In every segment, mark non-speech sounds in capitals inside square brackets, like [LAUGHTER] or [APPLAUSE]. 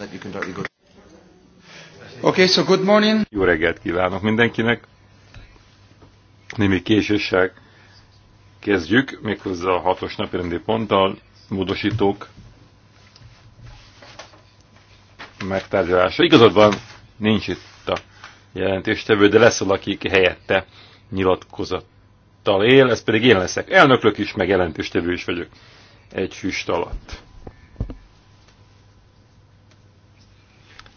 that you can directly go Okay, so good morning. Jó reggelt kívánok mindenkinek. Némi késéssel kezdjük, méghozzá a hatos napi rendi ponttal, módosítók megtárgyalása. Igazad van, nincs itt a jelentéstevő, de lesz valaki, aki helyette nyilatkozattal él, ez pedig én leszek. Elnöklök is, meg jelentéstevő is vagyok. Egy füst alatt.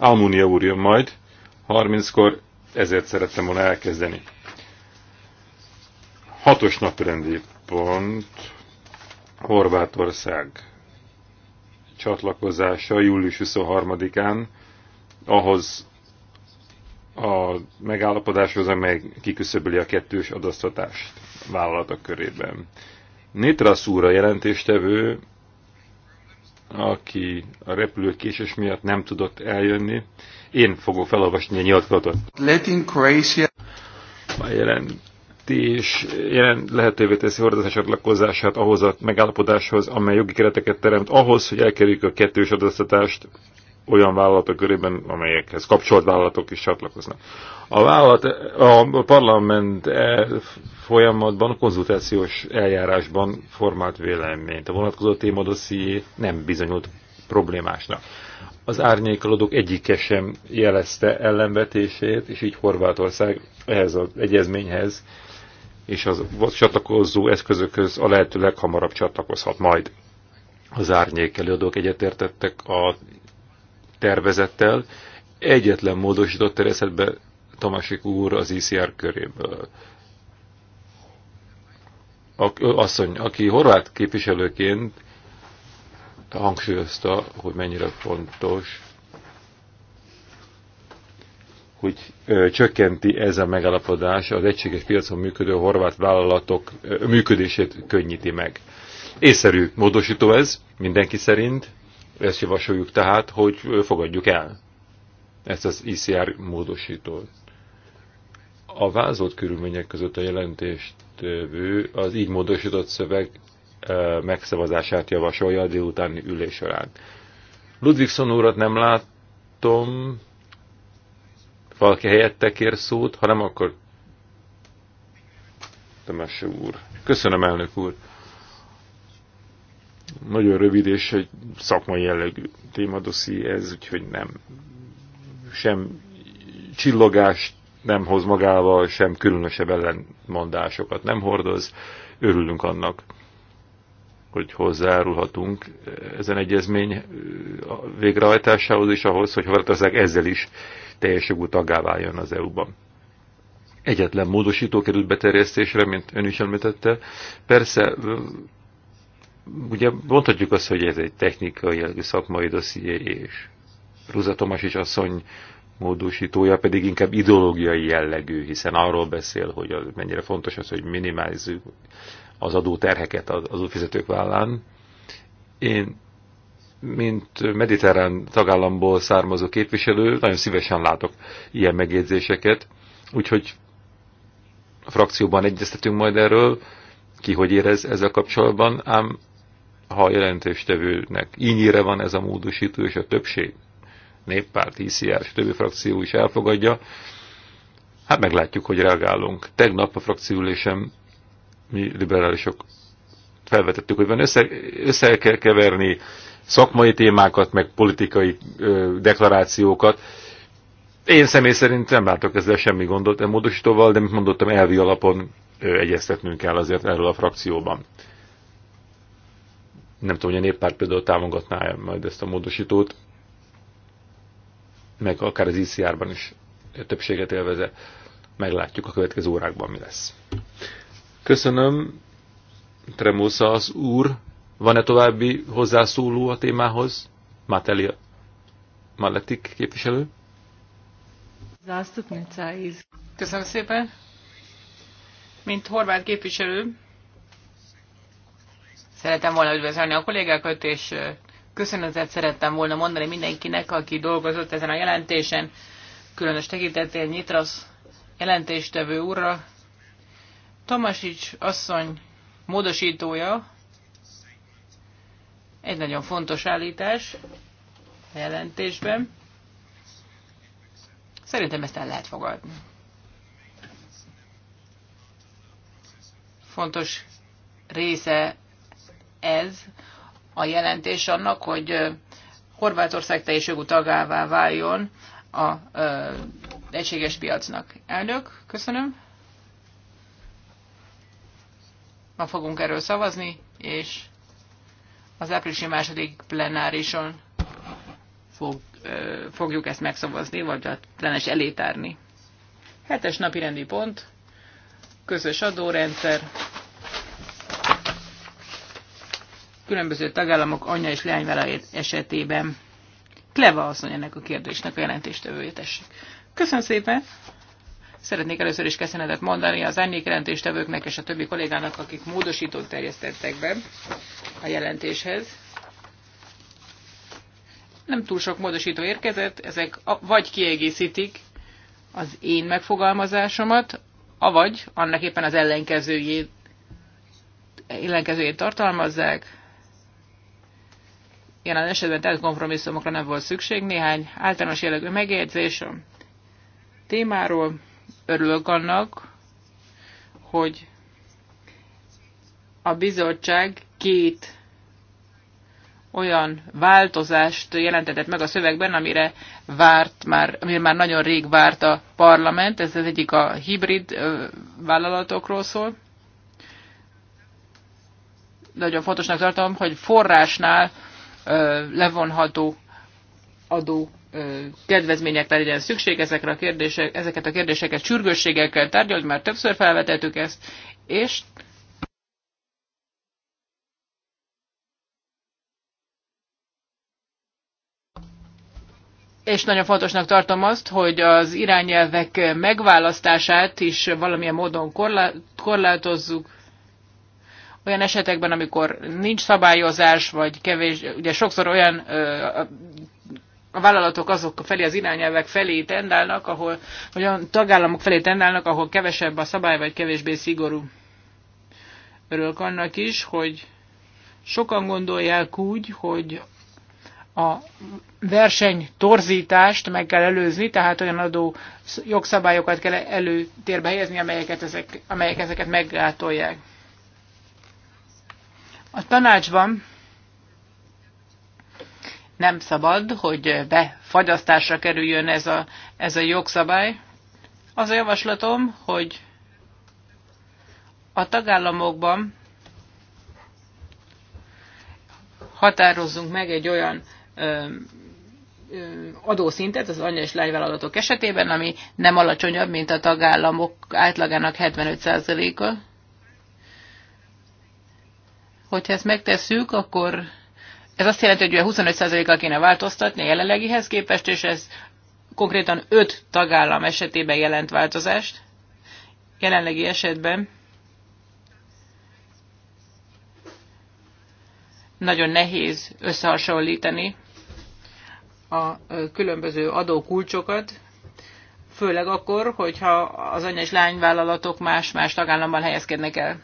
Almunia úr jön majd, 30-kor, ezért szerettem volna elkezdeni. Hatos naprendi pont, Horvátország csatlakozása július 23-án ahhoz a megállapodáshoz, amely kiküszöböli a kettős adasztatást vállalatok körében. Nétra szúra jelentéstevő aki a repülő késés miatt nem tudott eljönni. Én fogok felolvasni a nyilatkozatot. Latin Croatia. A jelentés jelen lehetővé teszi Horvátország csatlakozását ahhoz a megállapodáshoz, amely jogi kereteket teremt ahhoz, hogy elkerüljük a kettős adóztatást olyan vállalatok körében, amelyekhez kapcsolt vállalatok is csatlakoznak. A, vállalat, a parlament e folyamatban, konzultációs eljárásban formált véleményt. A vonatkozó témadosszié nem bizonyult problémásnak. Az árnyékolódók egyike sem jelezte ellenvetését, és így Horvátország ehhez az egyezményhez és az csatlakozó eszközökhöz a lehető leghamarabb csatlakozhat majd. Az árnyék előadók egyetértettek a tervezettel, egyetlen módosított tervezetbe Tomasik úr az ICR köréből. A, asszony, aki horvát képviselőként hangsúlyozta, hogy mennyire fontos, hogy ö, csökkenti ez a megállapodás az egységes piacon működő horvát vállalatok ö, működését könnyíti meg. Észszerű módosító ez, mindenki szerint, ezt javasoljuk tehát, hogy fogadjuk el ezt az ICR módosítót. A vázolt körülmények között a jelentést vő az így módosított szöveg megszavazását javasolja a délutáni ülés során. Ludvigson úrat nem látom, valaki helyette kér szót, hanem akkor Temesse úr. Köszönöm, elnök úr. Nagyon rövid és egy szakmai jellegű témadoszi ez, úgyhogy nem sem csillogást nem hoz magával, sem különösebb ellenmondásokat nem hordoz. Örülünk annak, hogy hozzárulhatunk ezen egyezmény végrehajtásához és ahhoz, hogy Horvátország ezzel is teljes jogú tagá váljon az EU-ban. Egyetlen módosító került beterjesztésre, mint ön is említette. Persze ugye mondhatjuk azt, hogy ez egy technikai jellegű szakmai dosszié, és Rúza Tomas is asszony módosítója pedig inkább ideológiai jellegű, hiszen arról beszél, hogy az, mennyire fontos az, hogy minimálizunk az adóterheket az adófizetők vállán. Én, mint mediterrán tagállamból származó képviselő, nagyon szívesen látok ilyen megjegyzéseket, úgyhogy a frakcióban egyeztetünk majd erről, ki hogy érez ezzel kapcsolatban, ám ha jelentéstevőnek ínyire van ez a módosító, és a többség, néppárt, ICR, er és többi frakció is elfogadja, hát meglátjuk, hogy reagálunk. Tegnap a frakciülésem mi liberálisok felvetettük, hogy van össze, össze kell keverni szakmai témákat, meg politikai ö, deklarációkat. Én személy szerint nem látok ezzel semmi gondot e módosítóval, de mint mondottam, elvi alapon ö, egyeztetnünk kell azért erről a frakcióban. Nem tudom, hogy a néppárt például támogatná majd ezt a módosítót, meg akár az ICR-ban is többséget élveze. Meglátjuk a következő órákban mi lesz. Köszönöm, Tremósza az úr. Van-e további hozzászóló a témához? Mateli Maletik képviselő. Köszönöm szépen. Mint horvát képviselő, Szeretem volna üdvözölni a kollégákat, és köszönetet szerettem volna mondani mindenkinek, aki dolgozott ezen a jelentésen, különös tekintettel Nyitrasz jelentéstevő úrra. Tomasics asszony módosítója egy nagyon fontos állítás a jelentésben. Szerintem ezt el lehet fogadni. Fontos része ez a jelentés annak, hogy Horvátország teljes jogú tagává váljon a egységes piacnak. Elnök, köszönöm. Ma fogunk erről szavazni, és az áprilisi második plenárison fog, ö, fogjuk ezt megszavazni, vagy a plenes elétárni. Hetes napi rendi pont, közös adórendszer, különböző tagállamok anyja és leányvállalat esetében. Kleva asszony ennek a kérdésnek a jelentéstevője tessék. Köszönöm szépen! Szeretnék először is köszönetet mondani az árnyék jelentéstevőknek és a többi kollégának, akik módosítót terjesztettek be a jelentéshez. Nem túl sok módosító érkezett, ezek vagy kiegészítik az én megfogalmazásomat, avagy annak éppen az ellenkezőjét, ellenkezőjét tartalmazzák jelen esetben tett kompromisszumokra nem volt szükség. Néhány általános jellegű megjegyzés a témáról. Örülök annak, hogy a bizottság két olyan változást jelentetett meg a szövegben, amire várt már, amire már nagyon rég várt a parlament. Ez az egyik a hibrid vállalatokról szól. De nagyon fontosnak tartom, hogy forrásnál levonható adó kedvezményekre legyen szükség, ezekre a kérdések, ezeket a kérdéseket sürgősséggel kell tárgyalni, már többször felvetettük ezt, és és nagyon fontosnak tartom azt, hogy az irányelvek megválasztását is valamilyen módon korlátozzuk, olyan esetekben, amikor nincs szabályozás, vagy kevés, ugye sokszor olyan ö, a vállalatok azok felé, az irányelvek felé tendálnak, ahol, vagy a tagállamok felé tendálnak, ahol kevesebb a szabály, vagy kevésbé szigorú. Örülök annak is, hogy sokan gondolják úgy, hogy a verseny torzítást meg kell előzni, tehát olyan adó jogszabályokat kell előtérbe helyezni, ezek, amelyek ezeket meggátolják. A tanácsban nem szabad, hogy befagyasztásra kerüljön ez a, ez a jogszabály. Az a javaslatom, hogy a tagállamokban határozzunk meg egy olyan ö, ö, adószintet az anya és lányvállalatok esetében, ami nem alacsonyabb, mint a tagállamok átlagának 75%-a. Hogyha ezt megtesszük, akkor ez azt jelenti, hogy 25%-kal kéne változtatni a jelenlegihez képest, és ez konkrétan 5 tagállam esetében jelent változást. Jelenlegi esetben nagyon nehéz összehasonlítani a különböző adókulcsokat, főleg akkor, hogyha az anya és lányvállalatok más-más tagállamban helyezkednek el.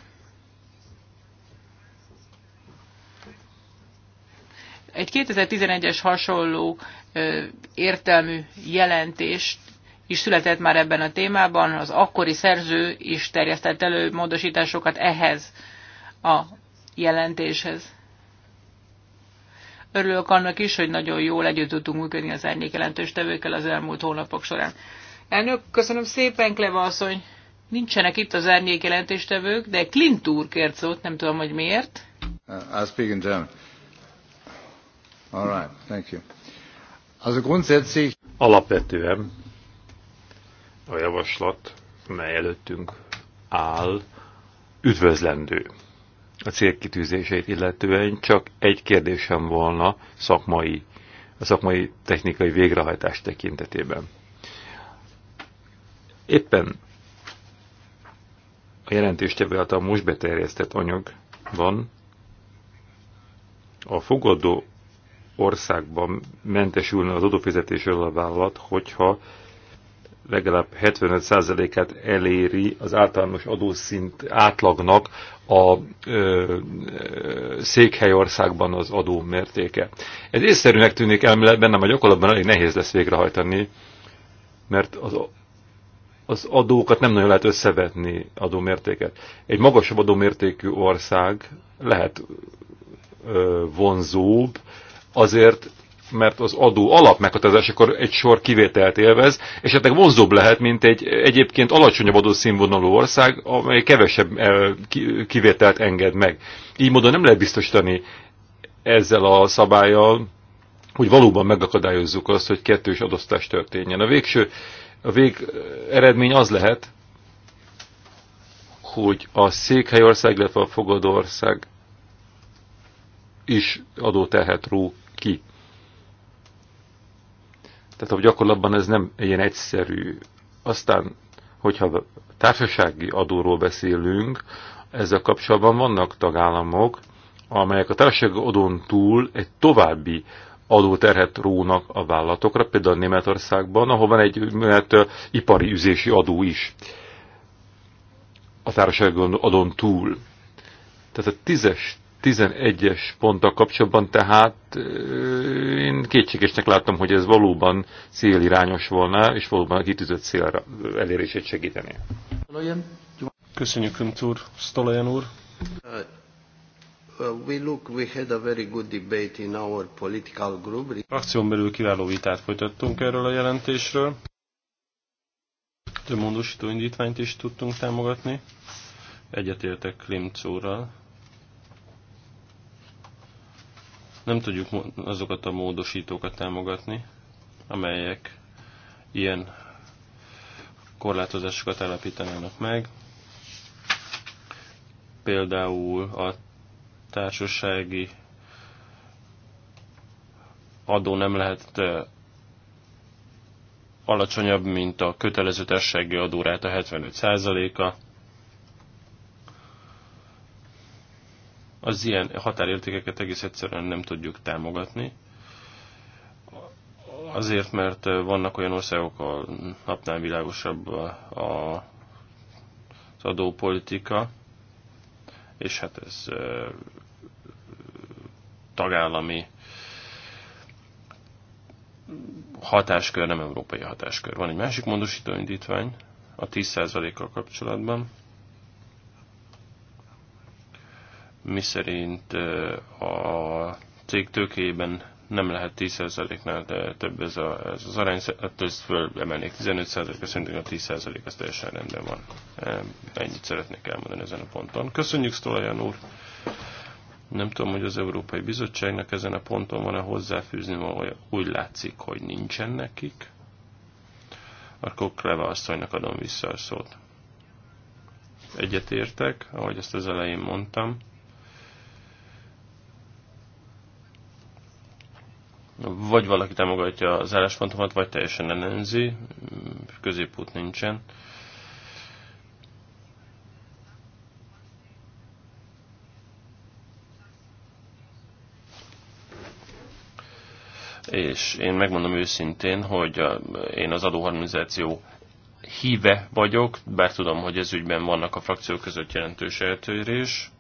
Egy 2011-es hasonló értelmű jelentést is született már ebben a témában, az akkori szerző is terjesztett elő módosításokat ehhez a jelentéshez. Örülök annak is, hogy nagyon jól együtt tudtunk működni az árnyék jelentős tevőkkel az elmúlt hónapok során. Elnök, köszönöm szépen, Kleva asszony! Nincsenek itt az árnyék jelentéstevők, de Klint úr kért szót, nem tudom, hogy miért. Uh, I'll speak in German. All right, thank you. Alapvetően a javaslat, mely előttünk áll, üdvözlendő. A célkitűzéseit illetően csak egy kérdésem volna szakmai, a szakmai technikai végrehajtás tekintetében. Éppen a jelentéstevő által most beterjesztett anyagban a fogadó országban mentesülne az adófizetésről a vállalat, hogyha legalább 75%-át eléri az általános adószint átlagnak a ö, ö, székhelyországban az adó mértéke. Ez észszerűnek tűnik elméletben, nem a gyakorlatban elég nehéz lesz végrehajtani, mert az, az adókat nem nagyon lehet összevetni adómértéket. Egy magasabb adómértékű ország lehet ö, vonzóbb, azért, mert az adó alap meghatározásakor egy sor kivételt élvez, és ennek vonzóbb lehet, mint egy egyébként alacsonyabb adószínvonalú ország, amely kevesebb eh, kivételt enged meg. Így módon nem lehet biztosítani ezzel a szabályjal, hogy valóban megakadályozzuk azt, hogy kettős adosztás történjen. A végső a vég eredmény az lehet, hogy a székhelyország, illetve a fogadóország is adóterhet ró ki. Tehát a gyakorlatban ez nem ilyen egyszerű. Aztán, hogyha társasági adóról beszélünk, ezzel kapcsolatban vannak tagállamok, amelyek a társasági adón túl egy további adóterhet rónak a vállalatokra, például Németországban, ahol van egy mert, ipari üzési adó is a társasági adón túl. Tehát a tízes 11-es ponttal kapcsolatban, tehát én kétségesnek látom, hogy ez valóban célirányos volna, és valóban a kitűzött célra elérését segíteni. Köszönjük, Önt úr. Stolajan úr. Uh, uh, we look, we had a very good debate in our political group. belül kiváló vitát folytattunk erről a jelentésről. Több módosító indítványt is tudtunk támogatni. Egyetértek Klimc úrral Nem tudjuk azokat a módosítókat támogatni, amelyek ilyen korlátozásokat állapítanának meg. Például a társasági adó nem lehet alacsonyabb, mint a kötelező társasági adóráta 75%-a az ilyen határértékeket egész egyszerűen nem tudjuk támogatni. Azért, mert vannak olyan országok, a napnál világosabb a, az adópolitika, és hát ez tagállami hatáskör, nem európai hatáskör. Van egy másik módosító indítvány a 10%-kal kapcsolatban. miszerint a cég tőkéjében nem lehet 10%-nál több ez, a, ez az arány, ettől hát ezt fölemelnék 15%-ra, szerintem a 10% az teljesen rendben van. Ennyit szeretnék elmondani ezen a ponton. Köszönjük Sztolajan úr! Nem tudom, hogy az Európai Bizottságnak ezen a ponton van-e hozzáfűzni vagy Úgy látszik, hogy nincsen nekik. Akkor Kleva asszonynak adom vissza a szót. Egyetértek, ahogy ezt az elején mondtam Vagy valaki támogatja az álláspontomat, vagy teljesen ellenzi, középút nincsen. és én megmondom őszintén, hogy a, én az adóharmonizáció híve vagyok, bár tudom, hogy ez ügyben vannak a frakciók között jelentős eltörés,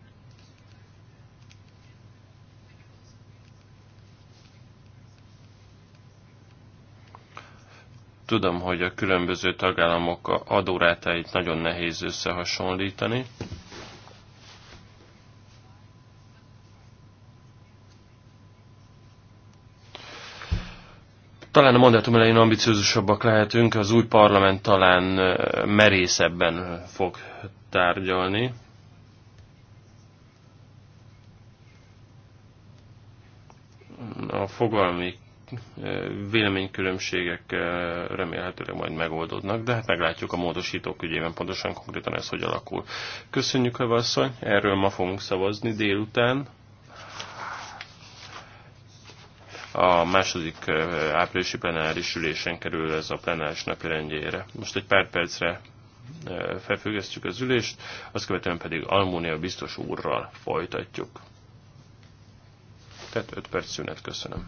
Tudom, hogy a különböző tagállamok adórátáit nagyon nehéz összehasonlítani. Talán a mandátum elején ambiciózusabbak lehetünk, az új parlament talán merészebben fog tárgyalni. a fogalmi véleménykülönbségek eh, remélhetőleg majd megoldódnak, de hát meglátjuk a módosítók ügyében pontosan konkrétan ez hogy alakul. Köszönjük, a vasszony, erről ma fogunk szavazni délután. A második eh, áprilisi plenáris ülésen kerül ez a plenáris napi rendjére. Most egy pár percre eh, felfüggesztjük az ülést, azt követően pedig Almónia biztos úrral folytatjuk. Tehát 5 perc szünet, köszönöm.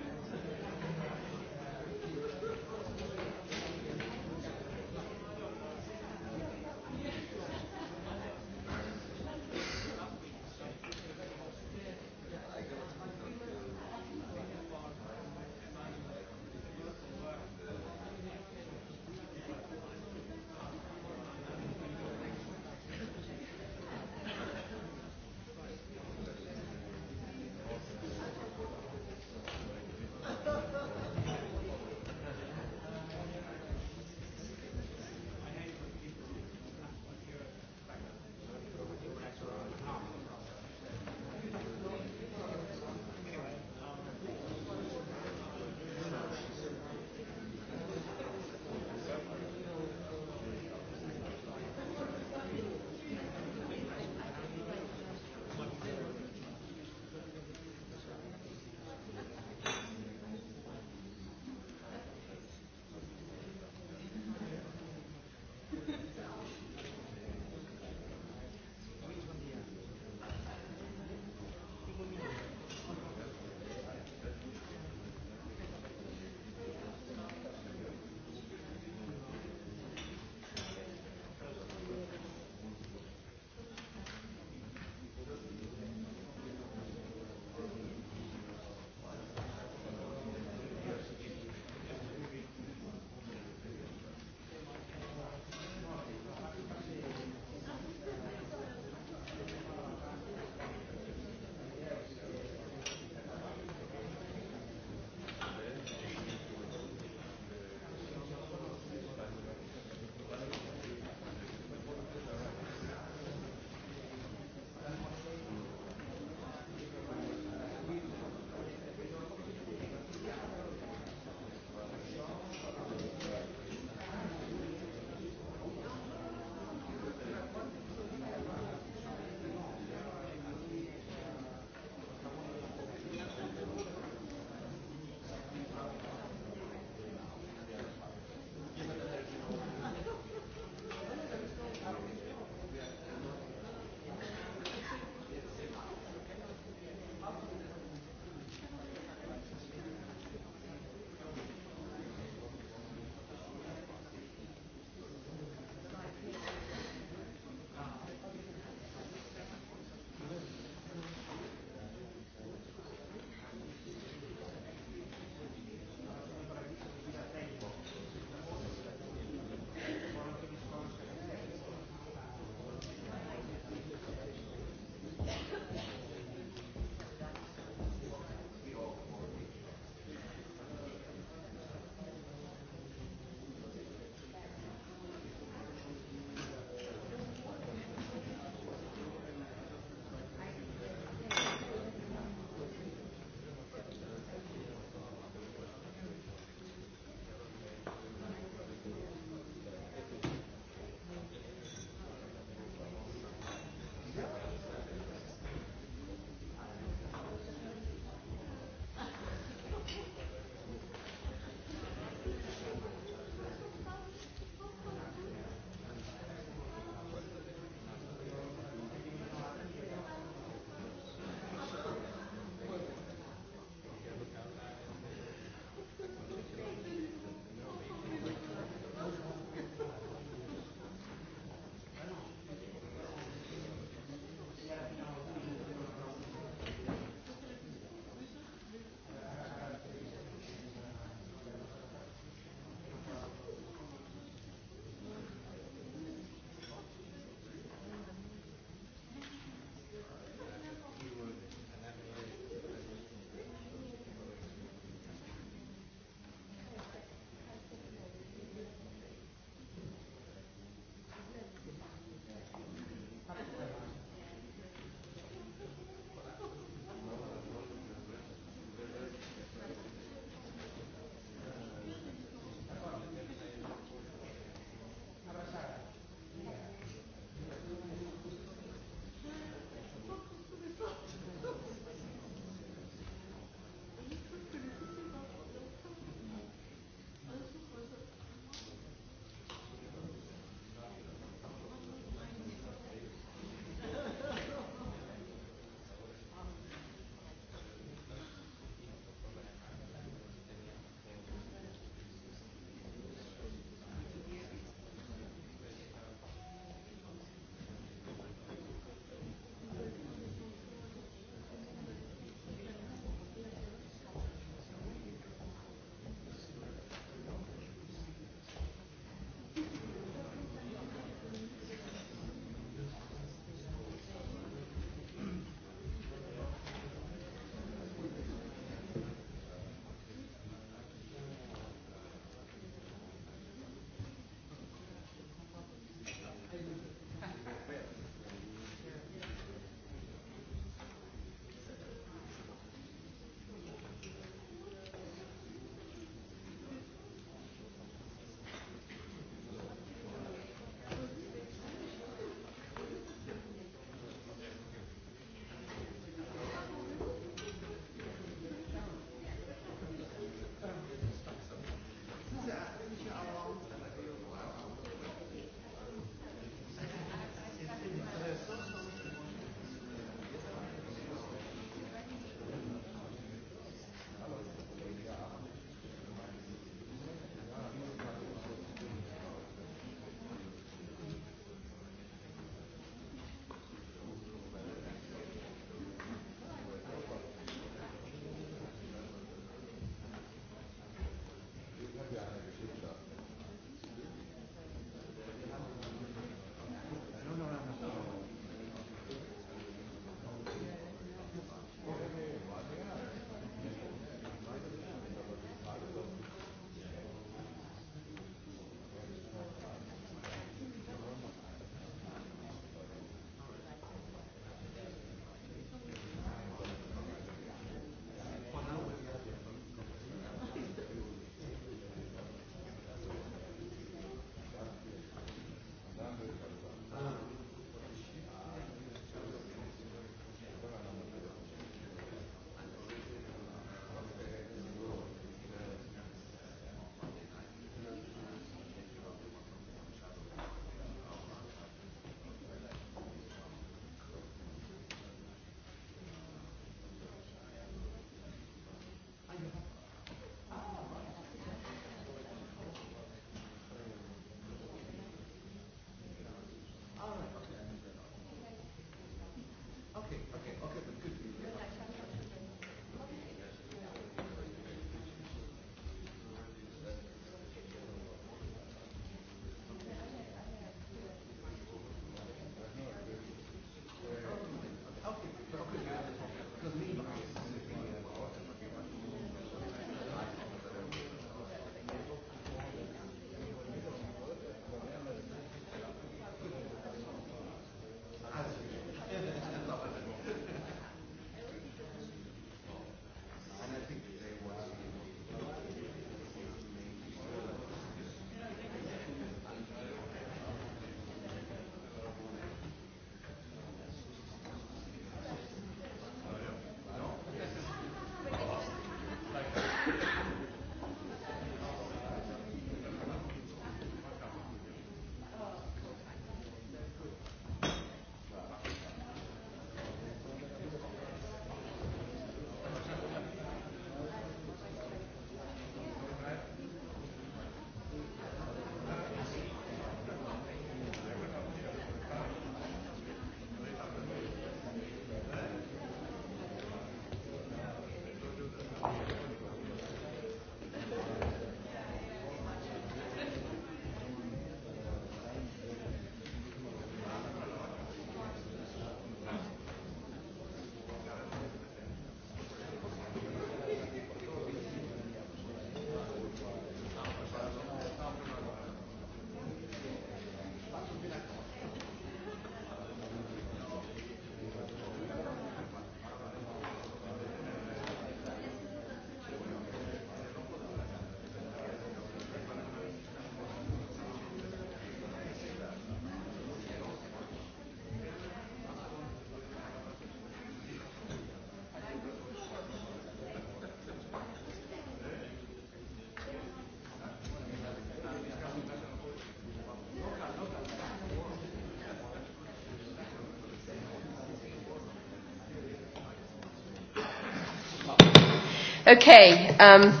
Okay, um...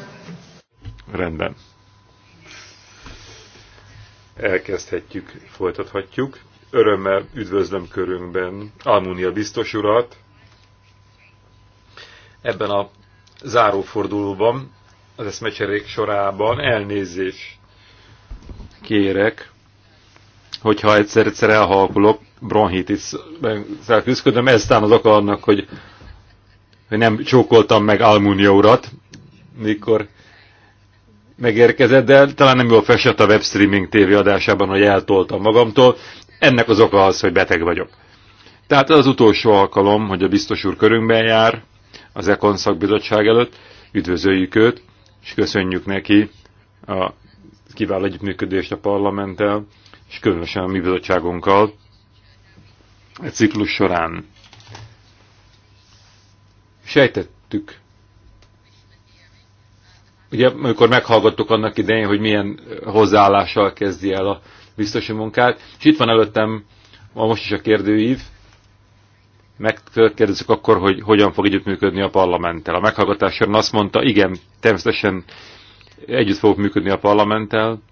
Rendben. Elkezdhetjük, folytathatjuk. Örömmel üdvözlöm körünkben Almunia biztos urat. Ebben a zárófordulóban, az eszmecserék sorában elnézés kérek, hogyha egyszer-egyszer elhalkulok, bronhitisben küzdködöm, ez tán az oka annak, hogy hogy nem csókoltam meg Almunia urat, mikor megérkezett, de talán nem jól festett a webstreaming tévéadásában, hogy eltoltam magamtól. Ennek az oka az, hogy beteg vagyok. Tehát az utolsó alkalom, hogy a biztos úr körünkben jár, az Ekon szakbizottság előtt, üdvözöljük őt, és köszönjük neki a kiváló együttműködést a parlamenttel, és különösen a mi bizottságunkkal e ciklus során. Sejtettük, ugye amikor meghallgattuk annak idején, hogy milyen hozzáállással kezdi el a biztosi munkát, és itt van előttem ma most is a kérdőív, megkérdezzük akkor, hogy hogyan fog együttműködni a parlamenttel. A meghallgatás során azt mondta, igen, természetesen együtt fogok működni a parlamenttel,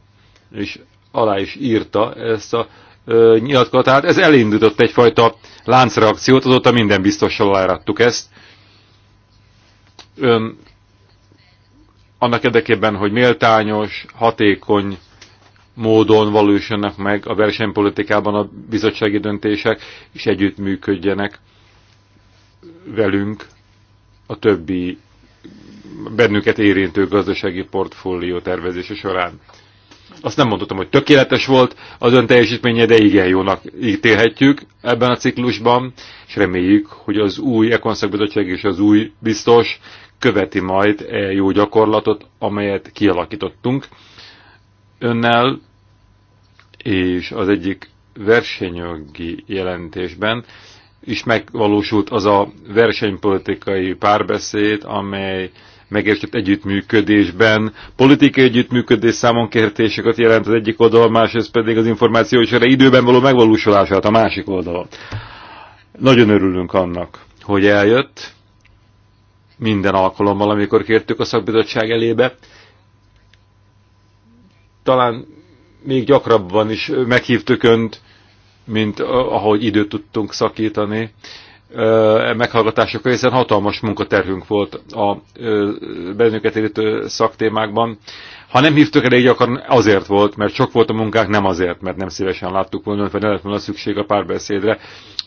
és alá is írta ezt a ö, nyilatkozatát. Ez elindított egyfajta láncreakciót, azóta minden biztossal alárattuk ezt, ön annak érdekében, hogy méltányos, hatékony módon valósulnak meg a versenypolitikában a bizottsági döntések, és együttműködjenek velünk a többi bennünket érintő gazdasági portfólió tervezése során. Azt nem mondhatom, hogy tökéletes volt az ön teljesítménye, de igen jónak ítélhetjük ebben a ciklusban, és reméljük, hogy az új Ekonszak Bizottság és az új biztos követi majd e jó gyakorlatot, amelyet kialakítottunk önnel, és az egyik versenyjogi jelentésben is megvalósult az a versenypolitikai párbeszéd, amely megértett együttműködésben politikai együttműködés számon kértéseket jelent az egyik oldalon, másrészt pedig az információ és erre időben való megvalósulását a másik oldalon. Nagyon örülünk annak, hogy eljött, minden alkalommal, amikor kértük a szakbizottság elébe. Talán még gyakrabban is meghívtuk Önt, mint ahogy időt tudtunk szakítani. Meghallgatások részen hatalmas munkaterhünk volt a bennünket érítő szaktémákban. Ha nem hívtuk így akar, azért volt, mert sok volt a munkák, nem azért, mert nem szívesen láttuk volna, mert nem lett volna szükség a párbeszédre.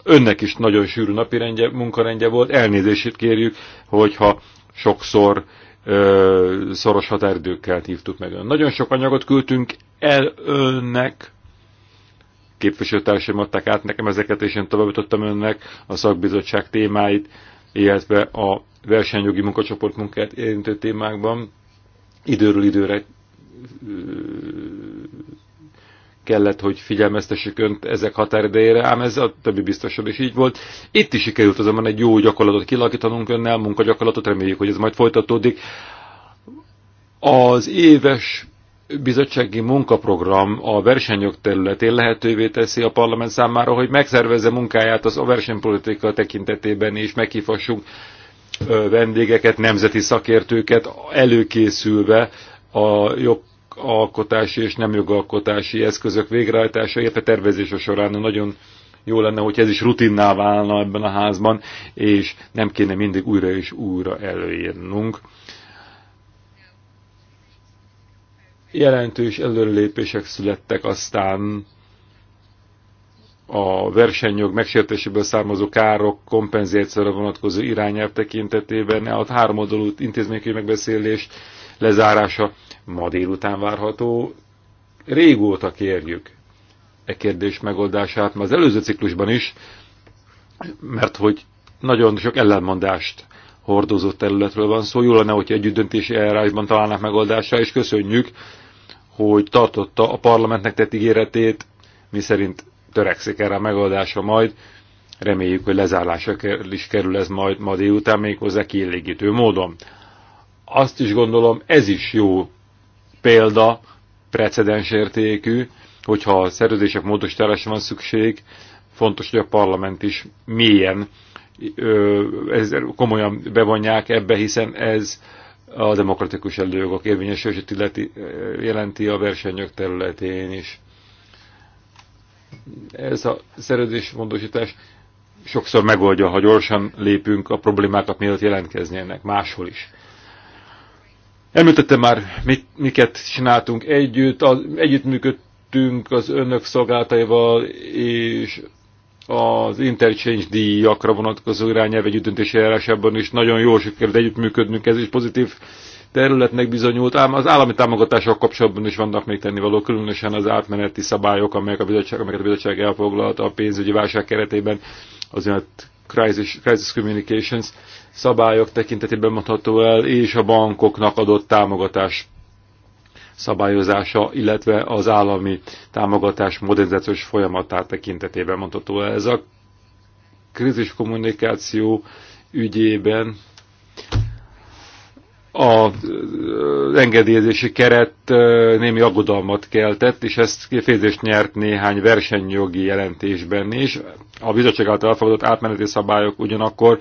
Önnek is nagyon sűrű rendje, munkarendje volt, elnézését kérjük, hogyha sokszor ö, szoros határidőkkel hívtuk meg ön. Nagyon sok anyagot küldtünk el önnek, képviselőtársaim adták át nekem ezeket, és én továbbítottam önnek a szakbizottság témáit, illetve a versenyjogi munkacsoport munkáját érintő témákban. Időről időre kellett, hogy figyelmeztessük önt ezek határidejére, ám ez a többi biztosan is így volt. Itt is sikerült azonban egy jó gyakorlatot kilakítanunk önnel, munkagyakorlatot, reméljük, hogy ez majd folytatódik. Az éves bizottsági munkaprogram a versenyok területén lehetővé teszi a parlament számára, hogy megszervezze munkáját az a versenypolitika tekintetében, és meghívhassunk vendégeket, nemzeti szakértőket előkészülve a jogalkotási és nem jogalkotási eszközök végrehajtása, illetve tervezése során nagyon jó lenne, hogy ez is rutinná válna ebben a házban, és nem kéne mindig újra és újra előírnunk Jelentős előrelépések születtek aztán a versenyjog megsértéséből származó károk kompenzációra vonatkozó irányelv tekintetében a háromoldalú intézményi megbeszélés lezárása ma délután várható. Régóta kérjük e kérdés megoldását, már az előző ciklusban is, mert hogy nagyon sok ellenmondást hordozó területről van szó. Jó lenne, hogyha együttdöntési eljárásban találnak megoldásra, és köszönjük hogy tartotta a parlamentnek tett ígéretét, mi szerint törekszik erre a megoldásra majd, reméljük, hogy lezárlásra is kerül ez majd ma délután méghozzá kielégítő módon. Azt is gondolom, ez is jó példa, precedensértékű, hogyha a szerződések módosítása van szükség, fontos, hogy a parlament is milyen komolyan bevonják ebbe, hiszen ez a demokratikus előjogok érvényesülését illeti, jelenti a versenyök területén is. Ez a szerződésmódosítás sokszor megoldja, ha gyorsan lépünk a problémákat, mielőtt jelentkeznének máshol is. Említettem már, mit, miket csináltunk együtt, a, együttműködtünk az önök szolgálataival, és az interchange díjakra vonatkozó irányelv egy döntési eljárásában is nagyon jól sikerült együttműködnünk, ez is pozitív területnek bizonyult, ám az állami támogatások kapcsolatban is vannak még tennivaló, különösen az átmeneti szabályok, amelyek a bizottság, amelyeket a bizottság elfoglalt a pénzügyi válság keretében, az olyan crisis, crisis communications szabályok tekintetében mondható el, és a bankoknak adott támogatás szabályozása, illetve az állami támogatás modernizációs folyamatát tekintetében mondható ez a krízis kommunikáció ügyében az engedélyezési keret némi aggodalmat keltett, és ezt kifejezést nyert néhány versenyjogi jelentésben is. A bizottság által elfogadott átmeneti szabályok ugyanakkor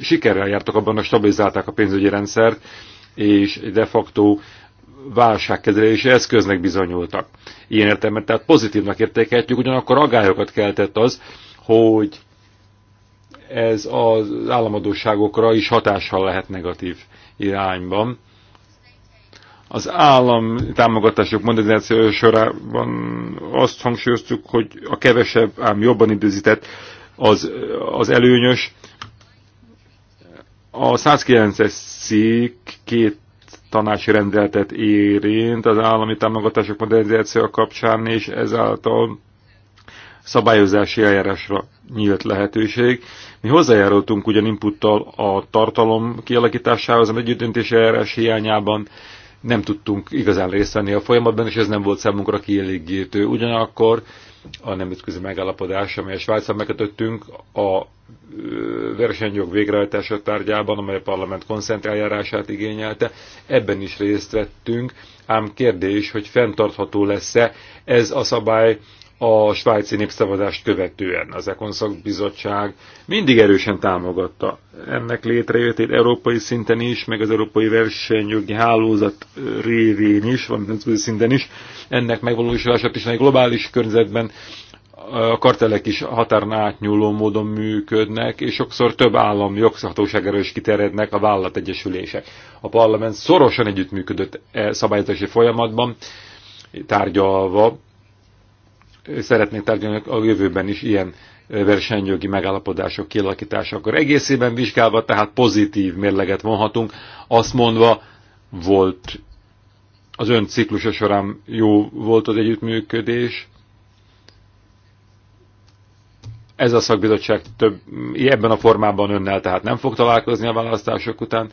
sikerrel jártak abban, hogy stabilizálták a pénzügyi rendszert, és de facto válságkezelési eszköznek bizonyultak. Ilyen értelemben tehát pozitívnak értékelhetjük, ugyanakkor agályokat keltett az, hogy ez az államadóságokra is hatással lehet negatív irányban. Az állam támogatások modernizációja sorában azt hangsúlyoztuk, hogy a kevesebb, ám jobban időzített az, az előnyös. A 109-es szík két tanácsi rendeltet érint az állami támogatások modernizáció kapcsán, és ezáltal szabályozási eljárásra nyílt lehetőség. Mi hozzájárultunk ugyan inputtal a tartalom kialakításához, az együttdöntési eljárás hiányában, nem tudtunk igazán részt venni a folyamatban, és ez nem volt számunkra kielégítő. Ugyanakkor a nemzetközi megállapodás, amely a Svájcban megkötöttünk, a versenyjog végrehajtása tárgyában, amely a parlament konszent eljárását igényelte, ebben is részt vettünk, ám kérdés, hogy fenntartható lesz-e ez a szabály a svájci népszavazást követően. Az Ekonszak Bizottság mindig erősen támogatta ennek létrejöttét európai szinten is, meg az európai versenyjogi hálózat révén is, valamint nemzetközi szinten is, ennek megvalósulását is egy globális környezetben a kartelek is határon átnyúló módon működnek, és sokszor több állam jogszatóságára is kiterjednek a vállalategyesülések. A parlament szorosan együttműködött e szabályozási folyamatban, tárgyalva szeretnék tárgyalni a jövőben is ilyen versenyjogi megállapodások kialakítása. Akkor egészében vizsgálva tehát pozitív mérleget vonhatunk, azt mondva volt az ön ciklusa során jó volt az együttműködés. Ez a szakbizottság több, ebben a formában önnel tehát nem fog találkozni a választások után.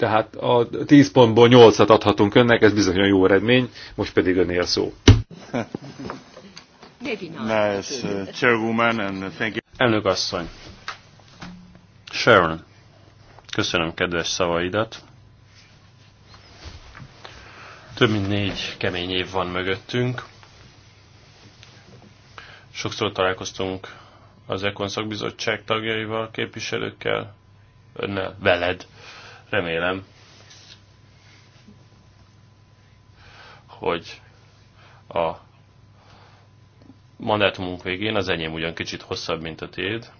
Tehát a 10 pontból 8-at adhatunk önnek, ez bizony jó eredmény, most pedig önél szó. Nice, uh, chairwoman, and uh, thank you. Elnök asszony, Sharon, köszönöm kedves szavaidat. Több mint négy kemény év van mögöttünk. Sokszor találkoztunk az Econ szakbizottság tagjaival, képviselőkkel, önnel, veled, Remélem, hogy a mandátumunk végén, az enyém ugyan kicsit hosszabb, mint a tiéd,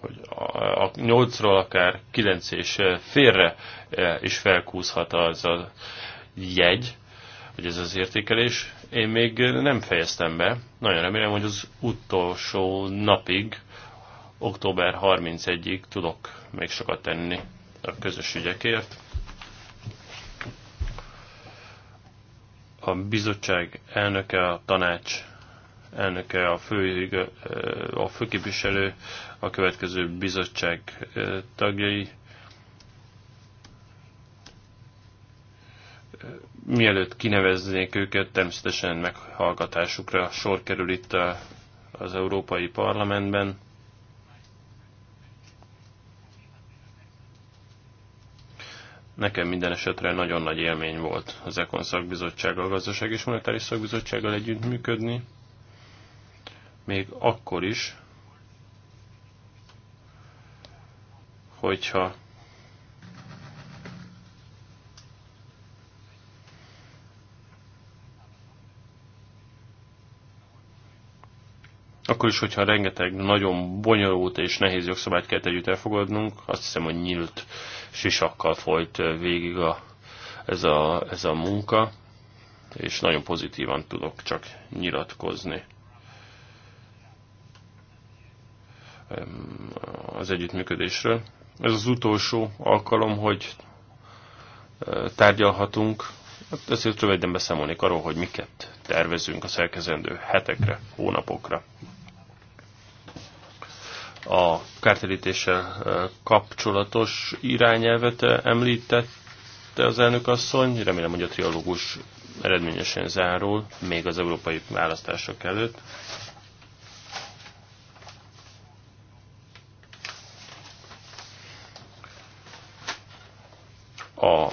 hogy a nyolcról akár kilenc és félre e, is felkúszhat az a jegy, hogy ez az értékelés. Én még nem fejeztem be. Nagyon remélem, hogy az utolsó napig, október 31-ig tudok még sokat tenni a közös ügyekért. A bizottság elnöke, a tanács elnöke, a, fő, a főképviselő, a következő bizottság tagjai. Mielőtt kineveznék őket, természetesen meghallgatásukra sor kerül itt az Európai Parlamentben. Nekem minden esetre nagyon nagy élmény volt az Ekon szakbizottsággal, a gazdaság és monetáris szakbizottsággal együttműködni. Még akkor is, hogyha akkor is, hogyha rengeteg nagyon bonyolult és nehéz jogszabályt kell együtt elfogadnunk, azt hiszem, hogy nyílt sisakkal folyt végig a, ez, a, ez a munka, és nagyon pozitívan tudok csak nyilatkozni. az együttműködésről. Ez az utolsó alkalom, hogy e, tárgyalhatunk. Hát ezért röviden beszámolnék arról, hogy miket tervezünk a szerkezendő hetekre, hónapokra a kártérítése kapcsolatos irányelvet említette az elnök asszony. Remélem, hogy a triológus eredményesen zárul, még az európai választások előtt. A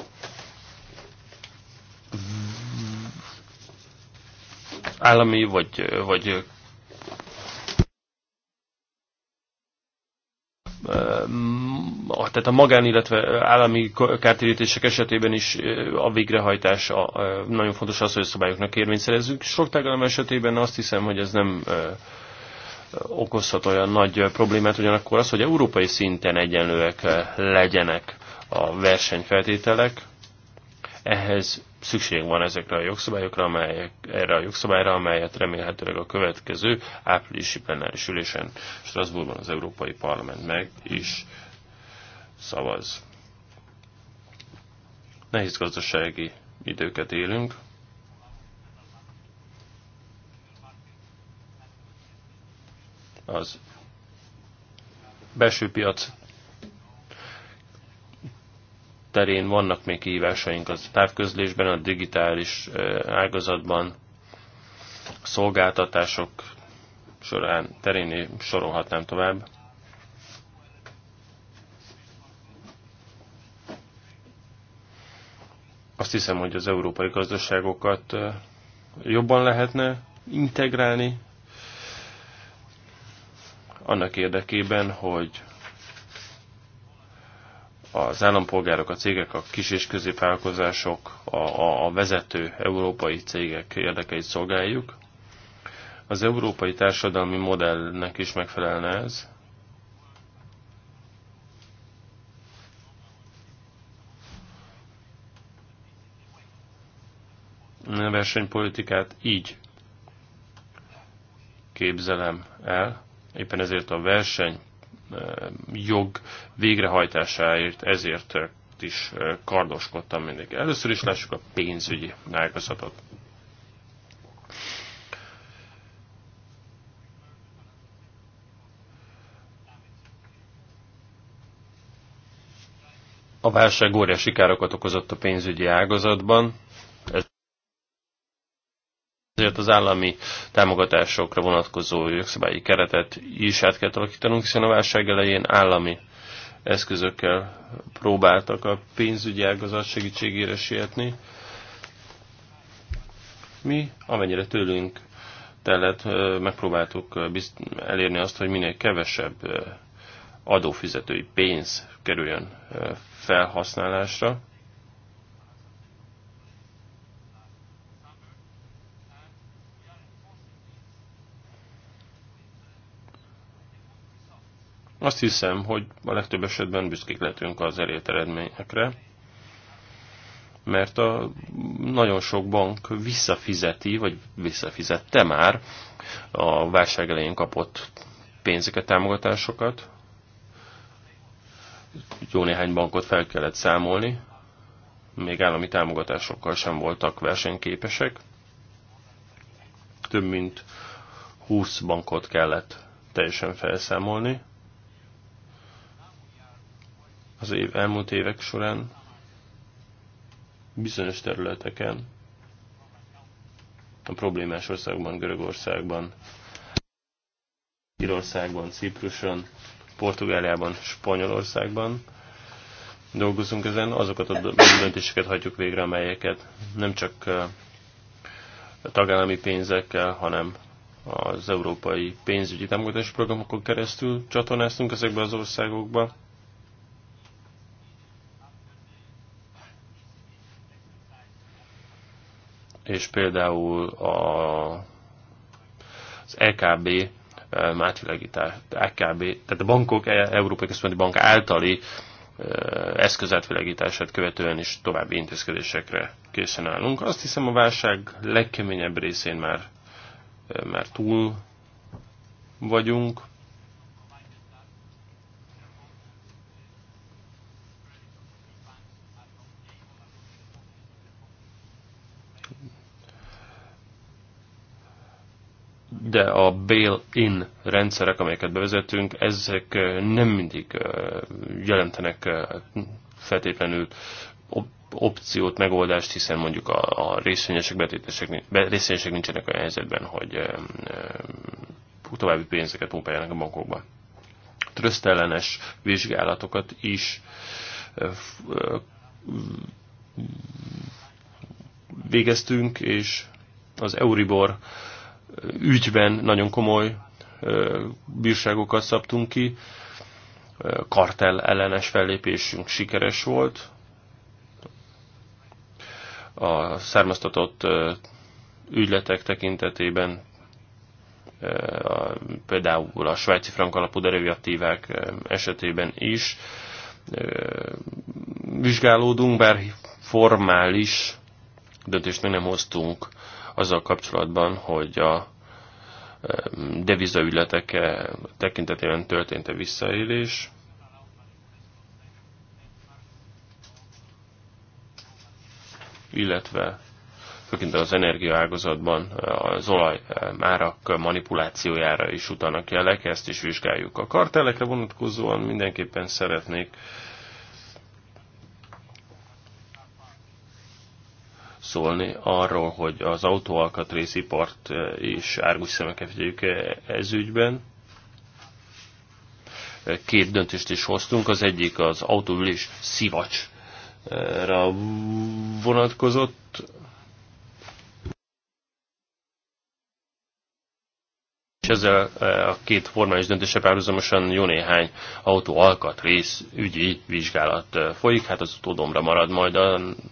állami vagy, vagy tehát a magán, illetve állami kártérítések esetében is a a nagyon fontos az, hogy a szabályoknak érvényszerezzük. Sok tágalom esetében azt hiszem, hogy ez nem okozhat olyan nagy problémát, ugyanakkor az, hogy európai szinten egyenlőek legyenek a versenyfeltételek, ehhez szükség van ezekre a jogszabályokra, amelyek, erre a jogszabályra, amelyet remélhetőleg a következő áprilisi plenáris ülésen Strasbourgban az Európai Parlament meg is szavaz. Nehéz gazdasági időket élünk. Az belső piac terén vannak még kihívásaink az távközlésben, a digitális ágazatban, szolgáltatások során terén sorolhatnám tovább. Azt hiszem, hogy az európai gazdaságokat jobban lehetne integrálni annak érdekében, hogy az állampolgárok, a cégek, a kis- és középvállalkozások, a, a vezető európai cégek érdekeit szolgáljuk. Az európai társadalmi modellnek is megfelelne ez. a versenypolitikát így képzelem el. Éppen ezért a verseny eh, jog végrehajtásáért, ezért eh, is eh, kardoskodtam mindig. Először is lássuk a pénzügyi ágazatot. A válság óriási károkat okozott a pénzügyi ágazatban. Ezért az állami támogatásokra vonatkozó jogszabályi keretet is át kell alakítanunk, hiszen a válság elején állami eszközökkel próbáltak a pénzügyi ágazat segítségére sietni. Mi, amennyire tőlünk telett, megpróbáltuk elérni azt, hogy minél kevesebb adófizetői pénz kerüljön felhasználásra. Azt hiszem, hogy a legtöbb esetben büszkék lehetünk az elért eredményekre, mert a nagyon sok bank visszafizeti, vagy visszafizette már a válság elején kapott pénzeket, támogatásokat. Jó néhány bankot fel kellett számolni, még állami támogatásokkal sem voltak versenyképesek. Több mint 20 bankot kellett teljesen felszámolni az év, elmúlt évek során bizonyos területeken, a problémás országban, Görögországban, Írországban, Cipruson, Portugáliában, Spanyolországban dolgozunk ezen, azokat a döntéseket hagyjuk végre, amelyeket nem csak a tagállami pénzekkel, hanem az európai pénzügyi támogatási programokon keresztül csatornáztunk ezekbe az országokba. és például a, az EKB e, átvilágítás, EKB, e tehát a bankok, e, Európai Központi Bank általi eszköz követően is további intézkedésekre készen állunk. Azt hiszem a válság legkeményebb részén már, már túl vagyunk. de a bail-in rendszerek, amelyeket bevezetünk, ezek nem mindig jelentenek feltétlenül opciót, megoldást, hiszen mondjuk a, a részvényesek, betétesek, részvényesek nincsenek olyan helyzetben, hogy e, további pénzeket pumpáljanak a bankokba. Trösztellenes vizsgálatokat is végeztünk, és az Euribor ügyben nagyon komoly bírságokat szabtunk ki, kartel ellenes fellépésünk sikeres volt, a származtatott ügyletek tekintetében például a svájci frank alapú derivatívák esetében is vizsgálódunk, bár formális döntést még nem hoztunk azzal kapcsolatban, hogy a devizaügyletek tekintetében történt-e visszaélés. illetve főként az energiaágazatban az olaj árak manipulációjára is utalnak jelek, ezt is vizsgáljuk. A kartelekre vonatkozóan mindenképpen szeretnék szólni arról, hogy az autóalkatrészipart is eh, árgus szemeket figyeljük eh, ez ügyben. Eh, két döntést is hoztunk, az egyik az autóülés szivacsra vonatkozott, és ezzel e, a két formális döntése párhuzamosan jó néhány autó alkatrész ügyi vizsgálat e, folyik, hát az utódomra marad majd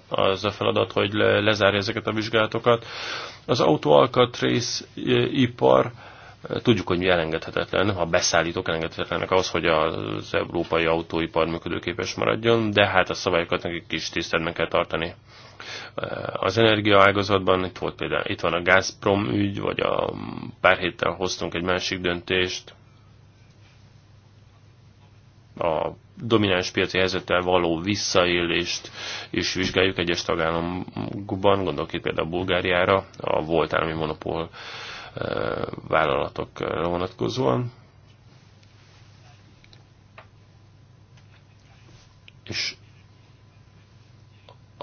az a feladat, hogy lezárja ezeket a vizsgálatokat. Az autó alkatrész e, ipar Tudjuk, hogy mi elengedhetetlen, ha beszállítók elengedhetetlenek az, hogy az európai autóipar működőképes maradjon, de hát a szabályokat nekik is tiszteletben kell tartani az energiaágazatban, itt, volt például, itt van a Gazprom ügy, vagy a pár héttel hoztunk egy másik döntést, a domináns piaci helyzettel való visszaélést is vizsgáljuk egyes tagállamokban, gondolok itt például Bulgáriára, a volt állami monopól eh, vállalatokra vonatkozóan. És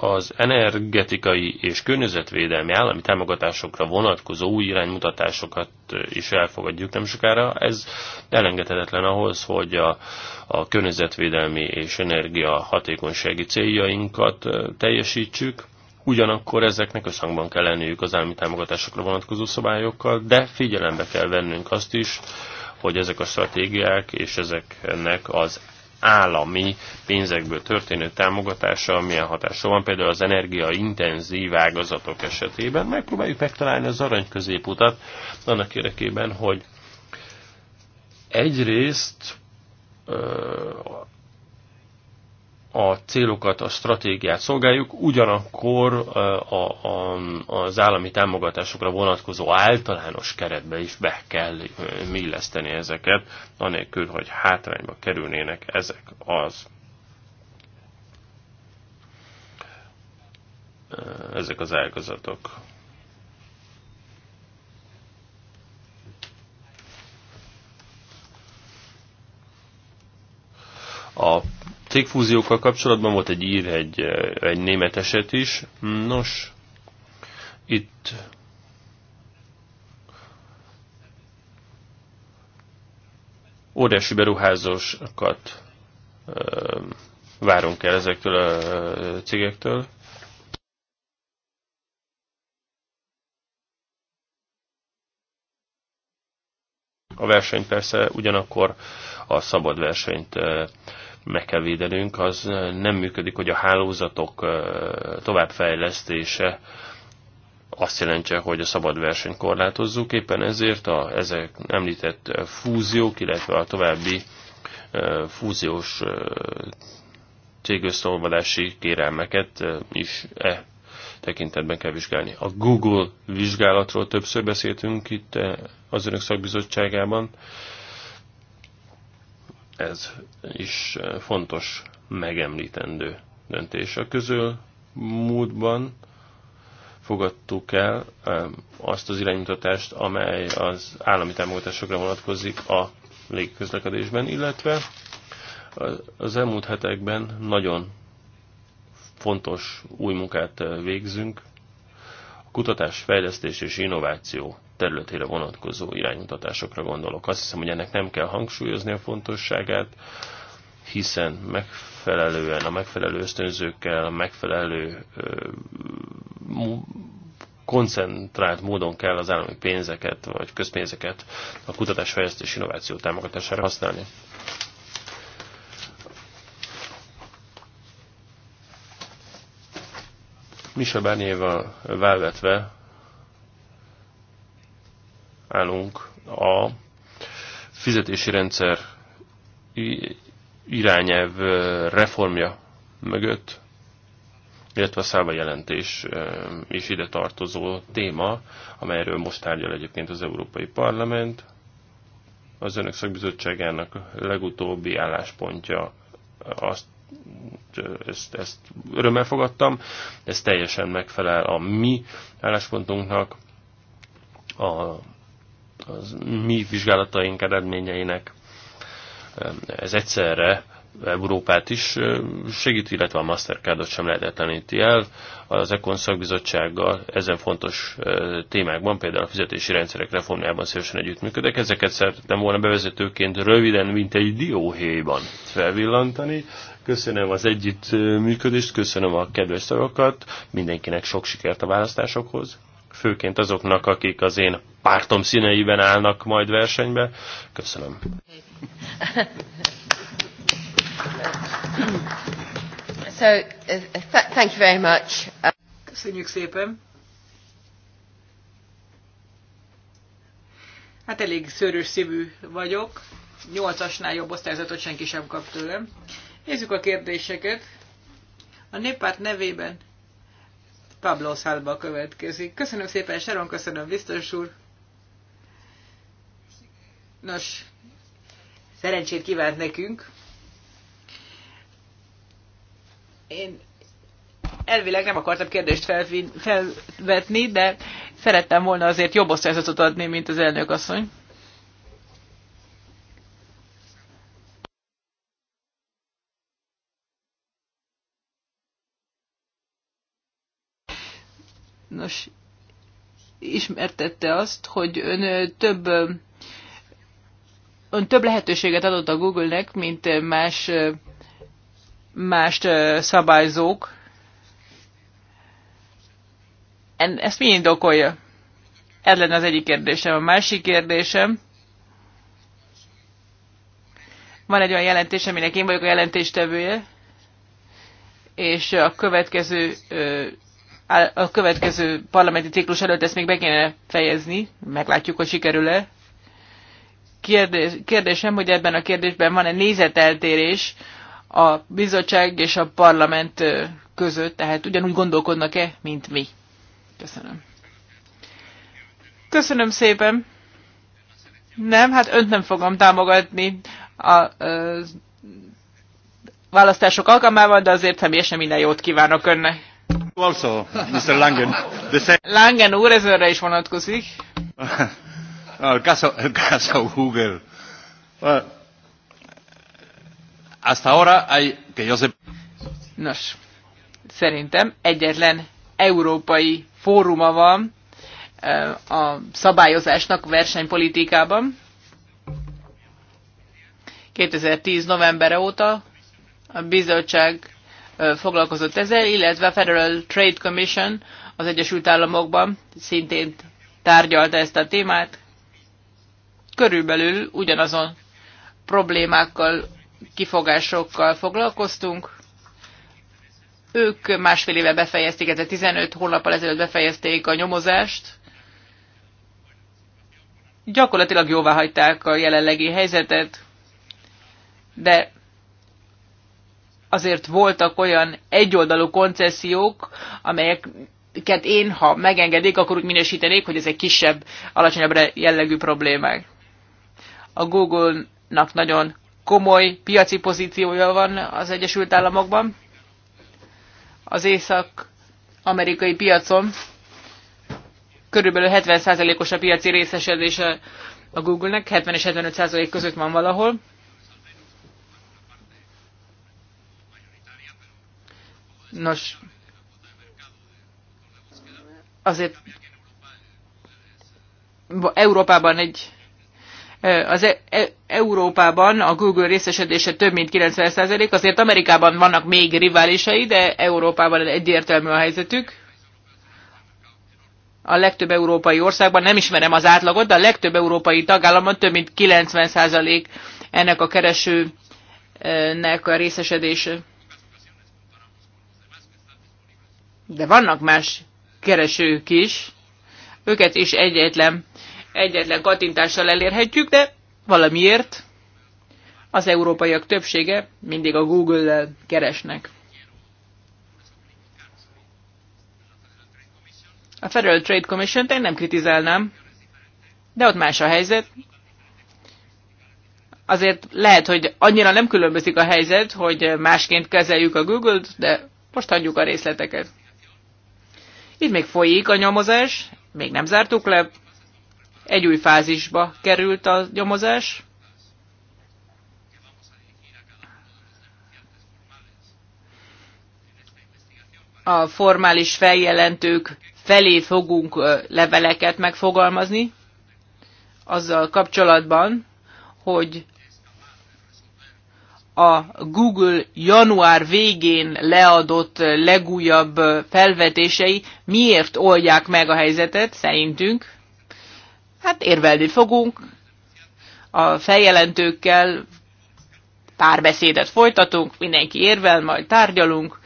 az energetikai és környezetvédelmi állami támogatásokra vonatkozó új iránymutatásokat eh, is elfogadjuk nem sokára. Ez elengedhetetlen ahhoz, hogy a, a környezetvédelmi és energia hatékonysági céljainkat eh, teljesítsük. Ugyanakkor ezeknek összhangban kell lenniük az állami támogatásokra vonatkozó szabályokkal, de figyelembe kell vennünk azt is, hogy ezek a stratégiák és ezeknek az állami pénzekből történő támogatása milyen hatása van, például az energiaintenzív ágazatok esetében. Megpróbáljuk megtalálni az arany középutat annak érdekében, hogy egyrészt a célokat, a stratégiát szolgáljuk, ugyanakkor a, a, az állami támogatásokra vonatkozó általános keretbe is be kell milleszteni ezeket, anélkül, hogy hátrányba kerülnének ezek az ezek az ágazatok. A cégfúziókkal kapcsolatban volt egy ír, egy, eh, egy német eset is. Nos, itt óriási beruházósokat eh, várunk el ezektől a eh, cégektől. A verseny persze ugyanakkor a szabad versenyt meg kell védenünk, az nem működik, hogy a hálózatok továbbfejlesztése azt jelentse, hogy a szabad versenyt korlátozzuk. Éppen ezért a ezek említett fúziók, illetve a további fúziós cégösszolvadási kérelmeket is e tekintetben kell vizsgálni. A Google vizsgálatról többször beszéltünk itt az Önök Szakbizottságában. Ez is fontos megemlítendő döntés. A közül múltban fogadtuk el azt az iránymutatást, amely az állami támogatásokra vonatkozik a légközlekedésben illetve az elmúlt hetekben nagyon fontos új munkát végzünk, a kutatás, fejlesztés és innováció területére vonatkozó iránymutatásokra gondolok. Azt hiszem, hogy ennek nem kell hangsúlyozni a fontosságát, hiszen megfelelően, a megfelelő ösztönzőkkel, a megfelelő ö, koncentrált módon kell az állami pénzeket, vagy közpénzeket a kutatás kutatásfejlesztés innováció támogatására használni. Misa Bárnyéval válvetve állunk a fizetési rendszer irányelv reformja mögött, illetve a száva jelentés is ide tartozó téma, amelyről most tárgyal egyébként az Európai Parlament. Az Önök Szakbizottságának legutóbbi álláspontja azt ezt, ezt örömmel fogadtam, ez teljesen megfelel a mi álláspontunknak, a az mi vizsgálataink eredményeinek. Eh, ez egyszerre Európát is eh, segít, illetve a Mastercardot sem lehetetleníti el. Az Econ szakbizottsággal ezen fontos eh, témákban, például a fizetési rendszerek reformjában szívesen együttműködek. Ezeket szerettem volna bevezetőként röviden, mint egy dióhéjban felvillantani. Köszönöm az együttműködést, köszönöm a kedves szavakat, mindenkinek sok sikert a választásokhoz főként azoknak, akik az én pártom színeiben állnak majd versenybe. Köszönöm. So, uh, thank you very much. Köszönjük szépen. Hát elég szőrös szívű vagyok. Nyolcasnál jobb osztályzatot senki sem kap tőlem. Nézzük a kérdéseket. A néppárt nevében Pablo Szálba következik. Köszönöm szépen, Sharon, köszönöm, biztos úr. Nos, szerencsét kívánt nekünk. Én elvileg nem akartam kérdést felvetni, de szerettem volna azért jobb osztályzatot adni, mint az elnök asszony. biztos ismertette azt, hogy ön több ön több lehetőséget adott a Google-nek, mint más, más szabályzók. Ezt mi indokolja? Ez lenne az egyik kérdésem. A másik kérdésem, van egy olyan jelentés, aminek én vagyok a jelentéstevője, és a következő a következő parlamenti ciklus előtt ezt még be kéne fejezni, meglátjuk, hogy sikerül-e. Kérdés, kérdésem, hogy ebben a kérdésben van-e nézeteltérés a bizottság és a parlament között, tehát ugyanúgy gondolkodnak-e, mint mi. Köszönöm. Köszönöm szépen. Nem, hát önt nem fogom támogatni a a választások alkalmával, de azért személyesen minden jót kívánok önnek. Also, Mr. Langen. The same. Langen úr, ez is vonatkozik. [LAUGHS] Caso, caso Google. Well, hasta ahora hay, que yo sé... Nos, szerintem egyetlen európai fóruma van eh, a szabályozásnak versenypolitikában. 2010. novembere óta a bizottság foglalkozott ezzel, illetve a Federal Trade Commission az Egyesült Államokban szintén tárgyalta ezt a témát. Körülbelül ugyanazon problémákkal, kifogásokkal foglalkoztunk. Ők másfél éve befejezték, ez 15 hónappal ezelőtt befejezték a nyomozást. Gyakorlatilag jóvá hagyták a jelenlegi helyzetet, de azért voltak olyan egyoldalú koncesziók, amelyeket én, ha megengedik, akkor úgy minősítenék, hogy ezek kisebb, alacsonyabb jellegű problémák. A Google-nak nagyon komoly piaci pozíciója van az Egyesült Államokban. Az észak-amerikai piacon körülbelül 70%-os a piaci részesedése a Google-nek, 70 és 75% között van valahol. Nos, azért Európában egy az e e Európában a Google részesedése több mint 90%, azért Amerikában vannak még riválisai, de Európában egyértelmű a helyzetük. A legtöbb európai országban, nem ismerem az átlagot, de a legtöbb európai tagállamban több mint 90% ennek a keresőnek a részesedése. de vannak más keresők is, őket is egyetlen, egyetlen kattintással elérhetjük, de valamiért az európaiak többsége mindig a Google-lel keresnek. A Federal Trade Commission-t én nem kritizálnám, de ott más a helyzet. Azért lehet, hogy annyira nem különbözik a helyzet, hogy másként kezeljük a Google-t, de most adjuk a részleteket. Itt még folyik a nyomozás, még nem zártuk le, egy új fázisba került a nyomozás. A formális feljelentők felé fogunk leveleket megfogalmazni azzal kapcsolatban, hogy a Google január végén leadott legújabb felvetései miért oldják meg a helyzetet szerintünk? Hát érvelni fogunk, a feljelentőkkel párbeszédet folytatunk, mindenki érvel, majd tárgyalunk.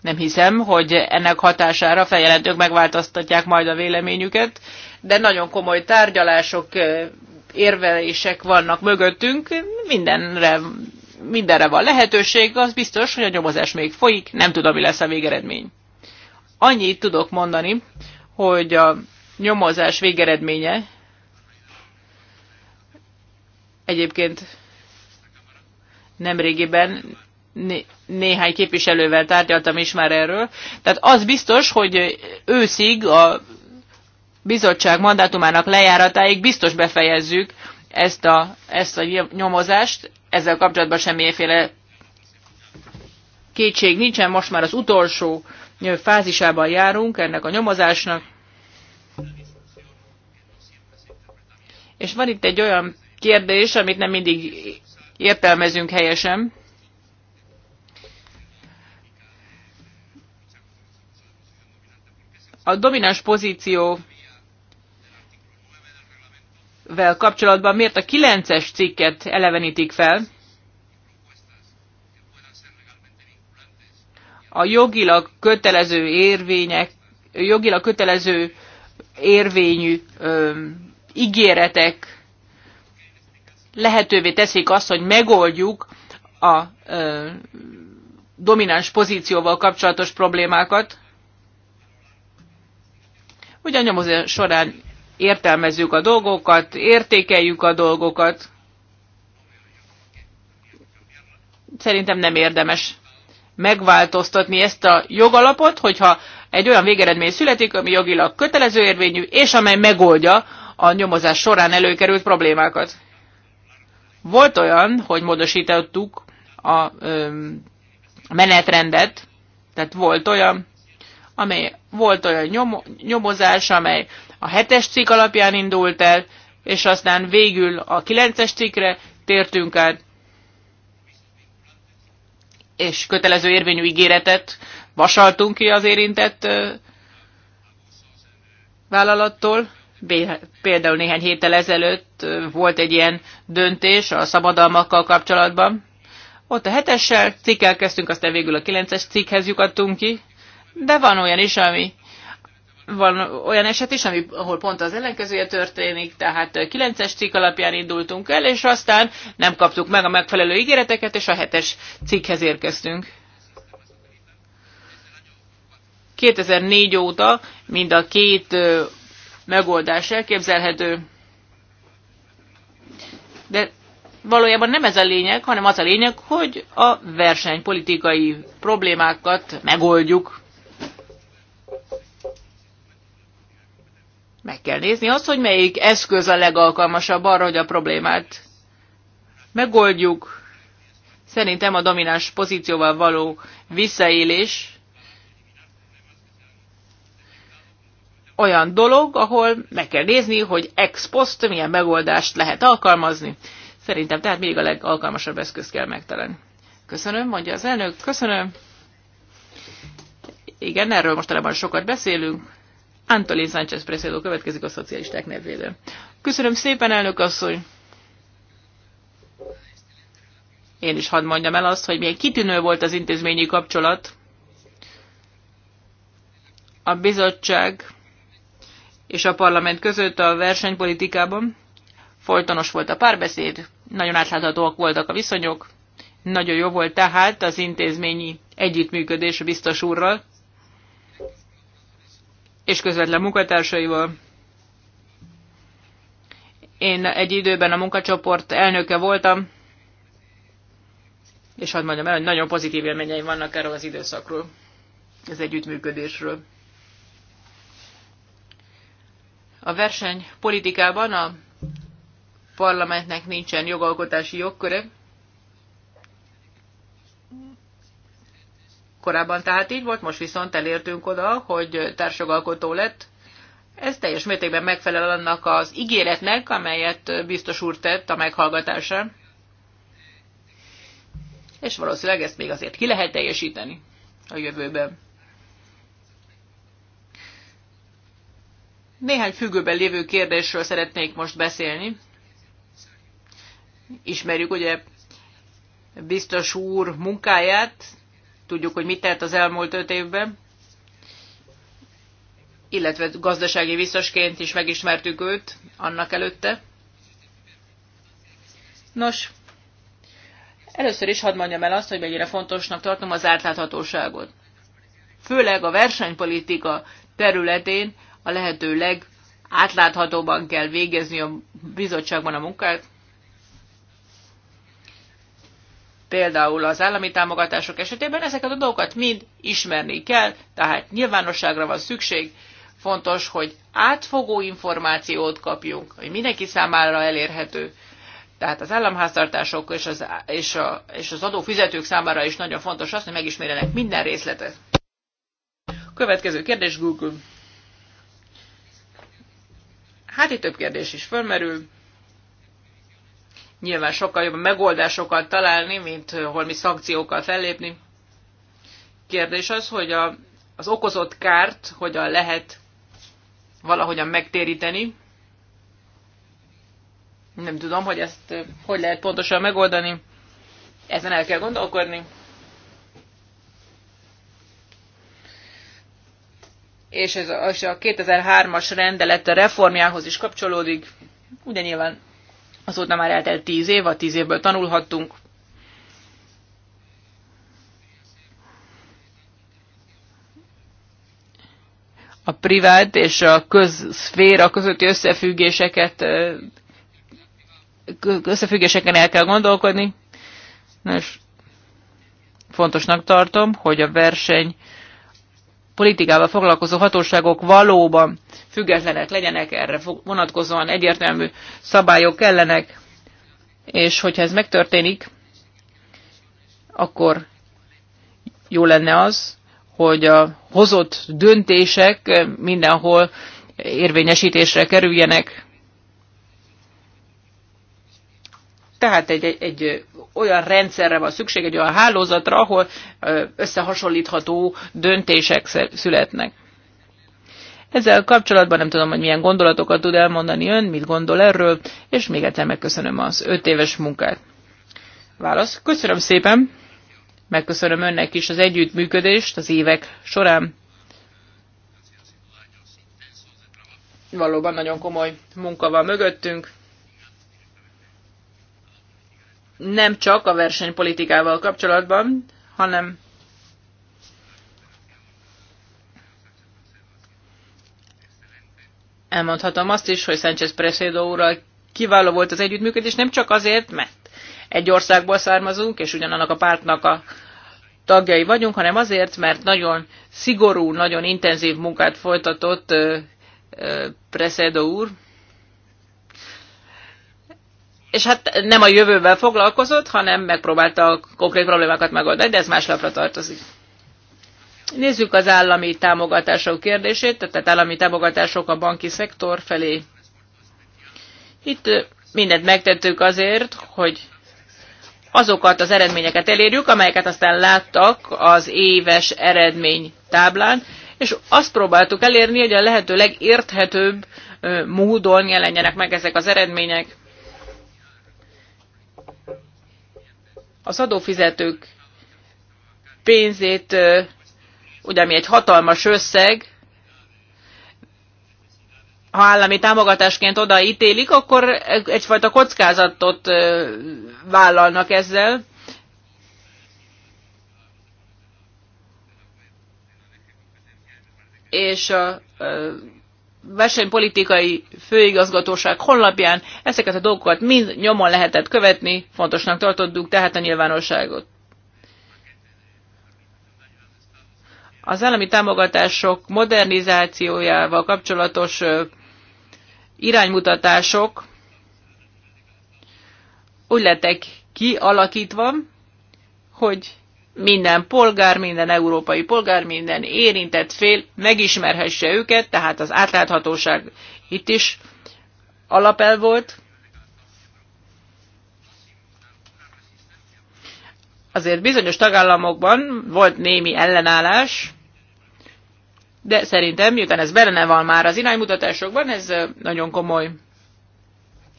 Nem hiszem, hogy ennek hatására a feljelentők megváltoztatják majd a véleményüket, de nagyon komoly tárgyalások érvelések vannak mögöttünk, mindenre, mindenre van lehetőség, az biztos, hogy a nyomozás még folyik, nem tudom, mi lesz a végeredmény. Annyit tudok mondani, hogy a nyomozás végeredménye egyébként nemrégiben né- néhány képviselővel tárgyaltam is már erről. Tehát az biztos, hogy őszig a bizottság mandátumának lejáratáig biztos befejezzük ezt a, ezt a nyomozást. Ezzel kapcsolatban semmiféle kétség nincsen, most már az utolsó fázisában járunk ennek a nyomozásnak. És van itt egy olyan kérdés, amit nem mindig értelmezünk helyesen. A domináns pozíció vel kapcsolatban miért a 9-es cikket elevenítik fel, a jogilag kötelező érvények, jogilag kötelező érvényű ö, ígéretek lehetővé teszik azt, hogy megoldjuk a ö, domináns pozícióval kapcsolatos problémákat. Ugyan nyomozás során értelmezzük a dolgokat, értékeljük a dolgokat. Szerintem nem érdemes megváltoztatni ezt a jogalapot, hogyha egy olyan végeredmény születik, ami jogilag kötelező érvényű, és amely megoldja a nyomozás során előkerült problémákat. Volt olyan, hogy módosítottuk a ö, menetrendet, tehát volt olyan, amely volt olyan nyomozás, amely a hetes cikk alapján indult el, és aztán végül a kilences cikkre tértünk át, és kötelező érvényű ígéretet vasaltunk ki az érintett vállalattól. Például néhány héttel ezelőtt volt egy ilyen döntés a szabadalmakkal kapcsolatban. Ott a hetessel cikkel kezdtünk, aztán végül a kilences cikkhez lyukadtunk ki, de van olyan is, ami van olyan eset is, ami, ahol pont az ellenkezője történik, tehát 9-es cikk alapján indultunk el, és aztán nem kaptuk meg a megfelelő ígéreteket, és a 7-es cikkhez érkeztünk. 2004 óta mind a két megoldás elképzelhető, de valójában nem ez a lényeg, hanem az a lényeg, hogy a versenypolitikai problémákat megoldjuk. Meg kell nézni azt, hogy melyik eszköz a legalkalmasabb arra, hogy a problémát megoldjuk. Szerintem a domináns pozícióval való visszaélés olyan dolog, ahol meg kell nézni, hogy ex post milyen megoldást lehet alkalmazni. Szerintem tehát még a legalkalmasabb eszközt kell megtalálni. Köszönöm, mondja az elnök, köszönöm. Igen, erről mostanában sokat beszélünk. Antolin Sánchez Presedo következik a szocialisták nevéről. Köszönöm szépen, elnök asszony! Én is hadd mondjam el azt, hogy milyen kitűnő volt az intézményi kapcsolat. A bizottság és a parlament között a versenypolitikában folytonos volt a párbeszéd, nagyon átláthatóak voltak a viszonyok, nagyon jó volt tehát az intézményi együttműködés a biztos úrral, és közvetlen munkatársaival. Én egy időben a munkacsoport elnöke voltam, és hadd mondjam el, hogy nagyon pozitív élményeim vannak erről az időszakról, az együttműködésről. A verseny politikában a parlamentnek nincsen jogalkotási jogköre, Korábban tehát így volt, most viszont elértünk oda, hogy társjogalkotó lett. Ez teljes mértékben megfelel annak az ígéretnek, amelyet biztos úr tett a meghallgatásán. És valószínűleg ezt még azért ki lehet teljesíteni a jövőben. Néhány függőben lévő kérdésről szeretnék most beszélni. Ismerjük ugye biztos úr munkáját, tudjuk, hogy mit tett az elmúlt öt évben, illetve gazdasági biztosként is megismertük őt annak előtte. Nos, először is hadd mondjam el azt, hogy mennyire fontosnak tartom az átláthatóságot. Főleg a versenypolitika területén a lehető legátláthatóban kell végezni a bizottságban a munkát, például az állami támogatások esetében ezeket a dolgokat mind ismerni kell, tehát nyilvánosságra van szükség, fontos, hogy átfogó információt kapjunk, hogy mindenki számára elérhető. Tehát az államháztartások és az, és, a, és az adófizetők számára is nagyon fontos az, hogy megismerjenek minden részletet. Következő kérdés Google. Hát itt több kérdés is fölmerül. Nyilván sokkal jobb megoldásokat találni, mint holmi szankciókkal fellépni. Kérdés az, hogy a, az okozott kárt hogyan lehet valahogyan megtéríteni. Nem tudom, hogy ezt hogy lehet pontosan megoldani. Ezen el kell gondolkodni. és ez a 2003-as rendelet reformjához is kapcsolódik. Ugye nyilván Azóta már eltelt tíz év, a tíz évből tanulhattunk. A privát és a közszféra közötti összefüggéseket összefüggéseken el kell gondolkodni. Nos, fontosnak tartom, hogy a verseny politikával foglalkozó hatóságok valóban függetlenek legyenek, erre vonatkozóan egyértelmű szabályok kellenek, és hogyha ez megtörténik, akkor jó lenne az, hogy a hozott döntések mindenhol érvényesítésre kerüljenek. Tehát egy, egy, egy olyan rendszerre van szükség, egy olyan hálózatra, ahol összehasonlítható döntések születnek. Ezzel kapcsolatban nem tudom, hogy milyen gondolatokat tud elmondani ön, mit gondol erről, és még egyszer megköszönöm az öt éves munkát. Válasz. Köszönöm szépen. Megköszönöm önnek is az együttműködést az évek során. Valóban nagyon komoly munka van mögöttünk nem csak a versenypolitikával kapcsolatban, hanem elmondhatom azt is, hogy Sánchez Presedo úrral kiváló volt az együttműködés, nem csak azért, mert egy országból származunk, és ugyanannak a pártnak a tagjai vagyunk, hanem azért, mert nagyon szigorú, nagyon intenzív munkát folytatott Presedo úr, és hát nem a jövővel foglalkozott, hanem megpróbálta a konkrét problémákat megoldani, de ez más lapra tartozik. Nézzük az állami támogatások kérdését, tehát állami támogatások a banki szektor felé. Itt mindent megtettük azért, hogy azokat az eredményeket elérjük, amelyeket aztán láttak az éves eredmény táblán, és azt próbáltuk elérni, hogy a lehető legérthetőbb módon jelenjenek meg ezek az eredmények. az adófizetők pénzét, ugye ami egy hatalmas összeg, ha állami támogatásként ítélik, akkor egyfajta kockázatot vállalnak ezzel. És a versenypolitikai főigazgatóság honlapján ezeket a dolgokat mind nyomon lehetett követni, fontosnak tartottuk tehát a nyilvánosságot. Az állami támogatások modernizációjával kapcsolatos iránymutatások úgy lettek kialakítva, hogy minden polgár, minden európai polgár, minden érintett fél megismerhesse őket, tehát az átláthatóság itt is alapel volt. Azért bizonyos tagállamokban volt némi ellenállás, de szerintem, miután ez benne van már az iránymutatásokban, ez nagyon komoly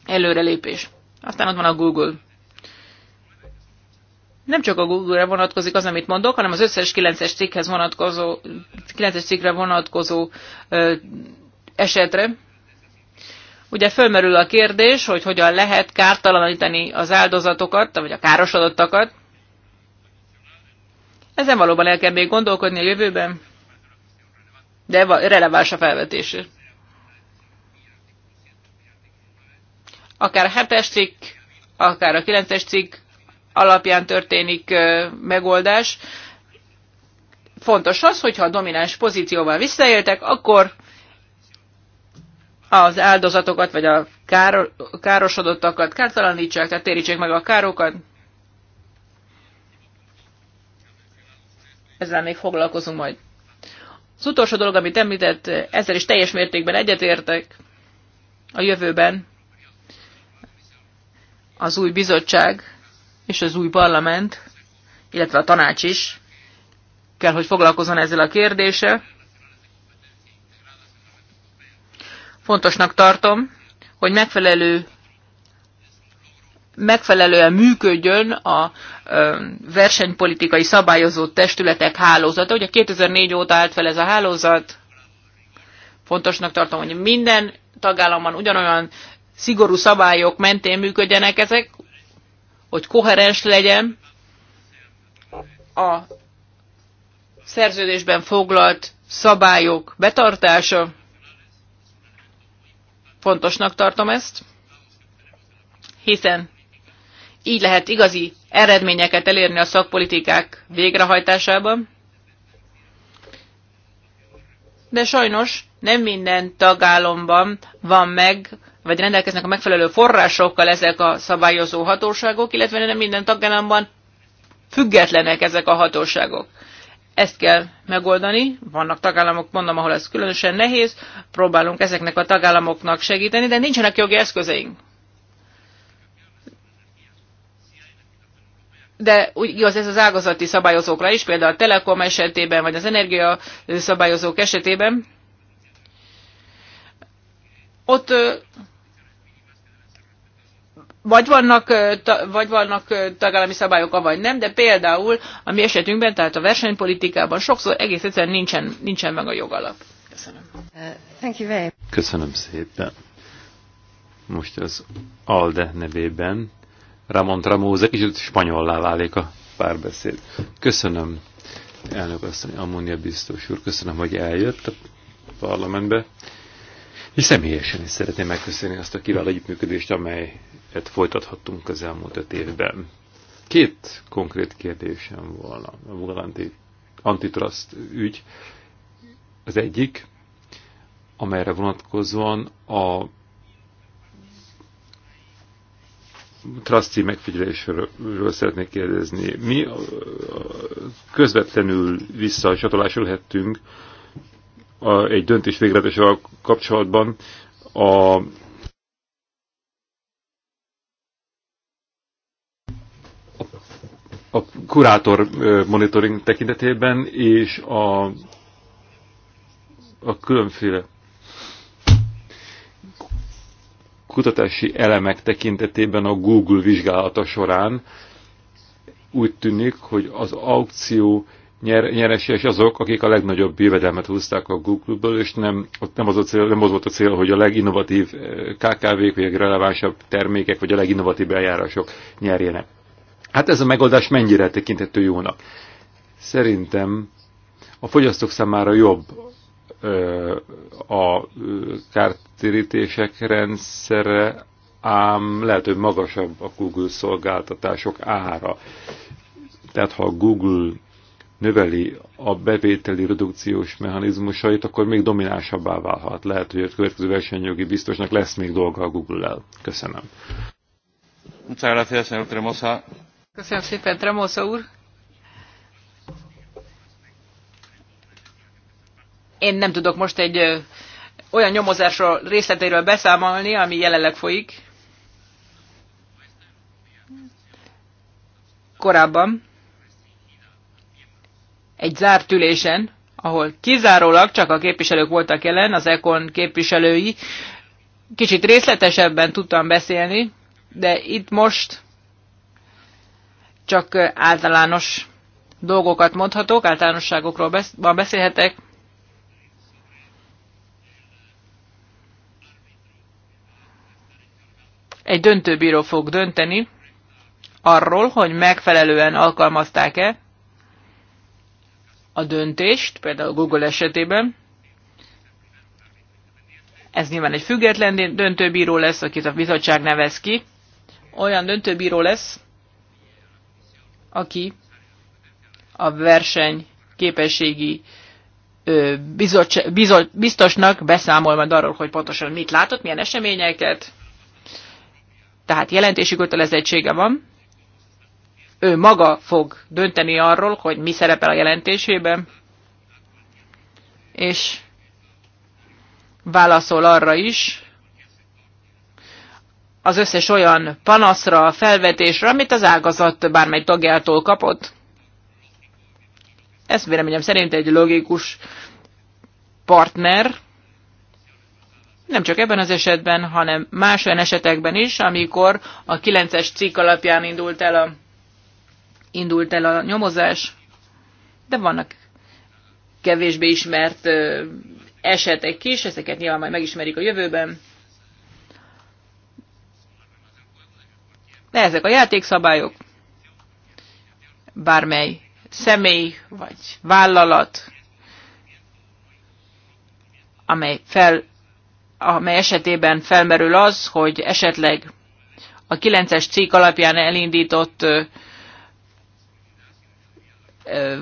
előrelépés. Aztán ott van a Google nem csak a Google-re vonatkozik az, amit mondok, hanem az összes 9-es cikkhez vonatkozó, 9-es cikkre vonatkozó ö, esetre. Ugye fölmerül a kérdés, hogy hogyan lehet kártalanítani az áldozatokat, vagy a károsodottakat. Ezen valóban el kell még gondolkodni a jövőben, de releváns a felvetés. Akár a 7-es cikk, akár a 9-es cikk, alapján történik megoldás. Fontos az, hogyha a domináns pozícióval visszaéltek, akkor az áldozatokat, vagy a káro, károsodottakat kártalanítsák, tehát térítsék meg a károkat. Ezzel még foglalkozunk majd. Az utolsó dolog, amit említett, ezzel is teljes mértékben egyetértek a jövőben az új bizottság és az új parlament, illetve a tanács is kell, hogy foglalkozzon ezzel a kérdéssel. Fontosnak tartom, hogy megfelelő megfelelően működjön a versenypolitikai szabályozó testületek hálózata. Ugye 2004 óta állt fel ez a hálózat. Fontosnak tartom, hogy minden tagállamban ugyanolyan szigorú szabályok mentén működjenek ezek, hogy koherens legyen a szerződésben foglalt szabályok betartása. Fontosnak tartom ezt, hiszen így lehet igazi eredményeket elérni a szakpolitikák végrehajtásában. De sajnos nem minden tagállomban van meg, vagy rendelkeznek a megfelelő forrásokkal ezek a szabályozó hatóságok, illetve nem minden tagállamban függetlenek ezek a hatóságok. Ezt kell megoldani, vannak tagállamok, mondom, ahol ez különösen nehéz, próbálunk ezeknek a tagállamoknak segíteni, de nincsenek jogi eszközeink. de úgy igaz ez az ágazati szabályozókra is, például a Telekom esetében, vagy az energiaszabályozók esetében, ott vagy vannak, vagy vannak tagállami szabályok, vagy nem, de például a mi esetünkben, tehát a versenypolitikában sokszor egész egyszerűen nincsen, nincsen meg a jogalap. Köszönöm. Uh, thank you very much. Köszönöm szépen. Most az ALDE nevében Ramon Tramóze kicsit spanyollá válik a párbeszéd. Köszönöm, elnök asszony, Amónia biztos úr, köszönöm, hogy eljött a parlamentbe. És személyesen is szeretném megköszönni azt a kiváló együttműködést, amelyet folytathattunk az elmúlt öt évben. Két konkrét kérdésem volna. A Vugalanti antitrust ügy az egyik, amelyre vonatkozóan a trusti megfigyelésről szeretnék kérdezni. Mi közvetlenül visszacsatolásról lehettünk a, egy döntés végletesával kapcsolatban a a kurátor monitoring tekintetében és a, a különféle kutatási elemek tekintetében a Google vizsgálata során úgy tűnik, hogy az aukció nyer, nyereséges azok, akik a legnagyobb jövedelmet húzták a Google-ből, és nem, ott nem, az a cél, nem az volt a cél, hogy a leginnovatív eh, KKV-k, vagy a relevánsabb termékek, vagy a leginnovatív eljárások nyerjenek. Hát ez a megoldás mennyire tekintető jónak? Szerintem a fogyasztók számára jobb eh, a eh, kártérítések rendszere, ám lehet, hogy magasabb a Google szolgáltatások ára. Tehát ha a Google növeli a bevételi redukciós mechanizmusait, akkor még dominánsabbá válhat. Lehet, hogy a következő versenyjogi biztosnak lesz még dolga a Google-el. Köszönöm. Köszönöm szépen, Tremosa úr. Én nem tudok most egy olyan nyomozásról részleteiről beszámolni, ami jelenleg folyik. Korábban egy zárt ülésen, ahol kizárólag csak a képviselők voltak jelen, az EKON képviselői. Kicsit részletesebben tudtam beszélni, de itt most csak általános dolgokat mondhatok, általánosságokról beszélhetek. Egy döntőbíró fog dönteni arról, hogy megfelelően alkalmazták-e a döntést, például Google esetében. Ez nyilván egy független döntőbíró lesz, akit a bizottság nevez ki. Olyan döntőbíró lesz, aki a verseny képességi biztosnak beszámol majd arról, hogy pontosan mit látott, milyen eseményeket. Tehát jelentési kötelezettsége van, ő maga fog dönteni arról, hogy mi szerepel a jelentésében, és válaszol arra is, az összes olyan panaszra, felvetésre, amit az ágazat bármely tagjától kapott. Ez véleményem szerint egy logikus partner, nem csak ebben az esetben, hanem más olyan esetekben is, amikor a 9-es cikk alapján indult el a indult el a nyomozás, de vannak kevésbé ismert esetek is, ezeket nyilván majd megismerik a jövőben. De ezek a játékszabályok, bármely személy vagy vállalat, amely, fel, amely esetében felmerül az, hogy esetleg a 9-es cikk alapján elindított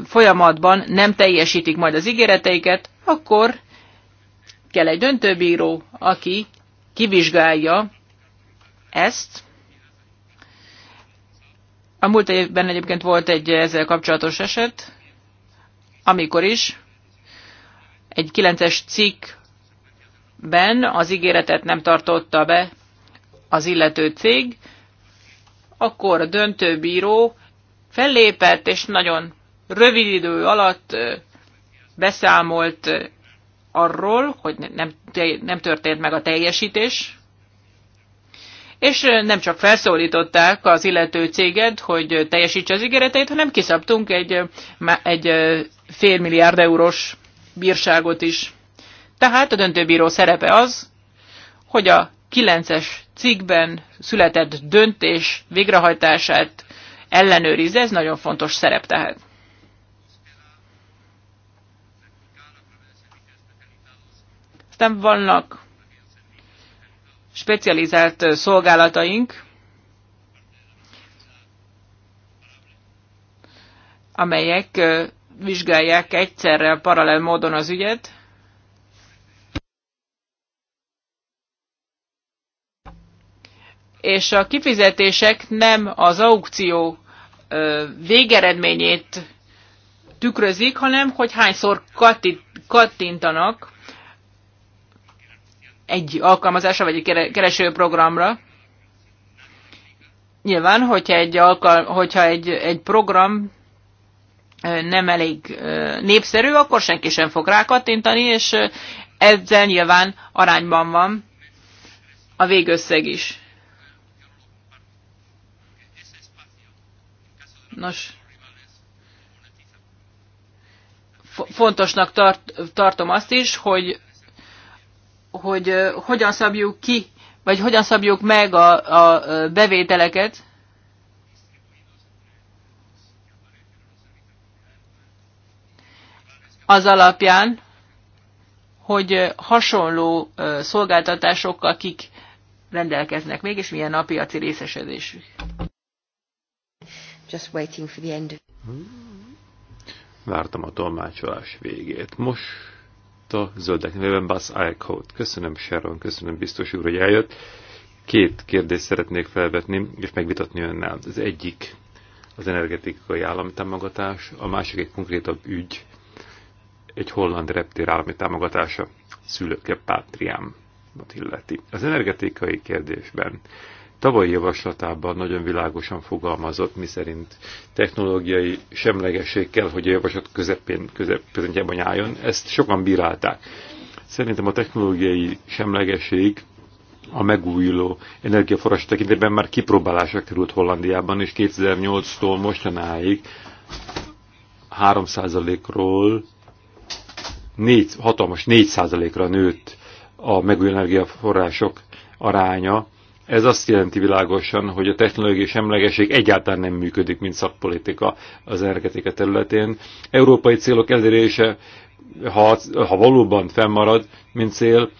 folyamatban nem teljesítik majd az ígéreteiket, akkor kell egy döntőbíró, aki kivizsgálja ezt. A múlt évben egyébként volt egy ezzel kapcsolatos eset, amikor is egy 9-es cikkben az ígéretet nem tartotta be az illető cég, akkor a döntőbíró fellépett, és nagyon rövid idő alatt beszámolt arról, hogy nem, nem történt meg a teljesítés, és nem csak felszólították az illető céget, hogy teljesítse az ígéreteit, hanem kiszabtunk egy, egy fél milliárd eurós bírságot is. Tehát a döntőbíró szerepe az, hogy a 9-es cikkben született döntés végrehajtását ellenőrizze, ez nagyon fontos szerep tehát. Aztán vannak specializált szolgálataink, amelyek vizsgálják egyszerre paralel módon az ügyet. És a kifizetések nem az aukció végeredményét tükrözik, hanem hogy hányszor kattintanak egy alkalmazásra, vagy egy keresőprogramra. Nyilván, hogyha egy, alkal, hogyha egy, egy program nem elég népszerű, akkor senki sem fog kattintani, és ezzel nyilván arányban van a végösszeg is. Nos, fontosnak tart, tartom azt is, hogy hogy hogyan szabjuk ki, vagy hogyan szabjuk meg a, a bevételeket, az alapján, hogy hasonló szolgáltatásokkal kik rendelkeznek mégis milyen a piaci részesedésük. Just waiting for the end Vártam a tolmácsolás végét. Most a zöldek nevében Buzz Eichhout. Köszönöm Sharon, köszönöm biztos úr, hogy eljött. Két kérdést szeretnék felvetni és megvitatni önnel. Az egyik az energetikai állami támogatás, a másik egy konkrétabb ügy, egy holland reptér állami támogatása szülőke pátriám illeti. Az energetikai kérdésben tavalyi javaslatában nagyon világosan fogalmazott, miszerint technológiai semlegesség kell, hogy a javaslat közepén, közepén álljon. Ezt sokan bírálták. Szerintem a technológiai semlegesség a megújuló energiaforrás tekintetben már kipróbálásra került Hollandiában, és 2008-tól mostanáig 3%-ról 4, hatalmas 4%-ra nőtt a megújuló energiaforrások aránya ez azt jelenti világosan, hogy a technológiai semlegeség egyáltalán nem működik, mint szakpolitika az energetika területén. Európai célok elérése, ha, ha valóban fennmarad, mint cél,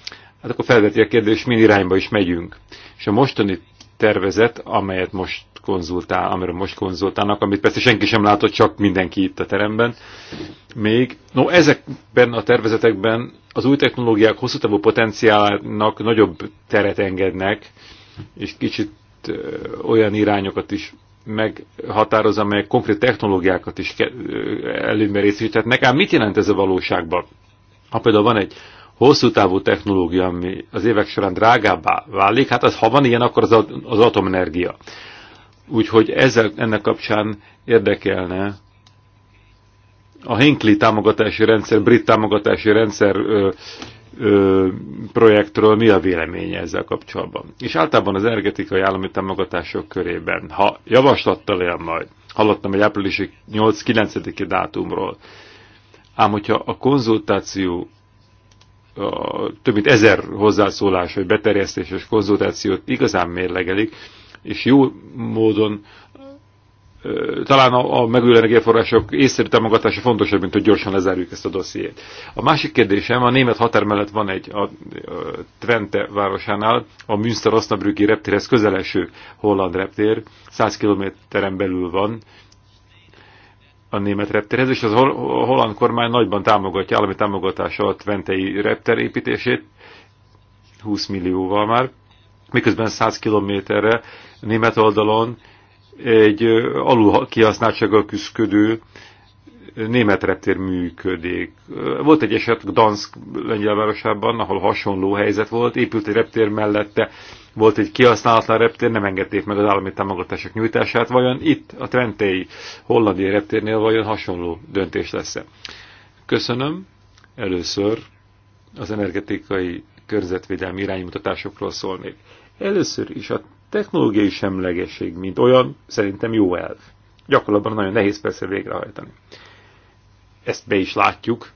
hát akkor felveti a kérdés, milyen irányba is megyünk. És a mostani tervezet, amelyet most konzultál, amiről most konzultálnak, amit persze senki sem látott, csak mindenki itt a teremben. Még, no, ezekben a tervezetekben az új technológiák hosszú távú potenciálnak nagyobb teret engednek, és kicsit olyan irányokat is meghatároz, amelyek konkrét technológiákat is előnyben Tehát nekem mit jelent ez a valóságban? Ha például van egy hosszú távú technológia, ami az évek során drágábbá válik, hát az, ha van ilyen, akkor az, az atomenergia. Úgyhogy ezzel, ennek kapcsán érdekelne a Hinkley támogatási rendszer, brit támogatási rendszer ö, ö, projektről mi a véleménye ezzel kapcsolatban. És általában az energetikai állami támogatások körében, ha javaslattal él majd, hallottam egy áprilisi 8-9-i dátumról, ám hogyha a konzultáció a több mint ezer hozzászólás, vagy beterjesztéses konzultációt igazán mérlegelik, és jó módon talán a, a megújuló energiaforrások észszerű támogatása fontosabb, mint hogy gyorsan lezárjuk ezt a dossziét. A másik kérdésem, a német határ mellett van egy a, a Twente városánál, a Münster Osnabrücki reptérhez közeleső holland reptér, 100 kilométeren belül van a német reptérhez, és az a holland kormány nagyban támogatja, állami támogatása a Twentei repter építését, 20 millióval már, miközben 100 kilométerre német oldalon egy alul kihasználtsággal küzdködő német reptér működik. Volt egy eset Gdansk lengyelvárosában, ahol hasonló helyzet volt, épült egy reptér mellette, volt egy kihasználatlan reptér, nem engedték meg az állami támogatások nyújtását, vajon itt a Trentei hollandi reptérnél vajon hasonló döntés lesz-e? Köszönöm. Először az energetikai körzetvédelmi iránymutatásokról szólnék. Először is a technológiai semlegesség, mint olyan, szerintem jó elv. Gyakorlatban nagyon nehéz persze végrehajtani. Ezt be is látjuk.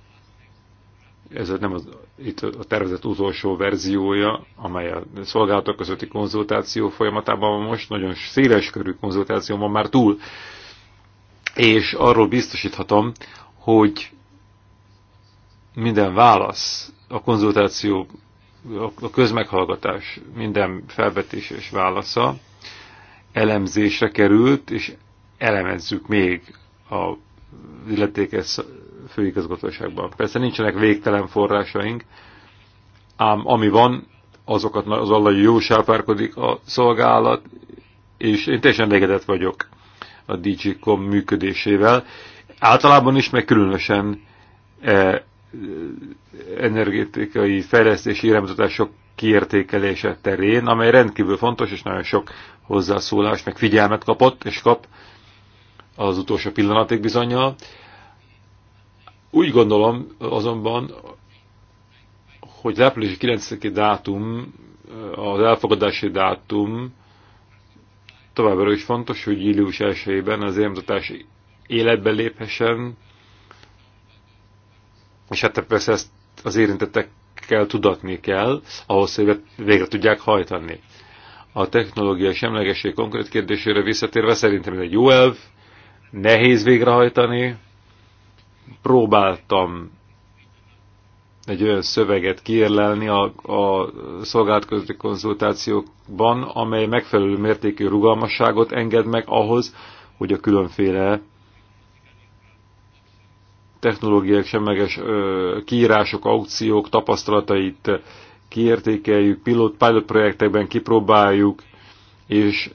Ez nem az, itt a tervezett utolsó verziója, amely a szolgálatok közötti konzultáció folyamatában van most, nagyon széles körű konzultáció van már túl. És arról biztosíthatom, hogy minden válasz a konzultáció a közmeghallgatás minden felvetés és válasza elemzésre került, és elemezzük még a illetékes főigazgatóságban. Persze nincsenek végtelen forrásaink, ám ami van, azokat az allai jó sápárkodik a szolgálat, és én teljesen elégedett vagyok a DG.com működésével. Általában is, meg különösen eh, energetikai fejlesztési iránymutatások kiértékelése terén, amely rendkívül fontos, és nagyon sok hozzászólást, meg figyelmet kapott, és kap az utolsó pillanatig bizonyal. Úgy gondolom azonban, hogy április 9 dátum, az elfogadási dátum továbbra is fontos, hogy július 1-ben az életbe léphessen, és hát persze ezt az érintettekkel tudatni kell, ahhoz, hogy végre tudják hajtani. A technológia semlegesség konkrét kérdésére visszatérve szerintem ez egy jó elv, nehéz végrehajtani. Próbáltam egy olyan szöveget kiérlelni a, a közötti konzultációkban, amely megfelelő mértékű rugalmasságot enged meg ahhoz, hogy a különféle technológiák semleges kiírások, aukciók tapasztalatait kiértékeljük, pilot, pilot projektekben kipróbáljuk, és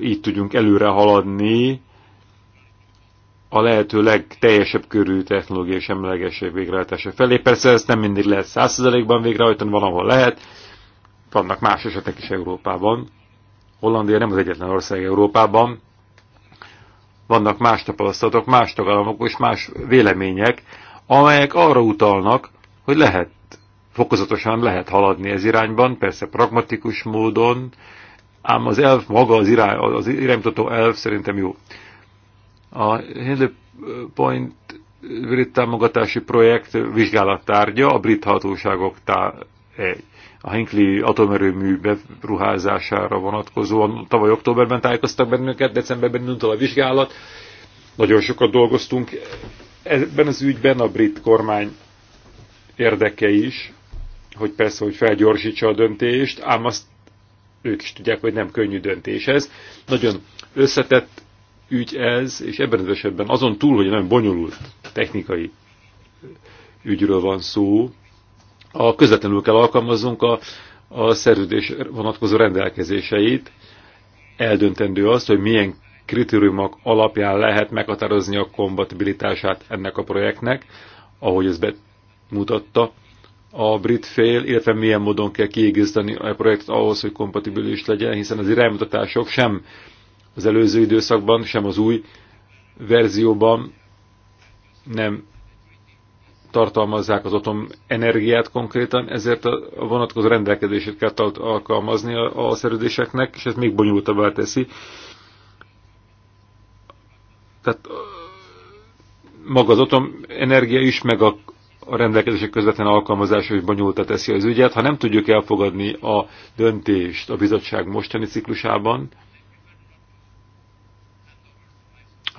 így tudjunk előre haladni a lehető legteljesebb körű és emlegesség végrehajtása felé. Persze ezt nem mindig lehet 100%-ban végrehajtani, van ahol lehet, vannak más esetek is Európában. Hollandia nem az egyetlen ország Európában, vannak más tapasztalatok, más tagállamok és más vélemények, amelyek arra utalnak, hogy lehet, fokozatosan lehet haladni ez irányban, persze pragmatikus módon, ám az elf maga, az, irány, az iránymutató elf szerintem jó. A Hindley Point brit támogatási projekt vizsgálattárgya a brit hatóságok tá egy a Hinkley atomerőmű beruházására vonatkozóan. Tavaly októberben tájékoztak bennünket, decemberben indult a vizsgálat. Nagyon sokat dolgoztunk ebben az ügyben, a brit kormány érdeke is, hogy persze, hogy felgyorsítsa a döntést, ám azt ők is tudják, hogy nem könnyű döntés ez. Nagyon összetett ügy ez, és ebben az esetben azon túl, hogy nagyon bonyolult technikai ügyről van szó, a közvetlenül kell alkalmazzunk a, a szerződés vonatkozó rendelkezéseit. Eldöntendő az, hogy milyen kritériumok alapján lehet meghatározni a kompatibilitását ennek a projektnek, ahogy ez bemutatta a brit fél, illetve milyen módon kell kiégészteni a projektet ahhoz, hogy kompatibilis legyen, hiszen az iránymutatások sem az előző időszakban, sem az új verzióban nem tartalmazzák az atom energiát konkrétan, ezért a vonatkozó rendelkezését kell alkalmazni a, a szerződéseknek, és ez még bonyolultabbá teszi. Tehát maga az atom energia is, meg a, a rendelkezések közvetlen alkalmazása is bonyolulta teszi az ügyet. Ha nem tudjuk elfogadni a döntést a bizottság mostani ciklusában,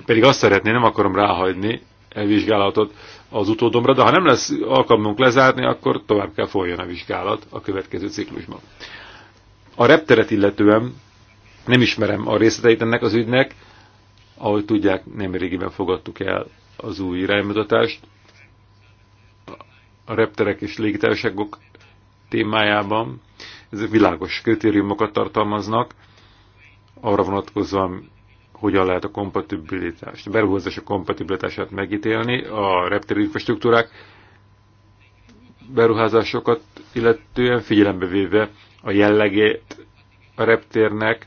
pedig azt szeretné, nem akarom ráhagyni elvizsgálatot az utódomra, de ha nem lesz alkalmunk lezárni, akkor tovább kell folyjon a vizsgálat a következő ciklusban. A repteret illetően nem ismerem a részleteit ennek az ügynek, ahogy tudják, nem régiben fogadtuk el az új iránymutatást. A repterek és légitársaságok témájában ezek világos kritériumokat tartalmaznak, arra vonatkozóan hogyan lehet a kompatibilitást, a a kompatibilitását megítélni, a reptéri infrastruktúrák beruházásokat illetően figyelembe véve a jellegét a reptérnek,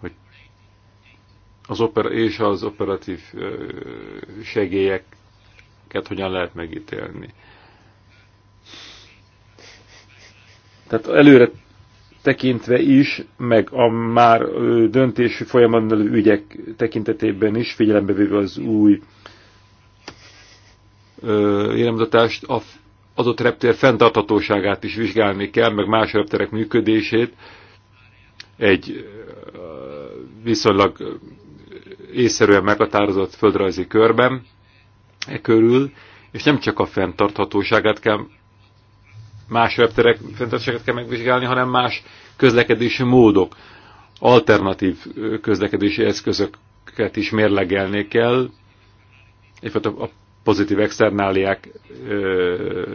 hogy az oper és az operatív segélyeket hogyan lehet megítélni. Tehát előre tekintve is, meg a már döntési folyamatban ügyek tekintetében is, figyelembe véve az új jelenmutatást, az adott reptér fenntarthatóságát is vizsgálni kell, meg más repterek működését egy viszonylag észszerűen meghatározott földrajzi körben, e körül, és nem csak a fenntarthatóságát kell más repterek fenntartásokat kell megvizsgálni, hanem más közlekedési módok, alternatív közlekedési eszközöket is mérlegelni kell, egyfajta a pozitív externáliák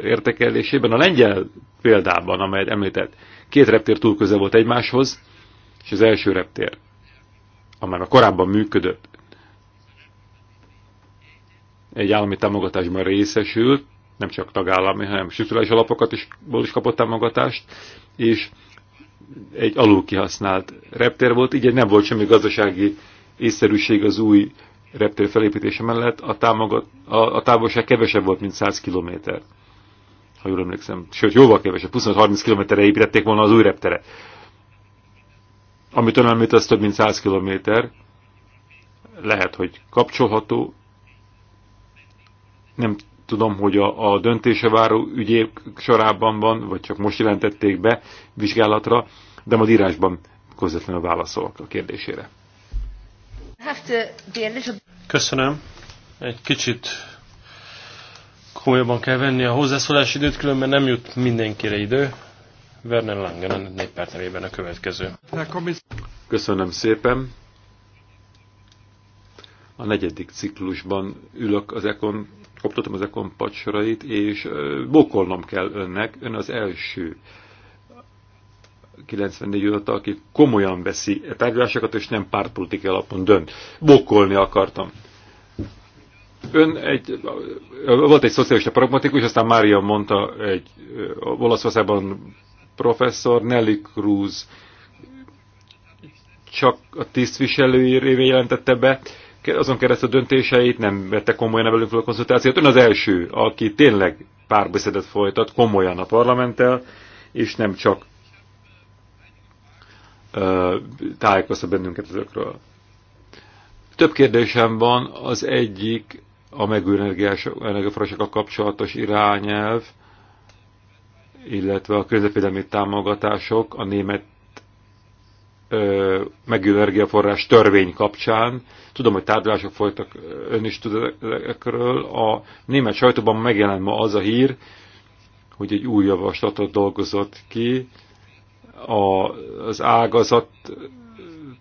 értekelésében. A lengyel példában, amelyet említett, két reptér túl közel volt egymáshoz, és az első reptér, amely a korábban működött, egy állami támogatásban részesült, nem csak tagállami, hanem struktúrális alapokat is, is kapott támogatást, és egy alul kihasznált reptér volt, így nem volt semmi gazdasági észszerűség az új reptér felépítése mellett, a, támogat, a, a távolság kevesebb volt, mint 100 km. Ha jól emlékszem, sőt, jóval kevesebb, 25-30 km-re építették volna az új reptere. Amit ön említ, az több mint 100 km. Lehet, hogy kapcsolható, nem tudom, hogy a, a döntése váró ügyék sorában van, vagy csak most jelentették be vizsgálatra, de majd írásban közvetlenül válaszolok a kérdésére. Köszönöm. Egy kicsit komolyabban kell venni a hozzászólási időt, különben nem jut mindenkire idő. Werner Langen, néppárt nevében a következő. Köszönöm szépen. A negyedik ciklusban ülök az Ekon kaptatom az ekon pacsorait, és bokolnom kell önnek, ön az első 94 óta, aki komolyan veszi a e tárgyalásokat, és nem pártpolitikai alapon dönt. Bokolni akartam. Ön egy, volt egy szocialista pragmatikus, aztán Mária mondta, egy Olaszországban professzor Nelly Cruz csak a tisztviselői révén jelentette be, azon keresztül döntéseit, nem vette komolyan a velük a konzultációt. Ön az első, aki tényleg párbeszédet folytat komolyan a parlamenttel, és nem csak uh, tájékoztat bennünket ezekről. Több kérdésem van, az egyik a megőrenergiás a kapcsolatos irányelv, illetve a környezetvédelmi támogatások a német megújuló energiaforrás törvény kapcsán. Tudom, hogy tárgyalások folytak, ön is tud ezekről. A német sajtóban megjelent ma az a hír, hogy egy új javaslatot dolgozott ki a, az ágazat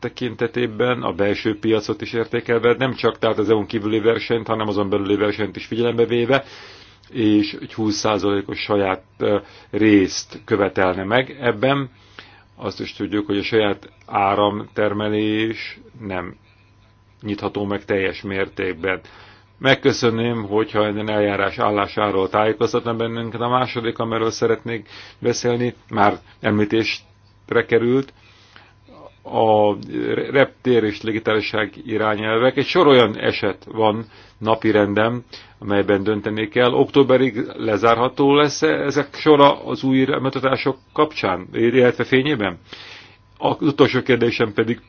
tekintetében, a belső piacot is értékelve, nem csak tehát az EU-n kívüli versenyt, hanem azon belüli versenyt is figyelembe véve, és egy 20%-os saját részt követelne meg ebben azt is tudjuk, hogy a saját áramtermelés nem nyitható meg teljes mértékben. Megköszönném, hogyha egy eljárás állásáról tájékoztatna bennünket. A második, amiről szeretnék beszélni, már említésre került, a reptér és légitársaság irányelvek. Egy sor olyan eset van napirendem, amelyben dönteni kell. Októberig lezárható lesz -e ezek sora az új iránymutatások kapcsán, illetve fényében? Az utolsó kérdésem pedig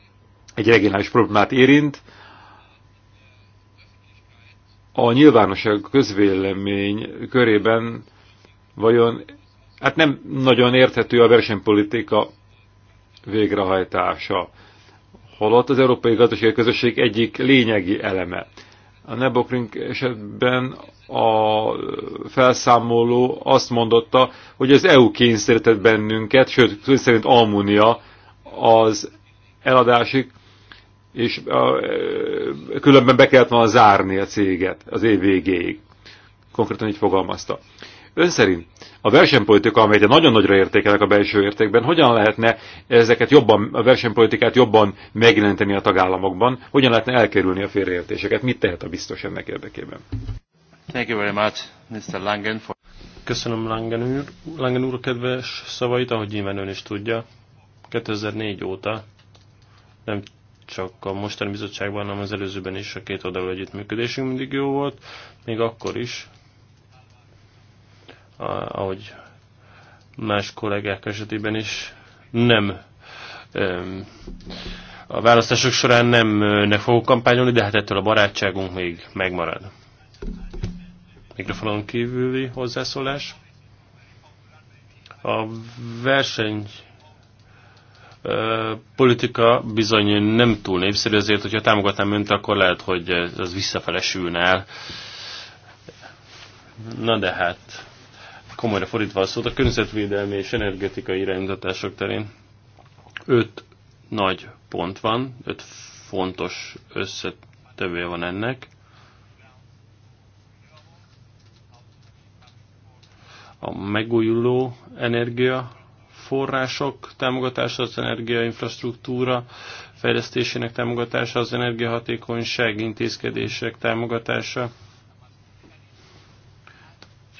egy regionális problémát érint. A nyilvánosság közvélemény körében vajon, hát nem nagyon érthető a versenypolitika végrehajtása, holott az Európai Gazdasági Közösség egyik lényegi eleme. A Nebokrink esetben a felszámoló azt mondotta, hogy az EU kényszerített bennünket, sőt, szerint Almunia az eladásig, és a, e, különben be kellett volna zárni a céget az év végéig. Konkrétan így fogalmazta. Ön szerint a versenypolitika, amelyet nagyon nagyra értékelek a belső értékben, hogyan lehetne ezeket jobban, a versenypolitikát jobban megjelenteni a tagállamokban, hogyan lehetne elkerülni a félreértéseket, mit tehet a biztos ennek érdekében? Thank you very much, Mr. Langen. For... Köszönöm Langen úr, Langen úr kedves szavait, ahogy nyilván ön is tudja. 2004 óta nem csak a mostani bizottságban, hanem az előzőben is a két oldalú együttműködésünk mindig jó volt, még akkor is, ahogy más kollégák esetében is nem a választások során nem ne fogok kampányolni, de hát ettől a barátságunk még megmarad. Mikrofonon kívüli hozzászólás. A verseny politika bizony nem túl népszerű, azért hogyha támogatnám önt, akkor lehet, hogy ez visszafelesülne el. Na de hát, komolyra fordítva a szót, a környezetvédelmi és energetikai irányzatások terén öt nagy pont van, öt fontos összetevője van ennek. A megújuló energia források támogatása, az energiainfrastruktúra fejlesztésének támogatása, az energiahatékonyság intézkedések támogatása,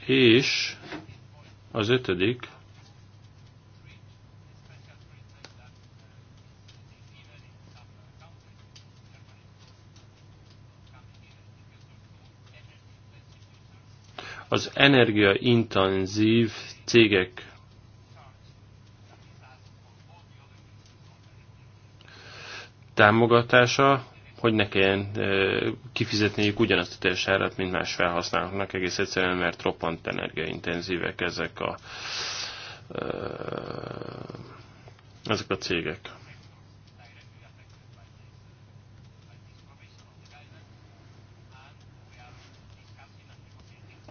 és az ötödik, az energiaintenzív cégek támogatása hogy ne kelljen kifizetniük ugyanazt a teljes árat, mint más felhasználóknak, egész egyszerűen, mert roppant energiaintenzívek ezek a, ezek a cégek.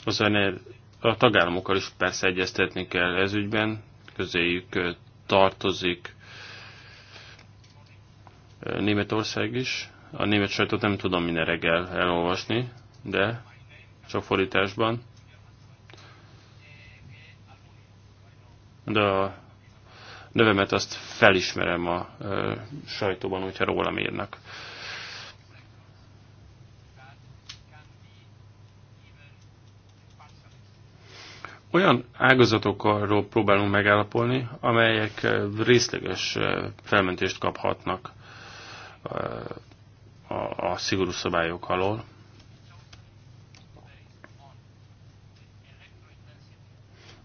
Az a tagállamokkal is persze egyeztetni kell ez ügyben, közéjük tartozik Németország is, a német sajtót nem tudom minden reggel elolvasni, de csak fordításban. De a nevemet azt felismerem a ö, sajtóban, hogyha rólam írnak. Olyan ágazatokról próbálunk megállapolni, amelyek részleges felmentést kaphatnak a, a szigorú szabályok alól.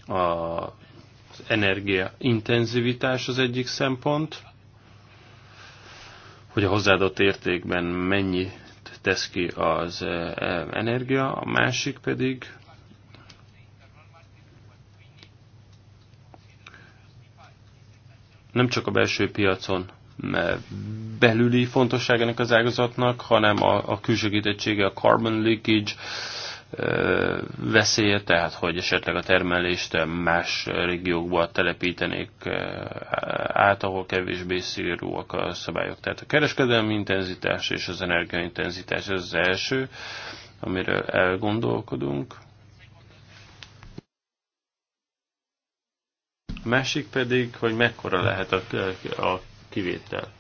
A energia intenzivitás az egyik szempont, hogy a hozzáadott értékben mennyi tesz ki az e, e, energia, a másik pedig nem csak a belső piacon belüli fontosságának az ágazatnak, hanem a, a kitettsége, a carbon leakage veszélye, tehát hogy esetleg a termelést más régiókba telepítenék át, ahol kevésbé szigorúak a szabályok. Tehát a kereskedelmi intenzitás és az energiaintenzitás az, az első, amiről elgondolkodunk. A másik pedig, hogy mekkora lehet a, a kivétel.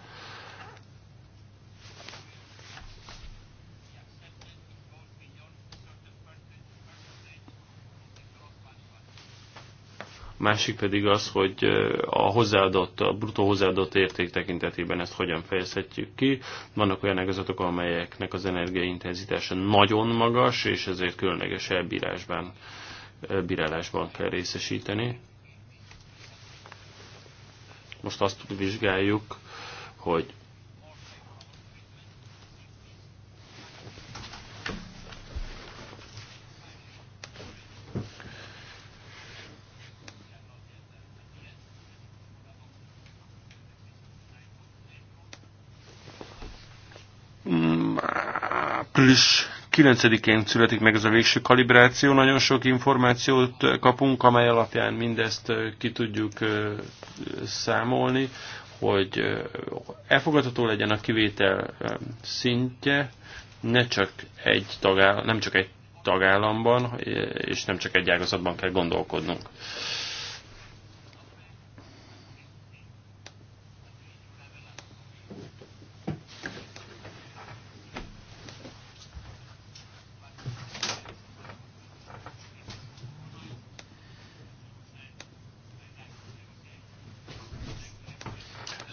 A másik pedig az, hogy a hozzáadott, a brutó hozzáadott érték tekintetében ezt hogyan fejezhetjük ki. Vannak olyan ágazatok, amelyeknek az energiaintenzitása nagyon magas, és ezért különleges elbírásban, bírálásban kell részesíteni. Most azt vizsgáljuk, hogy mm, Plusz. 9-én születik meg ez a végső kalibráció, nagyon sok információt kapunk, amely alapján mindezt ki tudjuk számolni, hogy elfogadható legyen a kivétel szintje, ne csak egy tagállam, nem csak egy tagállamban, és nem csak egy ágazatban kell gondolkodnunk.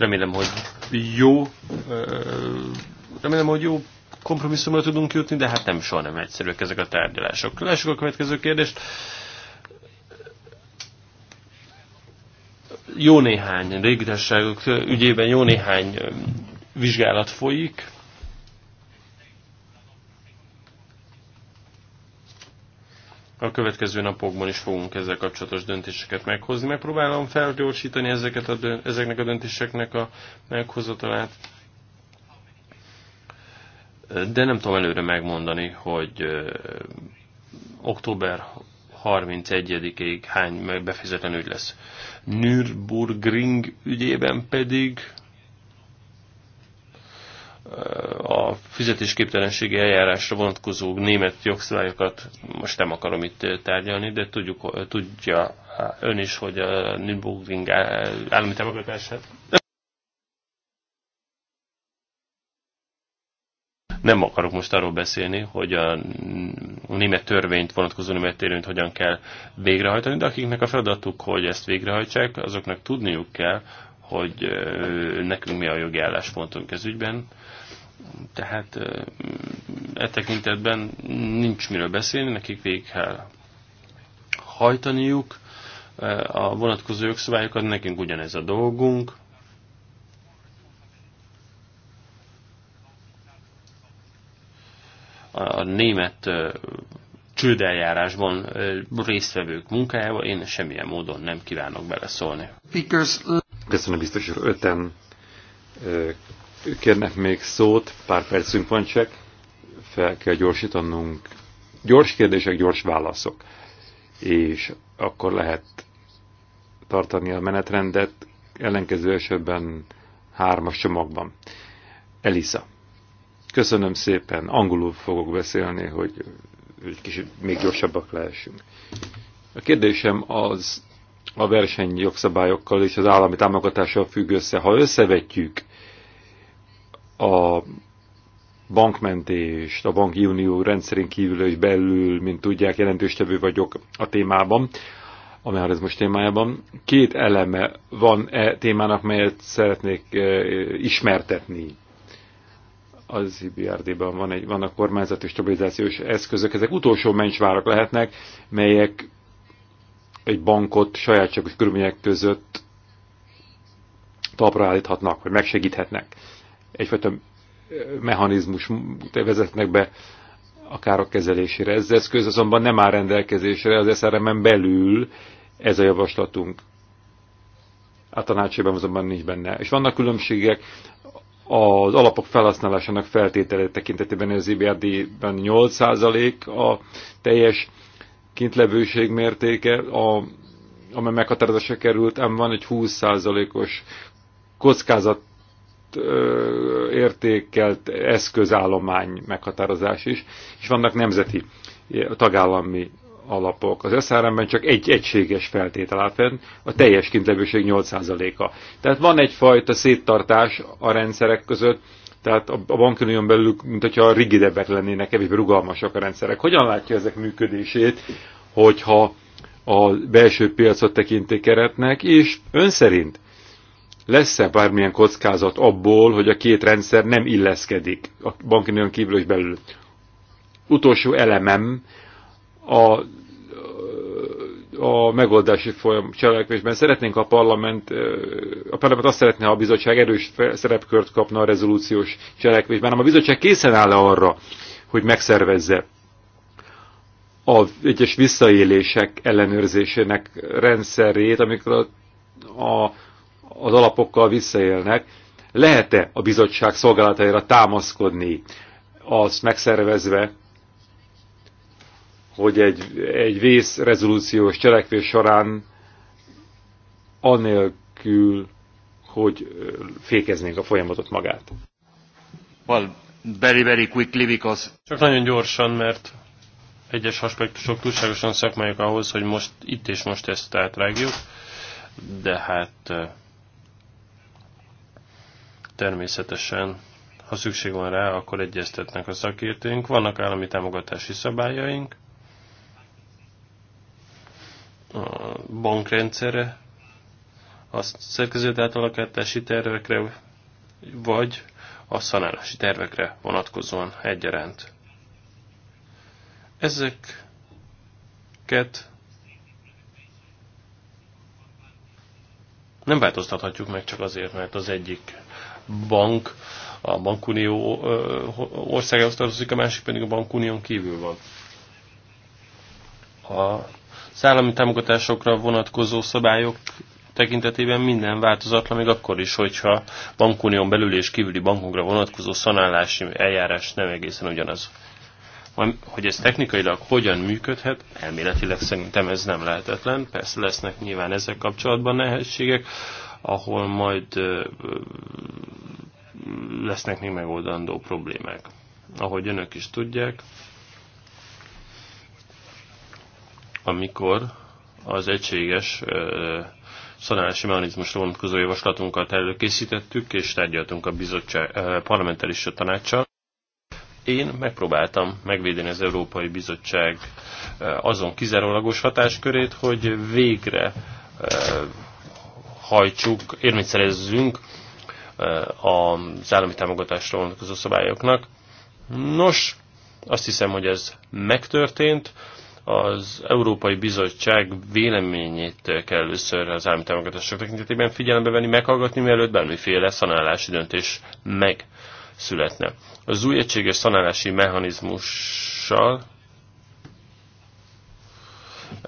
Remélem, hogy jó, remélem, hogy jó kompromisszumra tudunk jutni, de hát nem soha nem egyszerűek ezek a tárgyalások. Lássuk a következő kérdést. Jó néhány légitársaságok ügyében jó néhány vizsgálat folyik. A következő napokban is fogunk ezzel kapcsolatos döntéseket meghozni. Megpróbálom felgyorsítani ezeket a dönt, ezeknek a döntéseknek a meghozatalát, de nem tudom előre megmondani, hogy ö, október 31-ig hány befizetlen ügy lesz. Nürburgring ügyében pedig a fizetésképtelenségi eljárásra vonatkozó német jogszabályokat most nem akarom itt tárgyalni, de tudjuk, tudja ön is, hogy a Nürburgring állami támogatását nem akarok most arról beszélni, hogy a német törvényt, vonatkozó német törvényt hogyan kell végrehajtani, de akiknek a feladatuk, hogy ezt végrehajtsák, azoknak tudniuk kell, hogy nekünk mi a jogi álláspontunk ez ügyben. Tehát e tekintetben nincs miről beszélni, nekik végig kell hajtaniuk a vonatkozó jogszabályokat, nekünk ugyanez a dolgunk. A német csődeljárásban résztvevők munkájába én semmilyen módon nem kívánok beleszólni. Speakers. Köszönöm biztos hogy Öten kérnek még szót, pár percünk van csak. Fel kell gyorsítanunk. Gyors kérdések, gyors válaszok. És akkor lehet tartani a menetrendet, ellenkező esetben hármas csomagban. Elisa. Köszönöm szépen. Angolul fogok beszélni, hogy egy kicsit még gyorsabbak lehessünk. A kérdésem az a versenyjogszabályokkal és az állami támogatással függ össze. Ha összevetjük a bankmentést, a banki unió rendszerén kívül és belül, mint tudják, jelentős tevő vagyok a témában, a mechanizmus témájában. Két eleme van e témának, melyet szeretnék e, ismertetni. Az IBRD-ben van egy, vannak kormányzati stabilizációs eszközök, ezek utolsó mencsvárak lehetnek, melyek egy bankot sajátságos körülmények között talpra állíthatnak, vagy megsegíthetnek. Egyfajta mechanizmus vezetnek be a károk kezelésére. Ez eszköz azonban nem áll rendelkezésre, az srm belül ez a javaslatunk. A tanácsében azonban nincs benne. És vannak különbségek az alapok felhasználásának feltétele tekintetében az ibrd ben 8% a teljes kintlevőség mértéke, a, amely meghatározásra került, ám van egy 20%-os kockázat értékelt eszközállomány meghatározás is, és vannak nemzeti tagállami alapok. Az SRM-ben csak egy egységes feltétel áll fenn, a teljes kintlevőség 8%-a. Tehát van egyfajta széttartás a rendszerek között, tehát a bankunión belül, mint hogyha rigidebbek lennének, kevésbé rugalmasak a rendszerek. Hogyan látja ezek működését, hogyha a belső piacot tekinti keretnek, és ön szerint lesz-e bármilyen kockázat abból, hogy a két rendszer nem illeszkedik a bankunión kívül és belül? Utolsó elemem a a megoldási folyam cselekvésben. Szeretnénk a parlament, a parlament azt szeretné, ha a bizottság erős szerepkört kapna a rezolúciós cselekvésben, hanem a bizottság készen áll -e arra, hogy megszervezze az egyes visszaélések ellenőrzésének rendszerét, amikor a, a, az alapokkal visszaélnek, lehet-e a bizottság szolgálataira támaszkodni, azt megszervezve hogy egy, egy vészrezolúciós cselekvés során anélkül, hogy fékeznénk a folyamatot magát. Well, very, very quickly because... Csak nagyon gyorsan, mert egyes aspektusok túlságosan szakmányok ahhoz, hogy most itt és most ezt átrágjuk, de hát természetesen, ha szükség van rá, akkor egyeztetnek a szakértőink. Vannak állami támogatási szabályaink, a bankrendszerre, a szerkezőt átalakítási tervekre, vagy a szanálási tervekre vonatkozóan egyaránt. Ezeket nem változtathatjuk meg csak azért, mert az egyik bank a bankunió országához tartozik, a másik pedig a bankunión kívül van. A az állami támogatásokra vonatkozó szabályok tekintetében minden változatlan, még akkor is, hogyha bankunión belül és kívüli bankokra vonatkozó szanálási eljárás nem egészen ugyanaz. Hogy ez technikailag hogyan működhet, elméletileg szerintem ez nem lehetetlen. Persze lesznek nyilván ezek kapcsolatban nehézségek, ahol majd lesznek még megoldandó problémák. Ahogy önök is tudják, amikor az egységes szanálási mechanizmusra vonatkozó javaslatunkat előkészítettük, és tárgyaltunk a bizottság, parlamentális tanácssal. Én megpróbáltam megvédeni az Európai Bizottság azon kizárólagos hatáskörét, hogy végre hajtsuk, érményt szerezzünk az állami támogatásra vonatkozó szabályoknak. Nos, azt hiszem, hogy ez megtörtént az Európai Bizottság véleményét kell először az állami támogatások tekintetében figyelembe venni, meghallgatni, mielőtt bármiféle szanálási döntés megszületne. Az új egységes szanálási mechanizmussal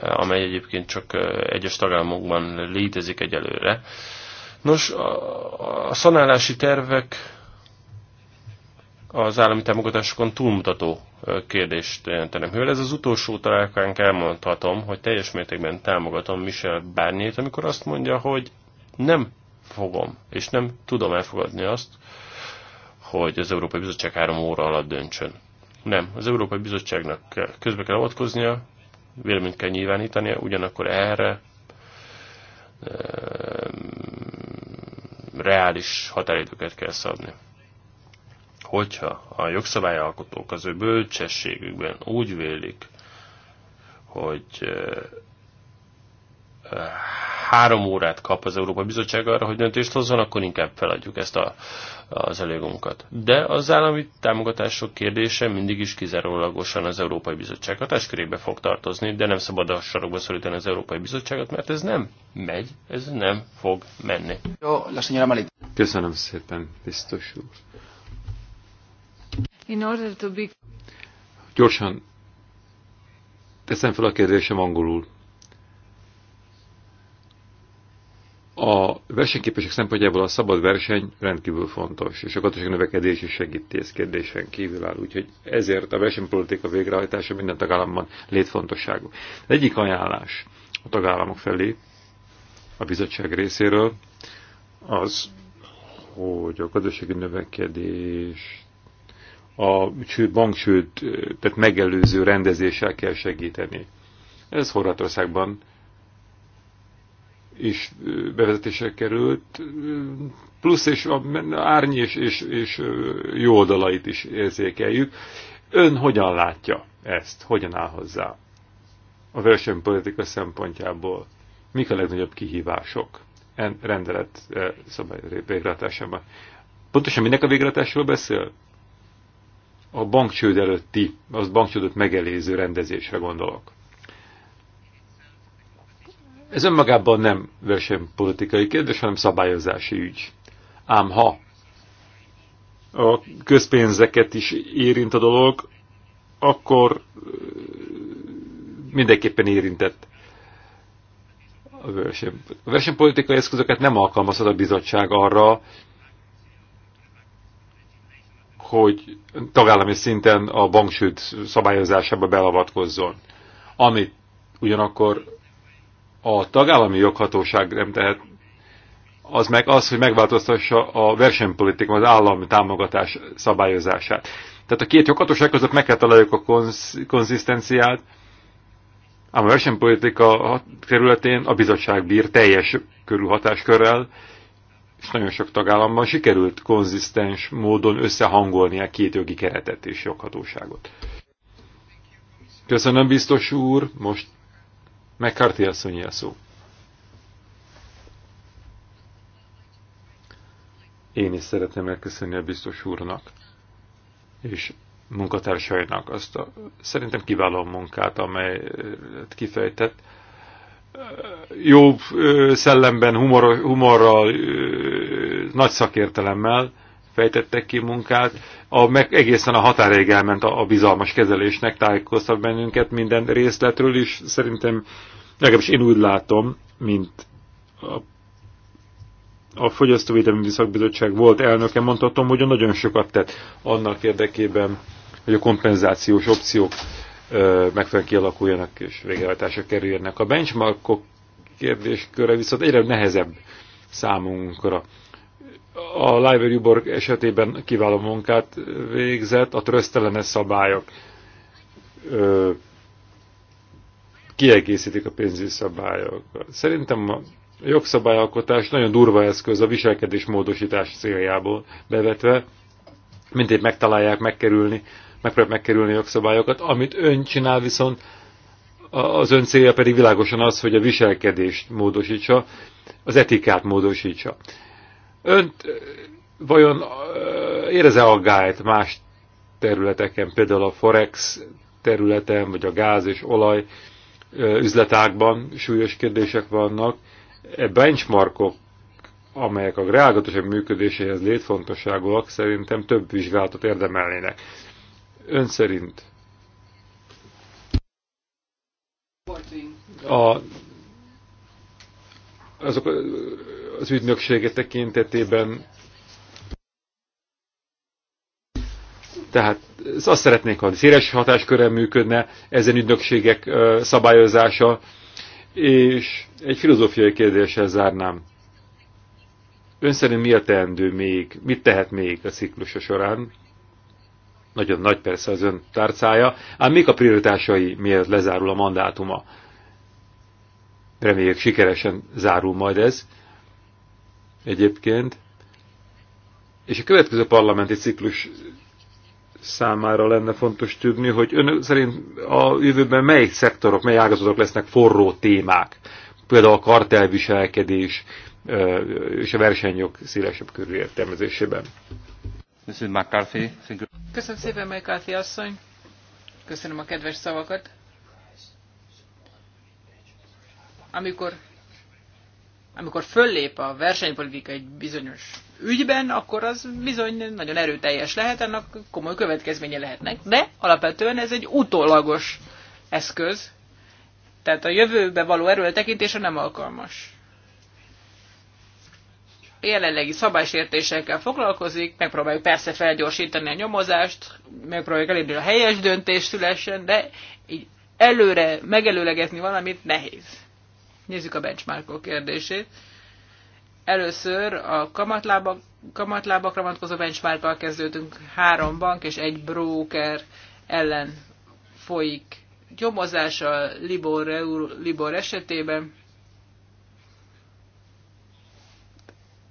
amely egyébként csak egyes tagállamokban létezik egyelőre. Nos, a szanálási tervek az állami támogatásokon túlmutató kérdést jelentenem. Mivel ez az utolsó találkánk elmondhatom, hogy teljes mértékben támogatom Michel barnier amikor azt mondja, hogy nem fogom, és nem tudom elfogadni azt, hogy az Európai Bizottság három óra alatt döntsön. Nem, az Európai Bizottságnak közbe kell avatkoznia, véleményt kell nyilvánítania, ugyanakkor erre e, reális határidőket kell szabni hogyha a jogszabályalkotók az ő bölcsességükben úgy vélik, hogy három órát kap az Európai Bizottság arra, hogy döntést hozzon, akkor inkább feladjuk ezt a, az előgunkat. De az állami támogatások kérdése mindig is kizárólagosan az Európai Bizottság hatáskörébe fog tartozni, de nem szabad a sarokba szorítani az Európai Bizottságot, mert ez nem megy, ez nem fog menni. Köszönöm szépen, biztos úr. In order to be... Gyorsan teszem fel a kérdésem angolul. A versenyképesek szempontjából a szabad verseny rendkívül fontos, és a gazdaság növekedés is ezt kérdésen kívül áll, úgyhogy ezért a versenypolitika végrehajtása minden tagállamban létfontosságú. egyik ajánlás a tagállamok felé a bizottság részéről az, hogy a gazdasági növekedés a banksőd, tehát megelőző rendezéssel kell segíteni. Ez Horvátországban is bevezetése került, plusz és a árny és, és, és jó oldalait is érzékeljük. Ön hogyan látja ezt? Hogyan áll hozzá? A versenypolitika szempontjából mik a legnagyobb kihívások en rendelet szabály végrehatásában? Pontosan minek a végrehatásról beszél? a bankcsőd előtti, az bankcsődöt megelőző rendezésre gondolok. Ez önmagában nem versenypolitikai kérdés, hanem szabályozási ügy. Ám ha a közpénzeket is érint a dolog, akkor mindenképpen érintett a A versenypolitikai eszközöket nem alkalmazhat a bizottság arra, hogy tagállami szinten a banksőt szabályozásába belavatkozzon. Amit ugyanakkor a tagállami joghatóság nem tehet, az meg az, hogy megváltoztassa a versenypolitika, az állami támogatás szabályozását. Tehát a két joghatóság között meg kell találjuk a konz konzisztenciát, ám a versenypolitika területén a bizottság bír teljes körülhatáskörrel, és nagyon sok tagállamban sikerült konzisztens módon összehangolni a két jogi keretet és joghatóságot. Köszönöm, biztos úr, most McCarthy asszonyi a szó. Én is szeretném elköszönni a biztos úrnak és munkatársainak azt a szerintem kiváló munkát, amelyet kifejtett jó szellemben, humor, humorral, nagy szakértelemmel fejtettek ki munkát. A, meg egészen a határaig elment a, a bizalmas kezelésnek, tájékoztat bennünket minden részletről is. Szerintem, legalábbis én úgy látom, mint a, a Fogyasztóvédelmi Szakbizottság volt elnöke, mondhatom, hogy nagyon sokat tett annak érdekében, hogy a kompenzációs opciók megfelelően kialakuljanak és végrehajtásra kerüljenek. A benchmarkok kérdésköre viszont egyre nehezebb számunkra. A Live Uborg esetében kiváló munkát végzett, a trösztelenes szabályok ö, kiegészítik a pénzügyi szabályokat. Szerintem a jogszabályalkotás nagyon durva eszköz a viselkedés módosítás céljából bevetve, mindig megtalálják megkerülni megpróbálják megkerülni a jogszabályokat. Amit ön csinál viszont, az ön célja pedig világosan az, hogy a viselkedést módosítsa, az etikát módosítsa. Önt vajon érez-e aggályt más területeken, például a Forex területen, vagy a gáz és olaj üzletákban súlyos kérdések vannak. E benchmarkok, amelyek a reálgatóság működéséhez létfontosságúak, szerintem több vizsgálatot érdemelnének ön szerint a, azok az ügynöksége tekintetében Tehát azt szeretnék, ha széles hatáskörrel működne ezen ügynökségek szabályozása, és egy filozófiai kérdéssel zárnám. Ön szerint mi a teendő még, mit tehet még a ciklusa során? Nagyon nagy persze az ön tárcája, ám még a prioritásai miért lezárul a mandátuma? Reméljük sikeresen zárul majd ez egyébként. És a következő parlamenti ciklus számára lenne fontos tudni, hogy ön szerint a jövőben mely szektorok, mely ágazatok lesznek forró témák? Például a kartelviselkedés és a versenyjog szélesebb körű értelmezésében. Köszönöm szépen, McCarthy asszony. Köszönöm a kedves szavakat. Amikor, amikor föllép a versenypolitika egy bizonyos ügyben, akkor az bizony nagyon erőteljes lehet, ennek komoly következménye lehetnek. De alapvetően ez egy utólagos eszköz, tehát a jövőbe való erőltekintése nem alkalmas jelenlegi szabálysértésekkel foglalkozik, megpróbáljuk persze felgyorsítani a nyomozást, megpróbáljuk elérni a helyes döntést szülessen, de így előre megelőlegezni valamit nehéz. Nézzük a benchmarkok kérdését. Először a kamatlábak, kamatlábakra vonatkozó benchmarkkal kezdődünk. Három bank és egy broker ellen folyik nyomozás a Libor, Libor esetében.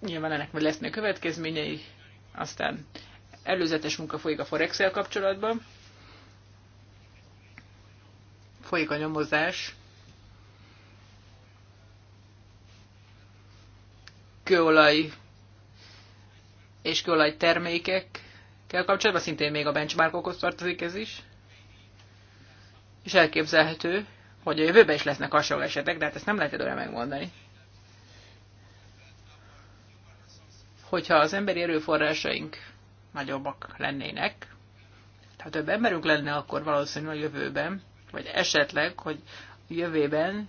Nyilván ennek majd lesznek következményei, aztán előzetes munka folyik a forex kapcsolatban, folyik a nyomozás, kőolaj és kőolaj termékekkel kapcsolatban, szintén még a benchmarkokhoz tartozik ez is, és elképzelhető, hogy a jövőben is lesznek hasonló esetek, de hát ezt nem lehet előre megmondani. hogyha az emberi erőforrásaink nagyobbak lennének, tehát több emberünk lenne, akkor valószínű a jövőben, vagy esetleg, hogy a jövőben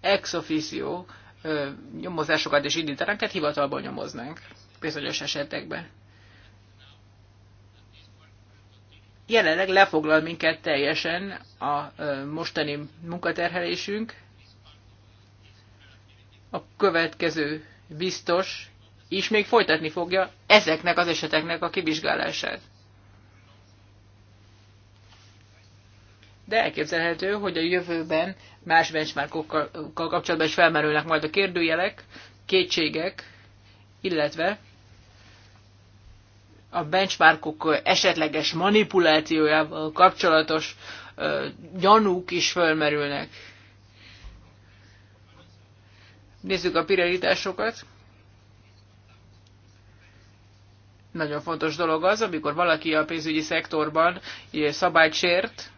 ex officio ö, nyomozásokat és indítanánk, tehát hivatalban nyomoznánk bizonyos esetekben. Jelenleg lefoglal minket teljesen a ö, mostani munkaterhelésünk. A következő biztos és még folytatni fogja ezeknek az eseteknek a kivizsgálását. De elképzelhető, hogy a jövőben más benchmarkokkal kapcsolatban is felmerülnek majd a kérdőjelek, kétségek, illetve a benchmarkok esetleges manipulációjával kapcsolatos gyanúk is felmerülnek. Nézzük a pirelításokat. Nagyon fontos dolog az, amikor valaki a pénzügyi szektorban szabályt sért,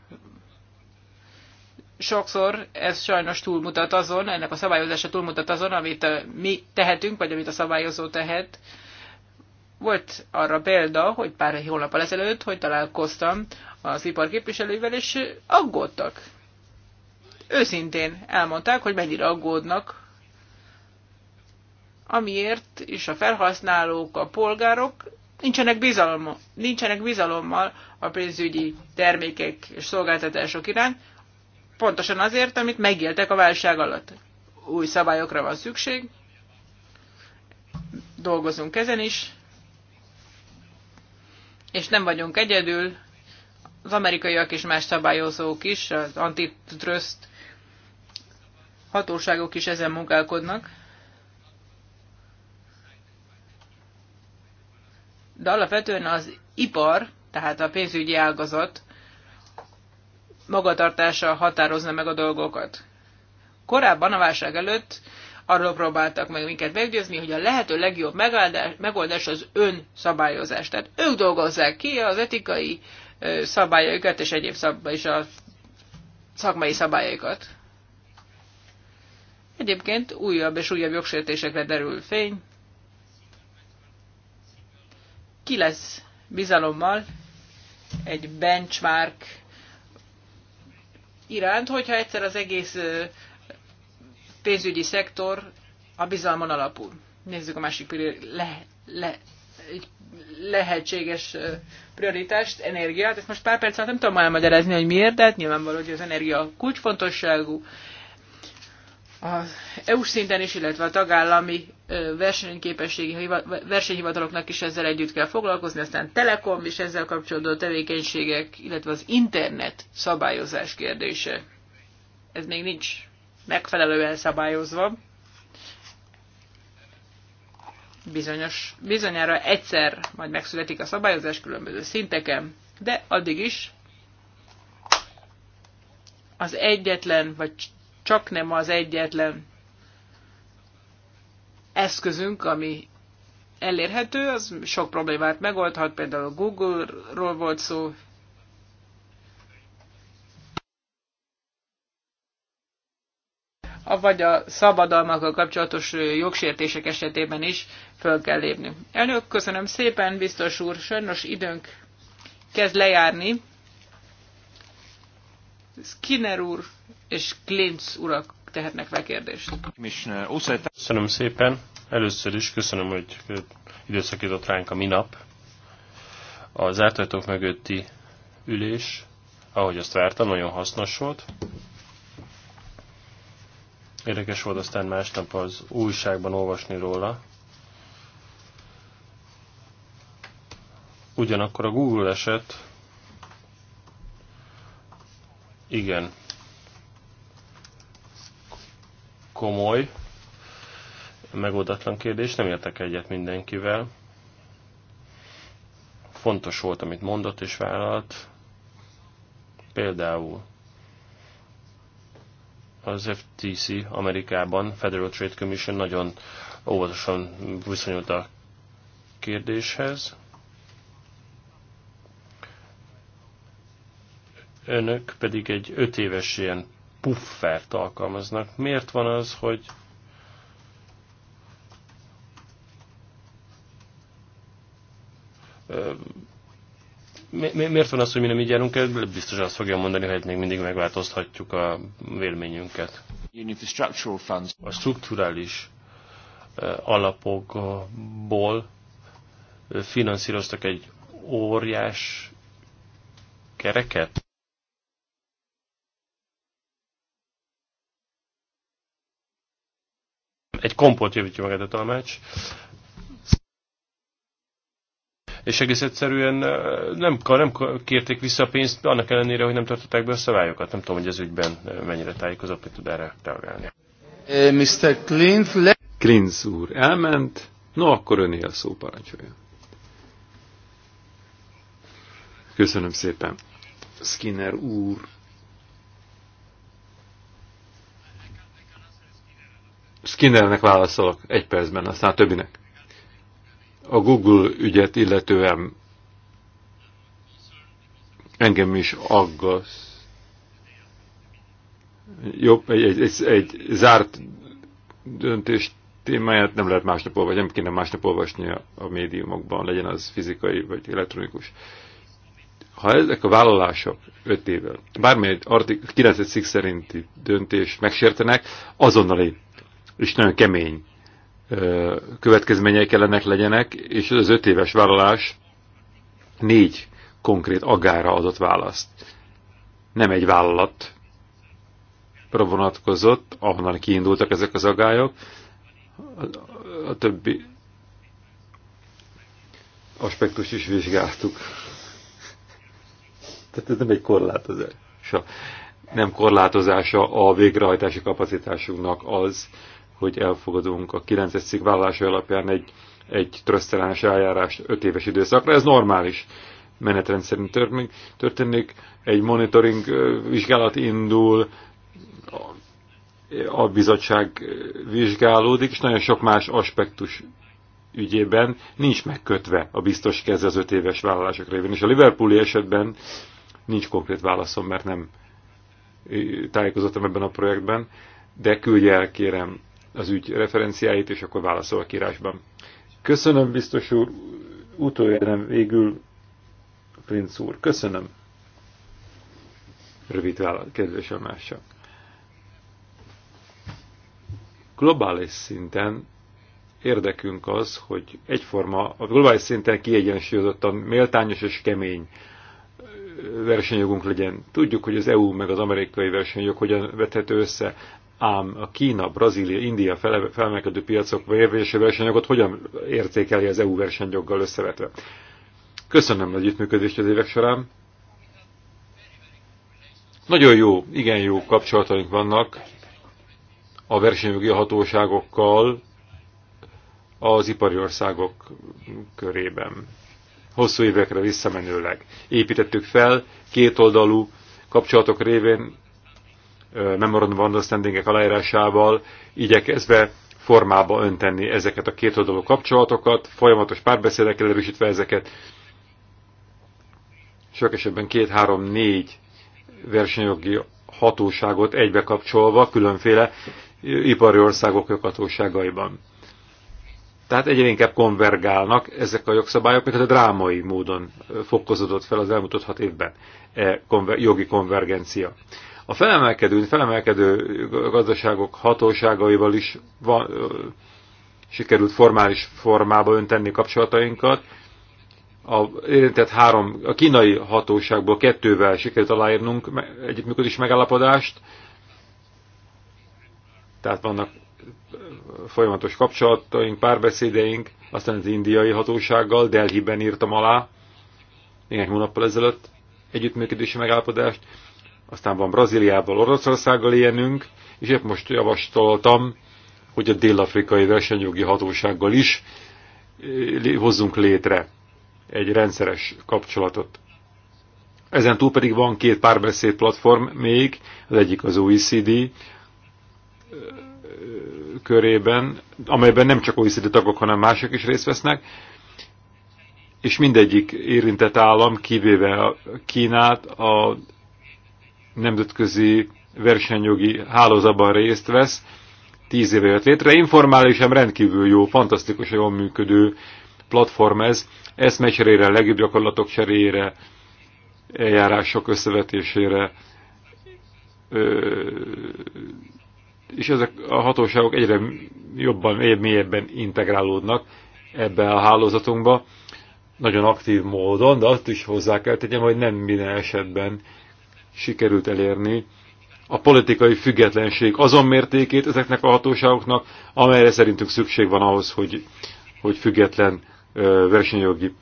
sokszor ez sajnos túlmutat azon, ennek a szabályozása túlmutat azon, amit mi tehetünk, vagy amit a szabályozó tehet. Volt arra példa, hogy pár hónap ezelőtt, hogy találkoztam az iparképviselővel, és aggódtak. Őszintén elmondták, hogy mennyire aggódnak amiért is a felhasználók, a polgárok nincsenek, bizalma, nincsenek bizalommal a pénzügyi termékek és szolgáltatások iránt, pontosan azért, amit megéltek a válság alatt. Új szabályokra van szükség, dolgozunk ezen is, és nem vagyunk egyedül, az amerikaiak és más szabályozók is, az antitrust hatóságok is ezen munkálkodnak. de alapvetően az ipar, tehát a pénzügyi ágazat magatartása határozna meg a dolgokat. Korábban a válság előtt arról próbáltak meg minket meggyőzni, hogy a lehető legjobb megoldás az önszabályozás. Tehát ők dolgozzák ki az etikai szabályaikat és egyéb szab és a szakmai szabályaikat. Egyébként újabb és újabb jogsértésekre derül fény ki lesz bizalommal egy benchmark iránt, hogyha egyszer az egész pénzügyi szektor a bizalmon alapul. Nézzük a másik le, le, lehetséges prioritást, energiát. Ezt most pár perc alatt nem tudom elmagyarázni, hogy miért, de hát nyilvánvaló, hogy az energia kulcsfontosságú, az EU szinten is, illetve a tagállami versenyképességi versenyhivataloknak is ezzel együtt kell foglalkozni, aztán Telekom és ezzel kapcsolódó tevékenységek, illetve az internet szabályozás kérdése. Ez még nincs megfelelően szabályozva. Bizonyos, bizonyára egyszer majd megszületik a szabályozás különböző szinteken, de addig is az egyetlen vagy csak nem az egyetlen eszközünk, ami elérhető, az sok problémát megoldhat, például a Google-ról volt szó, vagy a szabadalmakkal kapcsolatos jogsértések esetében is föl kell lépni. Elnök, köszönöm szépen, biztos úr, sajnos időnk kezd lejárni. Skinner úr és Klintz urak tehetnek fel kérdést. Köszönöm szépen. Először is köszönöm, hogy időszakított ránk a minap. zárt ajtók mögötti ülés, ahogy azt vártam, nagyon hasznos volt. Érdekes volt aztán másnap az újságban olvasni róla. Ugyanakkor a Google eset igen komoly, megoldatlan kérdés, nem értek egyet mindenkivel. Fontos volt, amit mondott és vállalt. Például az FTC Amerikában, Federal Trade Commission nagyon óvatosan viszonyult a kérdéshez. Önök pedig egy öt éves ilyen puffert alkalmaznak. Miért van az, hogy mi, mi, miért van az, hogy mi nem így járunk el? Biztos azt fogja mondani, hogy hát még mindig megváltoztatjuk a véleményünket. A strukturális alapokból finanszíroztak egy óriás kereket? egy kompot javítja magát a talmács, és egész egyszerűen nem, nem kérték vissza a pénzt, annak ellenére, hogy nem tartották be a szabályokat. Nem tudom, hogy ez ügyben mennyire tájékozott, hogy tud erre reagálni. Mr. Klint, le... Klintz úr elment, no akkor öné a szó parancsolja. Köszönöm szépen. Skinner úr Skinnernek válaszolok egy percben, aztán a többinek. A Google ügyet illetően engem is aggaszt. Jobb, egy, egy, egy, egy zárt döntés témáját nem lehet másnap olvasni, nem kéne másnap olvasni a, a médiumokban, legyen az fizikai vagy elektronikus. Ha ezek a vállalások öt évvel, bármely 9 szerinti döntés megsértenek, azonnal lép és nagyon kemény következményei kellenek legyenek, és az öt éves vállalás négy konkrét agára adott választ. Nem egy vállalat vonatkozott, ahonnan kiindultak ezek az agályok, a többi aspektus is vizsgáltuk. Tehát ez nem egy korlátozása. Nem korlátozása a végrehajtási kapacitásunknak az, hogy elfogadunk a 9 cikk vállalása alapján egy, egy trösztelenes eljárást 5 éves időszakra. Ez normális menetrend szerint történik. Egy monitoring vizsgálat indul, a bizottság vizsgálódik, és nagyon sok más aspektus ügyében nincs megkötve a biztos keze az öt éves vállalások révén. És a Liverpooli esetben nincs konkrét válaszom, mert nem tájékozottam ebben a projektben, de küldje el kérem az ügy referenciáit, és akkor a kírásban. Köszönöm, biztos úr, utoljára nem végül, Princ úr, köszönöm. Rövid válasz, kedves Amása. Globális szinten érdekünk az, hogy egyforma, a globális szinten kiegyensúlyozottan méltányos és kemény versenyjogunk legyen. Tudjuk, hogy az EU meg az amerikai versenyjog hogyan vethető össze, ám a Kína, Brazília, India felmelkedő piacok érvényes versenyanyagot hogyan értékeli az EU versenyjoggal összevetve. Köszönöm az együttműködést az évek során. Nagyon jó, igen jó kapcsolataink vannak a versenyjogi hatóságokkal az ipari országok körében. Hosszú évekre visszamenőleg építettük fel, kétoldalú kapcsolatok révén Memorandum of Understandingek aláírásával igyekezve formába öntenni ezeket a kétoldalú kapcsolatokat, folyamatos párbeszédekkel erősítve ezeket. Sok esetben két-három-négy versenyjogi hatóságot egybe kapcsolva különféle ipari országok hatóságaiban. Tehát egyre inkább konvergálnak ezek a jogszabályok, mert a drámai módon fokozódott fel az elmúlt hat évben e konver jogi konvergencia. A felemelkedő, felemelkedő gazdaságok hatóságaival is van, sikerült formális formába öntenni kapcsolatainkat. A érintett három, a kínai hatóságból kettővel sikerült aláírnunk együttműködés megállapodást, tehát vannak folyamatos kapcsolataink, párbeszédeink, aztán az indiai hatósággal, Delhiben írtam alá néhány hónappal ezelőtt együttműködési megállapodást, aztán van Brazíliával, Oroszországgal ilyenünk, és épp most javasoltam, hogy a dél-afrikai versenyjogi hatósággal is eh, hozzunk létre egy rendszeres kapcsolatot. Ezen túl pedig van két párbeszéd platform még, az egyik az OECD eh, körében, amelyben nem csak OECD tagok, hanem mások is részt vesznek, és mindegyik érintett állam, kivéve Kínát, a nemzetközi versenyjogi hálózatban részt vesz, tíz éve jött létre. Informálisan rendkívül jó, fantasztikus, jól működő platform ez, eszmecserére, legjobb gyakorlatok cseréjére, eljárások összevetésére, és ezek a hatóságok egyre jobban, egyre mélyebben integrálódnak ebbe a hálózatunkba, nagyon aktív módon, de azt is hozzá kell tegyem, hogy nem minden esetben sikerült elérni a politikai függetlenség azon mértékét ezeknek a hatóságoknak, amelyre szerintünk szükség van ahhoz, hogy, hogy független versenyjogi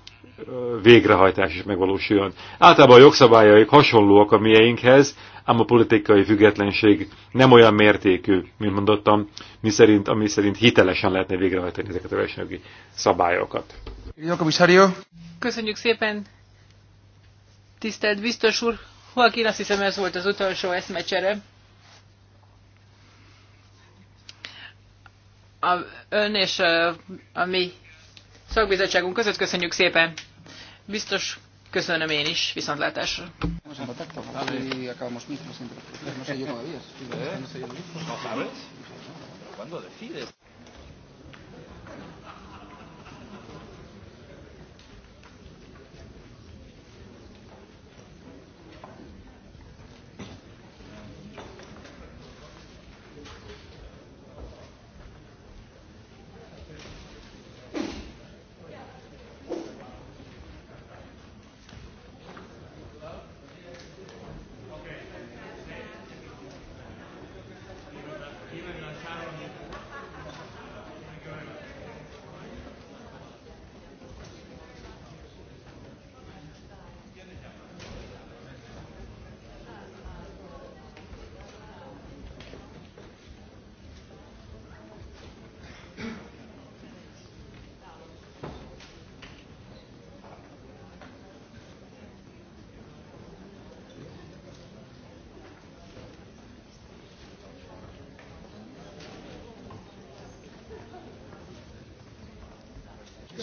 végrehajtás is megvalósuljon. Általában a jogszabályaik hasonlóak a mieinkhez, ám a politikai függetlenség nem olyan mértékű, mint mondottam, mi szerint, ami szerint hitelesen lehetne végrehajtani ezeket a versenyjogi szabályokat. Köszönjük szépen, tisztelt biztos úr! Valaki azt hiszem ez volt az utolsó eszmecsere. A, ön és a, a mi szakbizottságunk között köszönjük szépen. Biztos Köszönöm én is, viszontlátásra.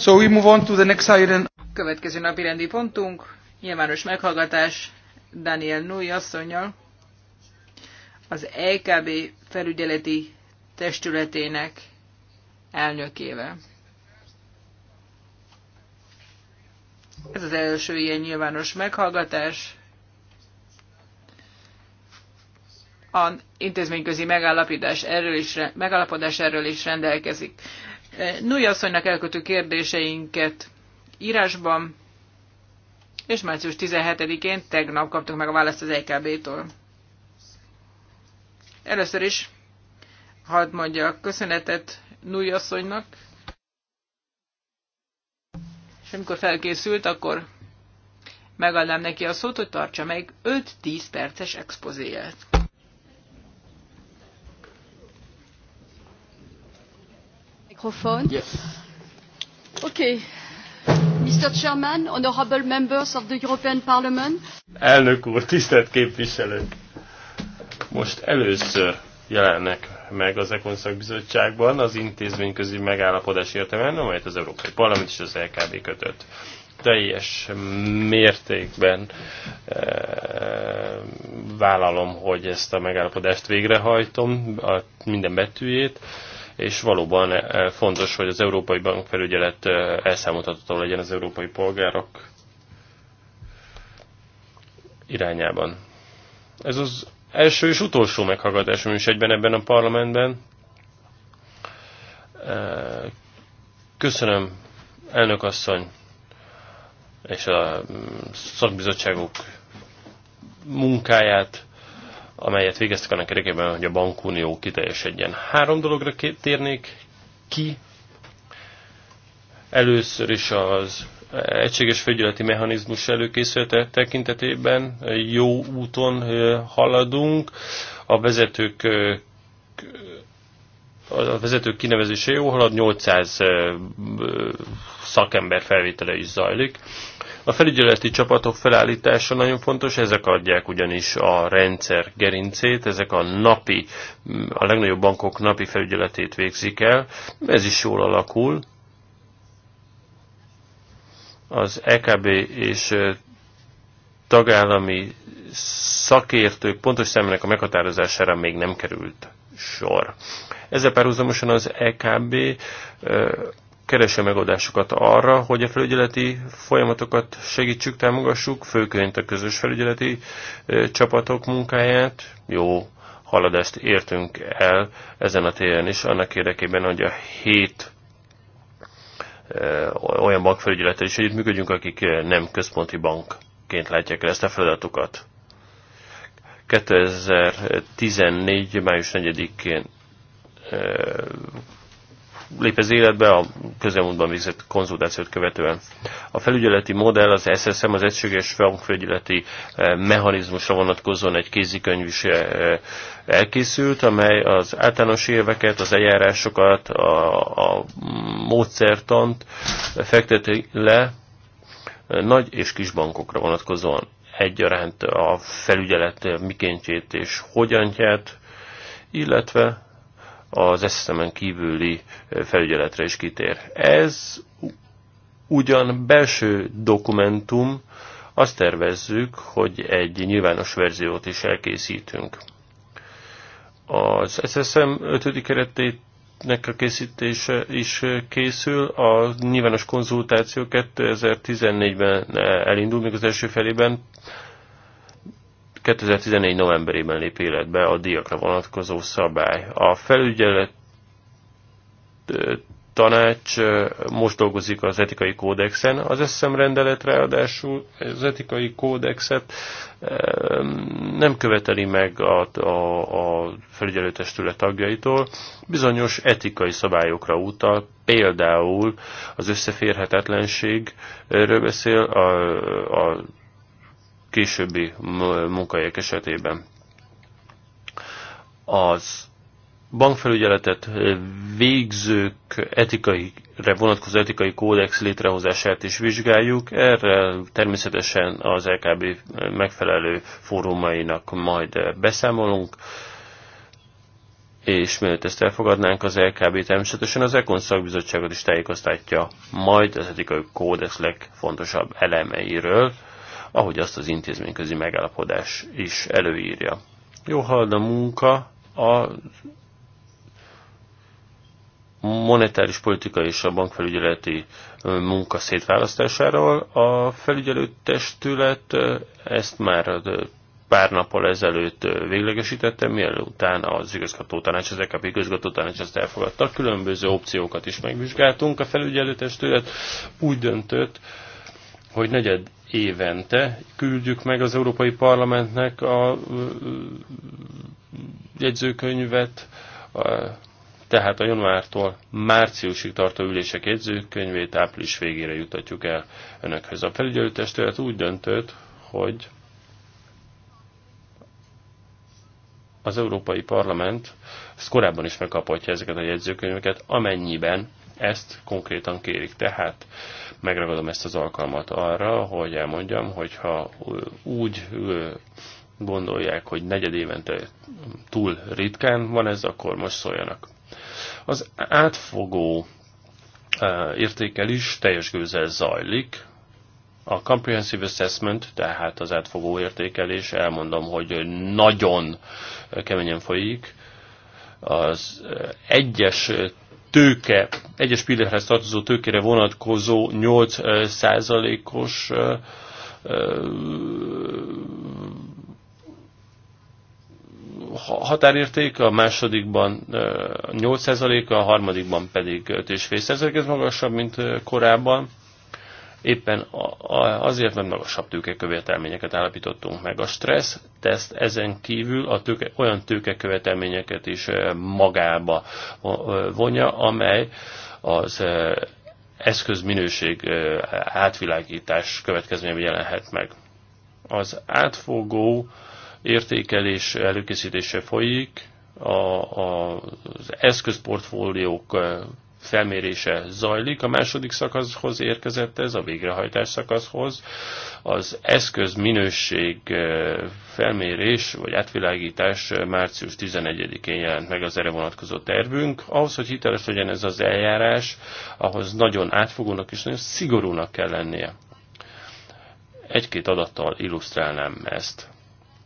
So we move on to the next item. Következő napi rendi pontunk, nyilvános meghallgatás Daniel Nui asszonyjal, az EKB felügyeleti testületének elnökével. Ez az első ilyen nyilvános meghallgatás. A intézményközi erről is, megállapodás erről is rendelkezik. Női asszonynak elkötő kérdéseinket írásban, és március 17-én tegnap kaptuk meg a választ az EKB-tól. Először is hadd mondjak köszönetet Nui asszonynak, és amikor felkészült, akkor megadnám neki a szót, hogy tartsa meg 5-10 perces expozéját. Microphone. Yes. Okay. Mr. Chairman, honorable members of the European Parliament. Elnök úr, tisztelt képviselők! Most először jelennek meg az Ekonszak Bizottságban az intézményközi megállapodás értelmében, amelyet az Európai Parlament és az LKB kötött. Teljes mértékben e, vállalom, hogy ezt a megállapodást végrehajtom, a minden betűjét és valóban eh, fontos, hogy az Európai Bankfelügyelet eh, elszámoltatható legyen az európai polgárok irányában. Ez az első és utolsó meghallgatásom is egyben ebben a parlamentben. Eh, köszönöm, elnök asszony és a mm, szakbizottságok munkáját, amelyet végeztek annak érdekében, hogy a bankunió kiteljesedjen. Három dologra térnék ki. Először is az egységes fegyületi mechanizmus előkészülete tekintetében jó úton haladunk. A vezetők a vezetők kinevezése jó halad, 800 szakember felvétele is zajlik. A felügyeleti csapatok felállítása nagyon fontos, ezek adják ugyanis a rendszer gerincét, ezek a napi, a legnagyobb bankok napi felügyeletét végzik el, ez is jól alakul. Az EKB és tagállami szakértők pontos szemének a meghatározására még nem került sor. Ezzel párhuzamosan az EKB Kereső megoldásokat arra, hogy a felügyeleti folyamatokat segítsük, támogassuk, főként a közös felügyeleti csapatok munkáját. Jó haladást értünk el ezen a téren is, annak érdekében, hogy a hét olyan bankfelügyelettel is együttműködjünk, akik nem központi bankként látják el ezt a feladatukat. 2014. május 4-én lép az életbe a közelmúltban végzett konzultációt követően. A felügyeleti modell az SSM, az Egységes felügyeleti eh, Mechanizmusra vonatkozóan egy kézikönyv is eh, elkészült, amely az általános éveket, az eljárásokat, a, a módszertant fekteti le eh, nagy és kis bankokra vonatkozóan egyaránt a felügyelet mikéntjét és hogyantját, illetve az SSM-en kívüli felügyeletre is kitér. Ez ugyan belső dokumentum, azt tervezzük, hogy egy nyilvános verziót is elkészítünk. Az SSM 5. keretének a készítése is készül. A nyilvános konzultáció 2014-ben eh, elindul, még az első felében 2014. novemberében lép életbe a diakra vonatkozó szabály. A felügyelet tanács most dolgozik az etikai kódexen, az SZM rendelet ráadásul az etikai kódexet nem követeli meg a, a, a felügyelőtestület tagjaitól, bizonyos etikai szabályokra utal, például az összeférhetetlenségről beszél, a, a későbbi munkahelyek esetében. Az bankfelügyeletet végzők etikai, vonatkozó etikai kódex létrehozását is vizsgáljuk. Erre természetesen az LKB megfelelő fórumainak majd beszámolunk és mielőtt ezt elfogadnánk, az LKB természetesen az Econ szakbizottságot is tájékoztatja, majd az etikai kódex legfontosabb elemeiről, ahogy azt az intézményközi megállapodás is előírja. Jó halad a munka, a monetáris politika és a bankfelügyeleti munka szétválasztásáról. A felügyelőtestület ezt már pár nappal ezelőtt véglegesítette, mielőtt az igazgató tanács, az EKP igazgató tanács ezt elfogadta. Különböző opciókat is megvizsgáltunk. A felügyelőtestület úgy döntött, hogy negyed évente küldjük meg az Európai Parlamentnek a jegyzőkönyvet, tehát a januártól márciusig tartó ülések jegyzőkönyvét április végére jutatjuk el önökhöz. A felügyelőtestület úgy döntött, hogy az Európai Parlament ezt korábban is megkaphatja ezeket a jegyzőkönyveket, amennyiben ezt konkrétan kérik. Tehát megragadom ezt az alkalmat arra, hogy elmondjam, hogyha úgy gondolják, hogy negyed évente túl ritkán van ez, akkor most szóljanak. Az átfogó értékelés teljes gőzzel zajlik. A Comprehensive Assessment, tehát az átfogó értékelés, elmondom, hogy nagyon keményen folyik. Az egyes tőke, egyes pillérhez tartozó tőkére vonatkozó 8%-os határérték, a másodikban 8%, a harmadikban pedig 5,5%, ez magasabb, mint korábban. Éppen azért, mert magasabb tőkekövetelményeket állapítottunk meg. A stressz teszt ezen kívül a tőke, olyan tőkekövetelményeket is magába vonja, amely az eszközminőség átvilágítás következményében jelenhet meg. Az átfogó értékelés előkészítése folyik, a, a, az eszközportfóliók felmérése zajlik. A második szakaszhoz érkezett ez, a végrehajtás szakaszhoz. Az eszköz minőség eh, felmérés vagy átvilágítás eh, március 11-én jelent meg az erre vonatkozó tervünk. Ahhoz, hogy hiteles legyen ez az eljárás, ahhoz nagyon átfogónak és nagyon szigorúnak kell lennie. Egy-két adattal illusztrálnám ezt.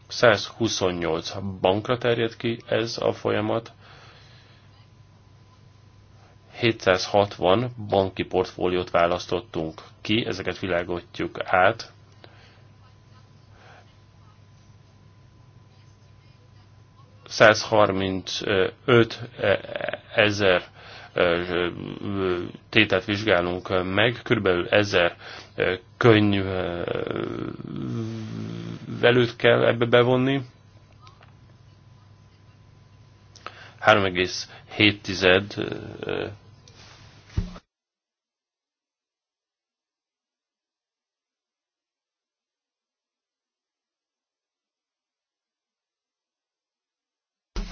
128 bankra terjed ki ez a folyamat, 760 banki portfóliót választottunk ki, ezeket világotjuk át. ezer tételt vizsgálunk meg, körülbelül ezer könnyű velőt kell ebbe bevonni. 3,7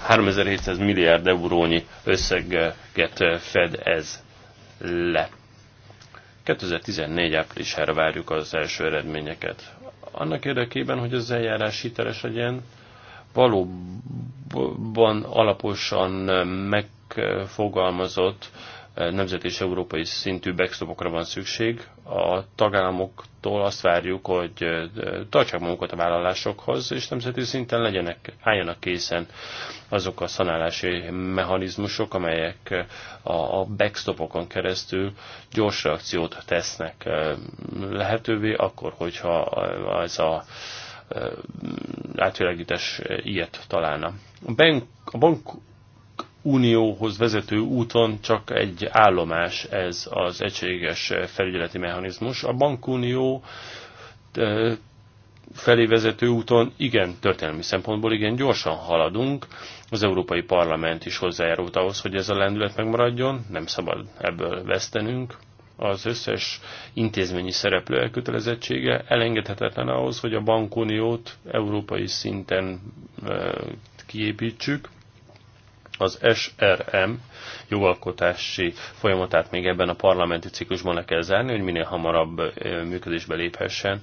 3700 milliárd eurónyi összeget fed ez le. 2014 áprilisára várjuk az első eredményeket. Annak érdekében, hogy az eljárás hiteles legyen, valóban alaposan megfogalmazott nemzeti és európai szintű backstopokra van szükség. A tagállamoktól azt várjuk, hogy tartsák magukat a vállalásokhoz, és nemzeti szinten legyenek, álljanak készen azok a szanálási mechanizmusok, amelyek a backstopokon keresztül gyors reakciót tesznek lehetővé, akkor, hogyha ez a átvilágítás ilyet találna. A, bank, a bank Unióhoz vezető úton csak egy állomás ez az egységes felügyeleti mechanizmus. A bankunió felé vezető úton igen, történelmi szempontból igen gyorsan haladunk. Az Európai Parlament is hozzájárult ahhoz, hogy ez a lendület megmaradjon, nem szabad ebből vesztenünk. Az összes intézményi szereplő elkötelezettsége elengedhetetlen ahhoz, hogy a bankuniót európai szinten kiépítsük az SRM jogalkotási folyamatát még ebben a parlamenti ciklusban le kell zárni, hogy minél hamarabb működésbe léphessen,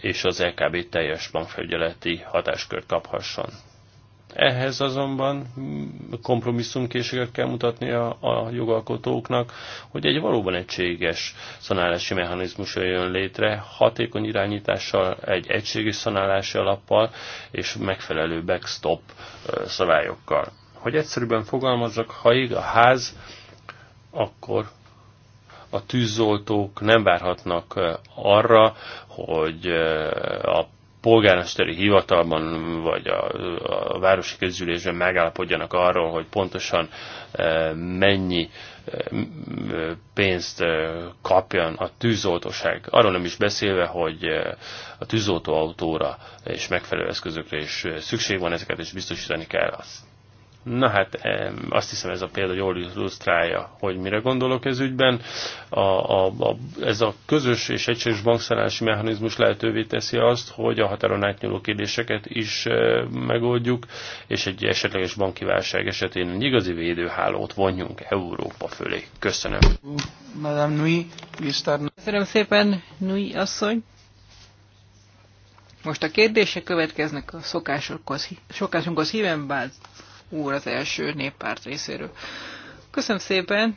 és az LKB teljes bankfelügyeleti hatáskört kaphasson. Ehhez azonban mm, kompromisszumkészséget kell mutatni a, a jogalkotóknak, hogy egy valóban egységes szanálási mechanizmus jön létre, hatékony irányítással, egy egységes szanálási alappal és megfelelő backstop szabályokkal. Hogy egyszerűbben fogalmazzak, ha ég a ház, akkor a tűzoltók nem várhatnak arra, hogy a polgármesteri hivatalban vagy a, a városi közgyűlésben megállapodjanak arról, hogy pontosan mennyi pénzt kapjon a tűzoltóság. Arról nem is beszélve, hogy a tűzoltóautóra és megfelelő eszközökre is szükség van, ezeket is biztosítani kell. Azt Na hát azt hiszem ez a példa jól illusztrálja, hogy mire gondolok ez ügyben. A, a, a, ez a közös és egységes bankszállási mechanizmus lehetővé teszi azt, hogy a határon átnyúló kérdéseket is eh, megoldjuk, és egy esetleges banki válság esetén egy igazi védőhálót vonjunk Európa fölé. Köszönöm. Köszönöm szépen, Nui asszony. Most a kérdések következnek a szokásunkhoz, szokásunkhoz híven, báz úr az első néppárt részéről. Köszönöm szépen!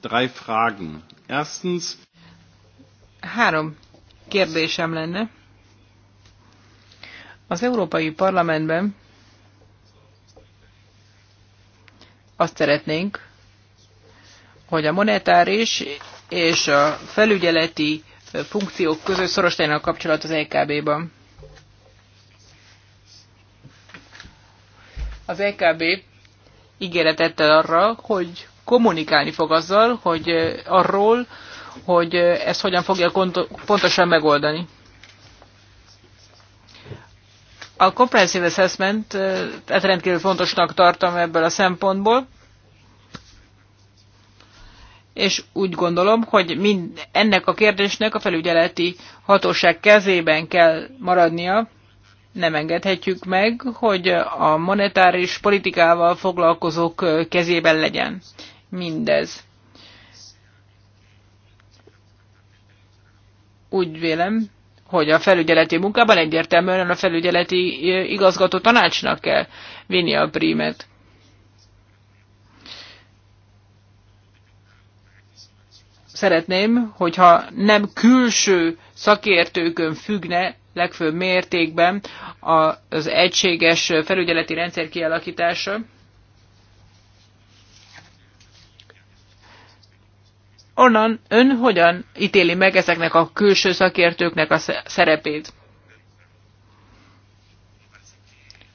Drei Fragen. Erstens. Három kérdésem lenne. Az Európai Parlamentben azt szeretnénk, hogy a monetáris és a felügyeleti funkciók között szoros a kapcsolat az EKB-ban. Az EKB ígéretet arra, hogy kommunikálni fog azzal, hogy arról, hogy ezt hogyan fogja pontosan megoldani. A comprehensive assessment et rendkívül fontosnak tartom ebből a szempontból, és úgy gondolom, hogy mind ennek a kérdésnek a felügyeleti hatóság kezében kell maradnia, nem engedhetjük meg, hogy a monetáris politikával foglalkozók kezében legyen mindez. Úgy vélem, hogy a felügyeleti munkában egyértelműen a felügyeleti igazgató tanácsnak kell vinni a prímet. Szeretném, hogyha nem külső szakértőkön függne legfőbb mértékben az egységes felügyeleti rendszer kialakítása. Onnan ön hogyan ítéli meg ezeknek a külső szakértőknek a szerepét?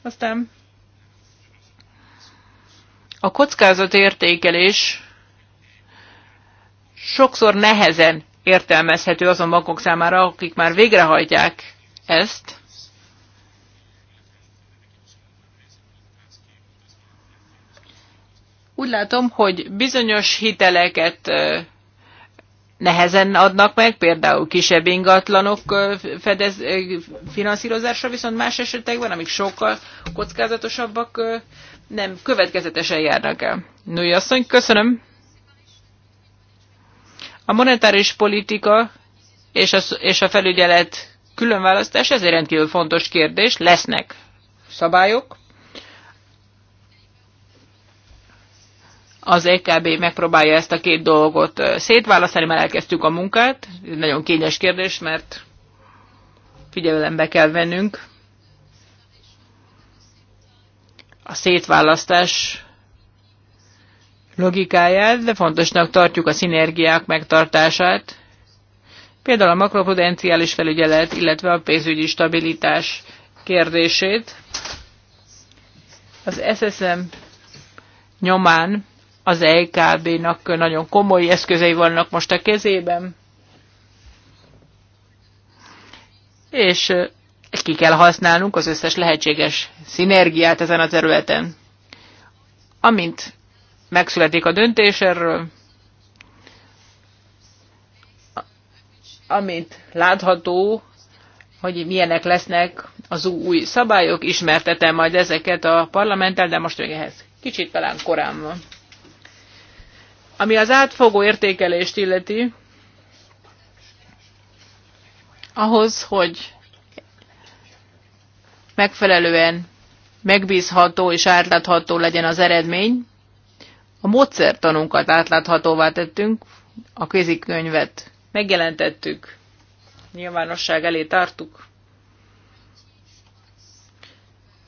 Aztán a kockázatértékelés sokszor nehezen értelmezhető azon bankok számára, akik már végrehajtják ezt, úgy látom, hogy bizonyos hiteleket nehezen adnak meg, például kisebb ingatlanok fedez, finanszírozásra, viszont más esetekben, amik sokkal kockázatosabbak, nem következetesen járnak el. Női asszony, köszönöm. A monetáris politika és a, és a felügyelet különválasztás, ez egy rendkívül fontos kérdés, lesznek szabályok. Az EKB megpróbálja ezt a két dolgot szétválasztani, mert elkezdtük a munkát. Ez nagyon kényes kérdés, mert figyelembe kell vennünk a szétválasztás logikáját, de fontosnak tartjuk a szinergiák megtartását, például a makroprudenciális felügyelet, illetve a pénzügyi stabilitás kérdését. Az SSM nyomán az EKB-nak nagyon komoly eszközei vannak most a kezében, és ki kell használnunk az összes lehetséges szinergiát ezen a területen. Amint megszületik a döntés erről, amint látható, hogy milyenek lesznek az új szabályok, ismertetem majd ezeket a parlamenttel, de most még ehhez kicsit talán korán van. Ami az átfogó értékelést illeti, ahhoz, hogy megfelelően megbízható és átlátható legyen az eredmény, a módszertanunkat átláthatóvá tettünk, a kézikönyvet megjelentettük, nyilvánosság elé tartuk.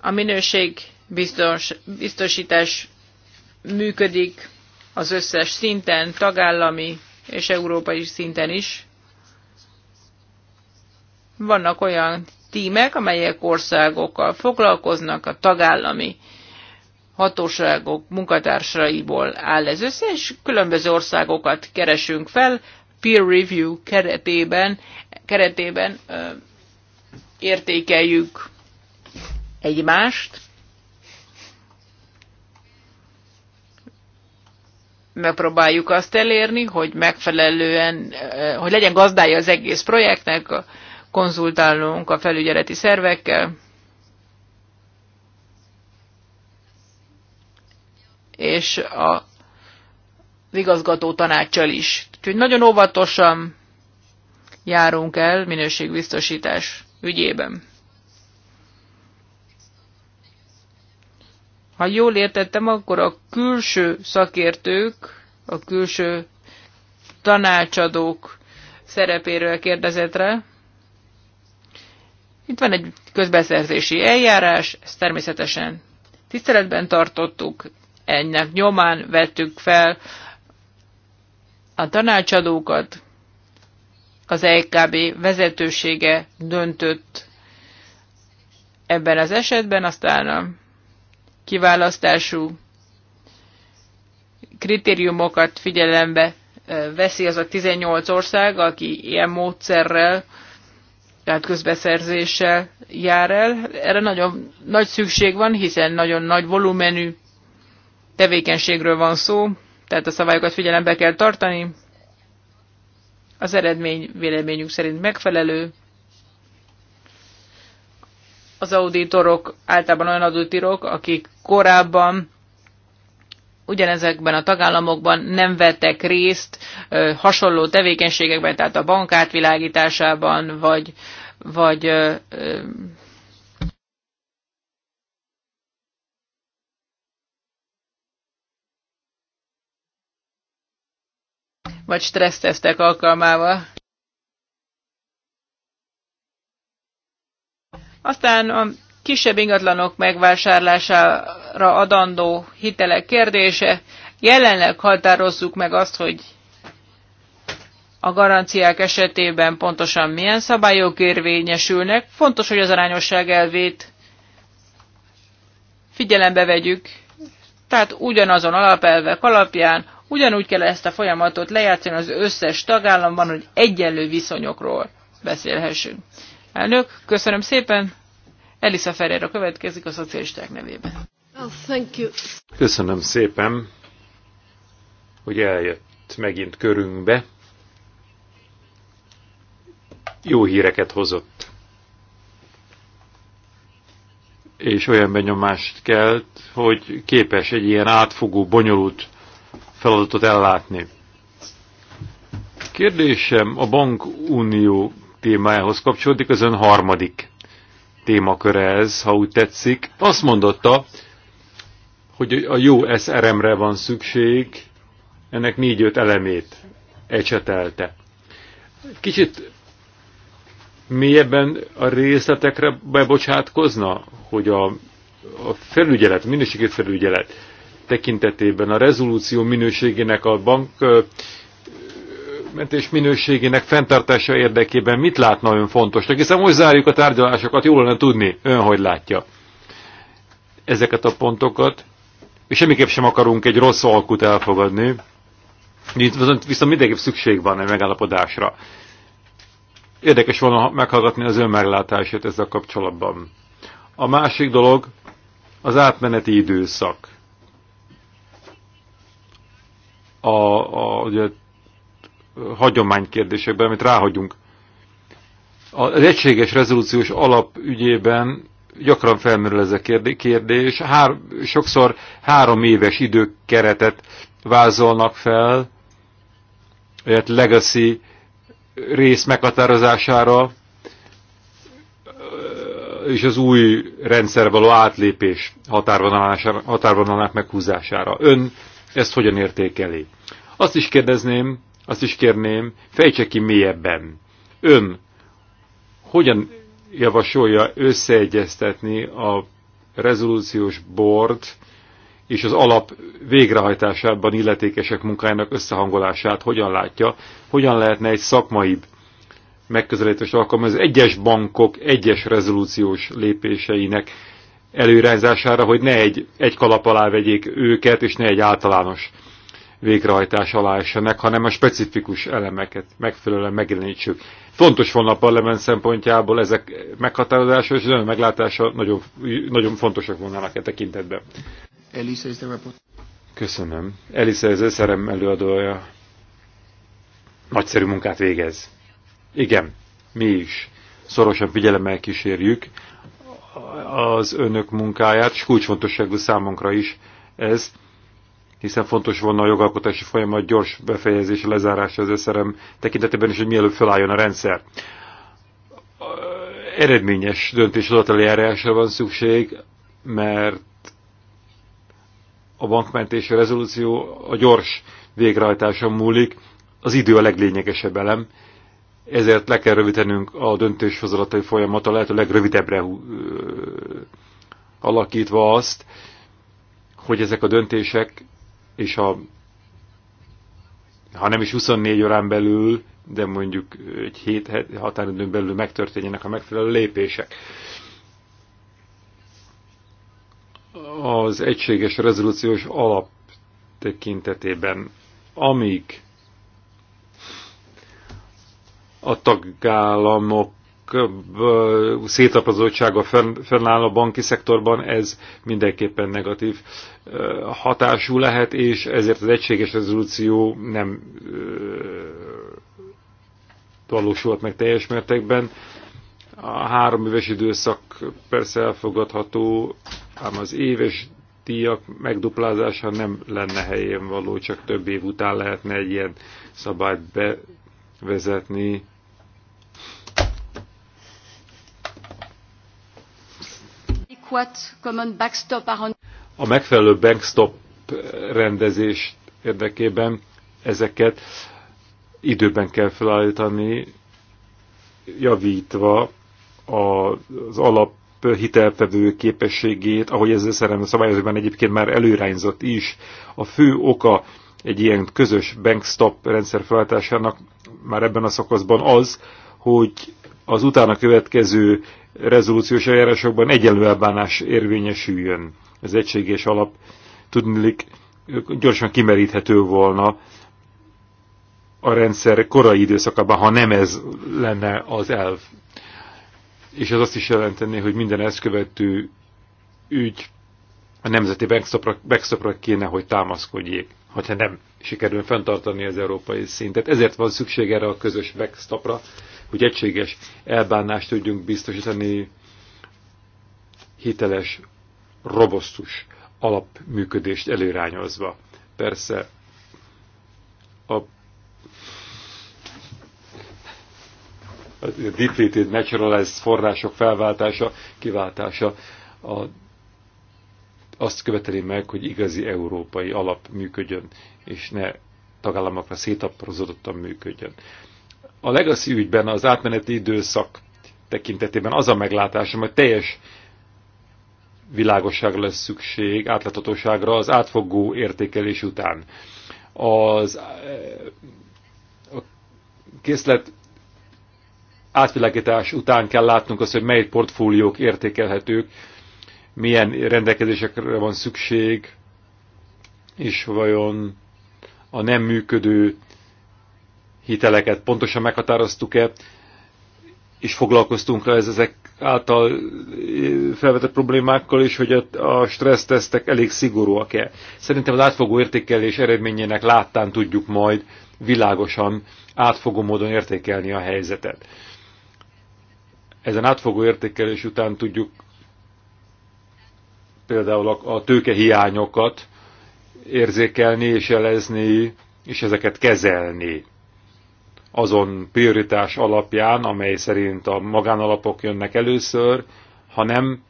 A minőség biztos, biztosítás működik az összes szinten, tagállami és európai szinten is. Vannak olyan tímek, amelyek országokkal foglalkoznak, a tagállami hatóságok munkatársaiból áll ez össze, és különböző országokat keresünk fel, peer review keretében, keretében értékeljük egymást, megpróbáljuk azt elérni, hogy megfelelően, hogy legyen gazdája az egész projektnek, konzultálunk a felügyeleti szervekkel, és a, igazgató tanácsal is Úgyhogy nagyon óvatosan járunk el minőségbiztosítás ügyében. Ha jól értettem, akkor a külső szakértők, a külső tanácsadók szerepéről kérdezett rá. Itt van egy közbeszerzési eljárás, ezt természetesen tiszteletben tartottuk, ennek nyomán vettük fel a tanácsadókat az EKB vezetősége döntött ebben az esetben, aztán a kiválasztású kritériumokat figyelembe veszi az a 18 ország, aki ilyen módszerrel, tehát közbeszerzéssel jár el. Erre nagyon nagy szükség van, hiszen nagyon nagy volumenű tevékenységről van szó, tehát a szabályokat figyelembe kell tartani. Az eredmény véleményünk szerint megfelelő. Az auditorok általában olyan adótírok, akik korábban ugyanezekben a tagállamokban nem vettek részt ö, hasonló tevékenységekben, tehát a bankát világításában vagy, vagy ö, ö, vagy stressztesztek alkalmával. Aztán a kisebb ingatlanok megvásárlására adandó hitelek kérdése. Jelenleg határozzuk meg azt, hogy a garanciák esetében pontosan milyen szabályok érvényesülnek. Fontos, hogy az arányosság elvét figyelembe vegyük. Tehát ugyanazon alapelvek alapján Ugyanúgy kell ezt a folyamatot lejátszani az összes tagállamban, hogy egyenlő viszonyokról beszélhessünk. Elnök, köszönöm szépen. Elisa Ferreira következik a szocialisták nevében. Oh, köszönöm szépen, hogy eljött megint körünkbe. Jó híreket hozott. És olyan benyomást kelt, hogy képes egy ilyen átfogó, bonyolult feladatot ellátni. Kérdésem a bankunió témájához kapcsolódik, az ön harmadik témaköre ez, ha úgy tetszik. Azt mondotta, hogy a jó SRM-re van szükség, ennek négy-öt elemét ecsetelte. Kicsit mélyebben a részletekre bebocsátkozna, hogy a, a felügyelet, a felügyelet tekintetében a rezolúció minőségének a bank mentés minőségének fenntartása érdekében mit látna ön fontosnak? Hiszen most zárjuk a tárgyalásokat, jól lenne tudni, ön hogy látja ezeket a pontokat, és semmiképp sem akarunk egy rossz alkut elfogadni, viszont, viszont mindenképp szükség van egy megállapodásra. Érdekes volna meghallgatni az ön meglátását ezzel kapcsolatban. A másik dolog az átmeneti időszak. a, a, a hagyománykérdésekben, amit ráhagyunk. Az egységes rezolúciós alap ügyében gyakran felmerül ez a kérdés. Hár, sokszor három éves időkeretet vázolnak fel, egy legacy rész meghatározására, és az új rendszer való átlépés határvonalának meghúzására. Ön ezt hogyan értékeli? Azt is kérdezném, azt is kérném, fejtse ki mélyebben. Ön hogyan javasolja összeegyeztetni a rezolúciós board és az alap végrehajtásában illetékesek munkájának összehangolását hogyan látja, hogyan lehetne egy szakmaibb megközelítést alkalmazni az egyes bankok egyes rezolúciós lépéseinek előrehajtására, hogy ne egy, egy kalap alá vegyék őket, és ne egy általános végrehajtás alá esenek, hanem a specifikus elemeket megfelelően megjelenítsük. Fontos volna a parlament szempontjából ezek meghatározása és az meglátása nagyon, nagyon fontosak volnának e tekintetben. Elisa is the Köszönöm. Elisa ez szerem előadója. Nagyszerű munkát végez. Igen, mi is. Szorosan figyelemmel kísérjük az önök munkáját, és kulcsfontosságú számunkra is ez, hiszen fontos volna a jogalkotási folyamat gyors befejezése, lezárása az SRM tekintetében is, hogy mielőbb felálljon a rendszer. Eredményes adatali eljárásra van szükség, mert a bankmentési rezolúció a gyors végrehajtáson múlik, az idő a leglényegesebb elem, ezért le kell rövidenünk a döntéshozatai folyamata lehető legrövidebbre alakítva azt, hogy ezek a döntések és ha ha nem is 24 órán belül, de mondjuk egy hét határidőn belül megtörténjenek a megfelelő lépések. Az egységes rezolúciós alap tekintetében, amíg a tagállamok szétapazottsága fennáll a banki szektorban, ez mindenképpen negatív hatású lehet, és ezért az egységes rezolúció nem valósult meg teljes mértékben. A három éves időszak persze elfogadható, ám az éves díjak megduplázása nem lenne helyén való, csak több év után lehetne egy ilyen szabályt bevezetni, A megfelelő backstop rendezés érdekében ezeket időben kell felállítani, javítva az alap hitelfevő képességét, ahogy ez szerelem szabályozóban egyébként már előirányzott is. A fő oka egy ilyen közös bankstop rendszer felállításának már ebben a szakaszban az, hogy az utána következő rezolúciós eljárásokban egyenlő elbánás érvényesüljön. Az egységes alap tudnilik gyorsan kimeríthető volna a rendszer korai időszakában, ha nem ez lenne az elv. És ez azt is jelenteni, hogy minden ezt követő ügy a nemzeti backstopra kéne, hogy támaszkodjék, hogyha nem sikerül fenntartani az európai szintet. Ezért van szükség erre a közös backstopra, hogy egységes elbánást tudjunk biztosítani hiteles, robosztus alapműködést előrányozva. Persze a, a depleted, naturalized források felváltása, kiváltása a, azt követeli meg, hogy igazi európai alap működjön, és ne tagállamokra szétaprózódottan működjön. A legacy ügyben az átmeneti időszak tekintetében az a meglátásom, hogy teljes világosságra lesz szükség, átláthatóságra az átfogó értékelés után. Az eh, a készlet átvilágítás után kell látnunk azt, hogy mely portfóliók értékelhetők, milyen rendelkezésekre van szükség, és vajon a nem működő hiteleket pontosan meghatároztuk-e, és foglalkoztunk rá ez ezek által e, felvetett problémákkal is, hogy a stressztesztek elég szigorúak-e. Szerintem az átfogó értékelés eredményének láttán tudjuk majd világosan, átfogó módon értékelni a helyzetet. Ezen átfogó értékelés után tudjuk például a tőkehiányokat érzékelni és jelezni, és ezeket kezelni azon prioritás alapján, amely szerint a magánalapok jönnek először, ha nem,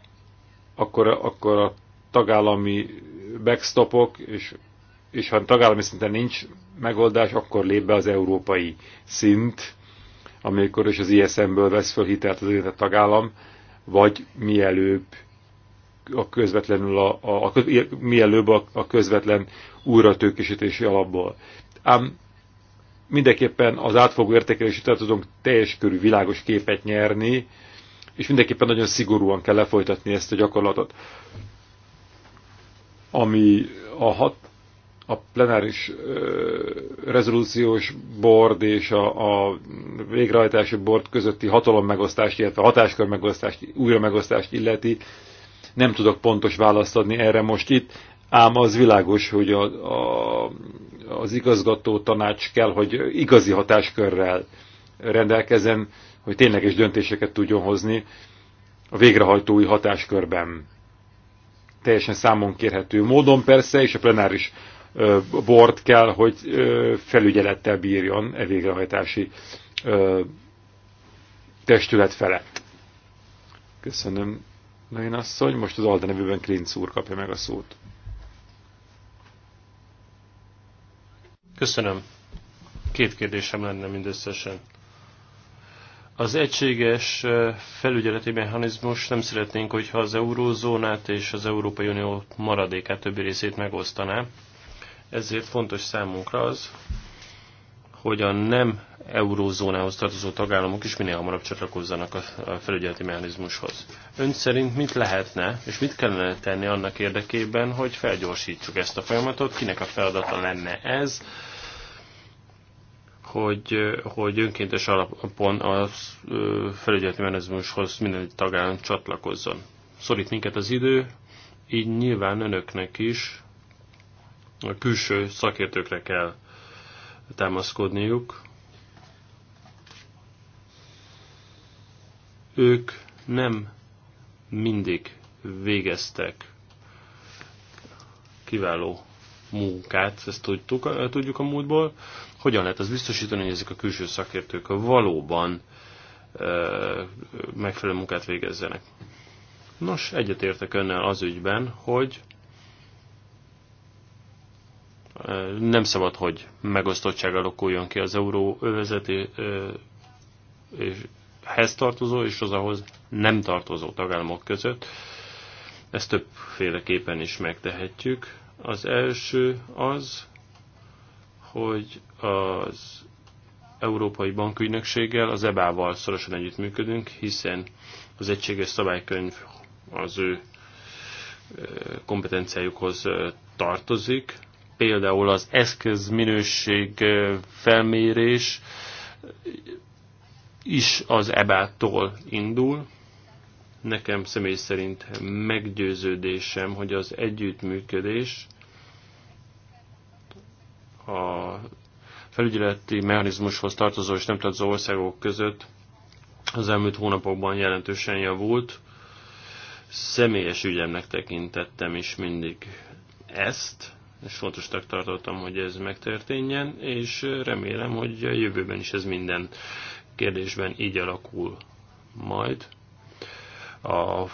akkor, akkor a tagállami backstopok, és, és ha tagállami szinten nincs megoldás, akkor lép be az európai szint, amikor is az ISM-ből vesz föl hitelt az érintett tagállam, vagy mielőbb a közvetlenül a, a, a, mielőbb a, a közvetlen újratőkésítési alapból. Ám mindenképpen az átfogó értékelés után tudunk teljes körű világos képet nyerni, és mindenképpen nagyon szigorúan kell lefolytatni ezt a gyakorlatot. Ami a, hat, a plenáris ö, rezolúciós bord és a, a végrehajtási bord közötti hatalommegosztást, illetve hatáskör megosztást, újra megosztást illeti, nem tudok pontos választ adni erre most itt, ám az világos, hogy a, a, az igazgató tanács kell, hogy igazi hatáskörrel rendelkezzen, hogy tényleges döntéseket tudjon hozni a végrehajtói hatáskörben. Teljesen számon kérhető módon persze, és a plenáris bort kell, hogy felügyelettel bírjon e végrehajtási testület felett. Köszönöm, Nain asszony. Most az Alda nevűben Klinc úr kapja meg a szót. Köszönöm. Két kérdésem lenne mindösszesen. Az egységes felügyeleti mechanizmus nem szeretnénk, hogyha az eurózónát és az Európai Unió maradékát többi részét megosztaná. Ezért fontos számunkra az, hogy a nem eurózónához tartozó tagállamok is minél hamarabb csatlakozzanak a felügyeleti mechanizmushoz. Ön szerint mit lehetne, és mit kellene tenni annak érdekében, hogy felgyorsítsuk ezt a folyamatot, kinek a feladata lenne ez, hogy, hogy önkéntes alapon a felügyeleti mechanizmushoz minden tagállam csatlakozzon. Szorít minket az idő, így nyilván önöknek is a külső szakértőkre kell támaszkodniuk. ők nem mindig végeztek kiváló munkát, ezt tudtuk, tudjuk a múltból. Hogyan lehet az biztosítani, hogy ezek a külső szakértők valóban megfelelő munkát végezzenek? Nos, egyetértek önnel az ügyben, hogy nem szabad, hogy megosztottság alakuljon ki az euróövezeti és hez tartozó és az ahhoz nem tartozó tagállamok között. Ezt többféleképpen is megtehetjük. Az első az, hogy az Európai Bankügynökséggel, az EBA-val szorosan együttműködünk, hiszen az egységes szabálykönyv az ő kompetenciájukhoz tartozik. Például az eszközminőség felmérés is az ebától indul. Nekem személy szerint meggyőződésem, hogy az együttműködés a felügyeleti mechanizmushoz tartozó és nem tartozó országok között az elmúlt hónapokban jelentősen javult. Személyes ügyemnek tekintettem is mindig ezt, és fontosnak tartottam, hogy ez megtörténjen, és remélem, hogy a jövőben is ez minden kérdésben így alakul majd. A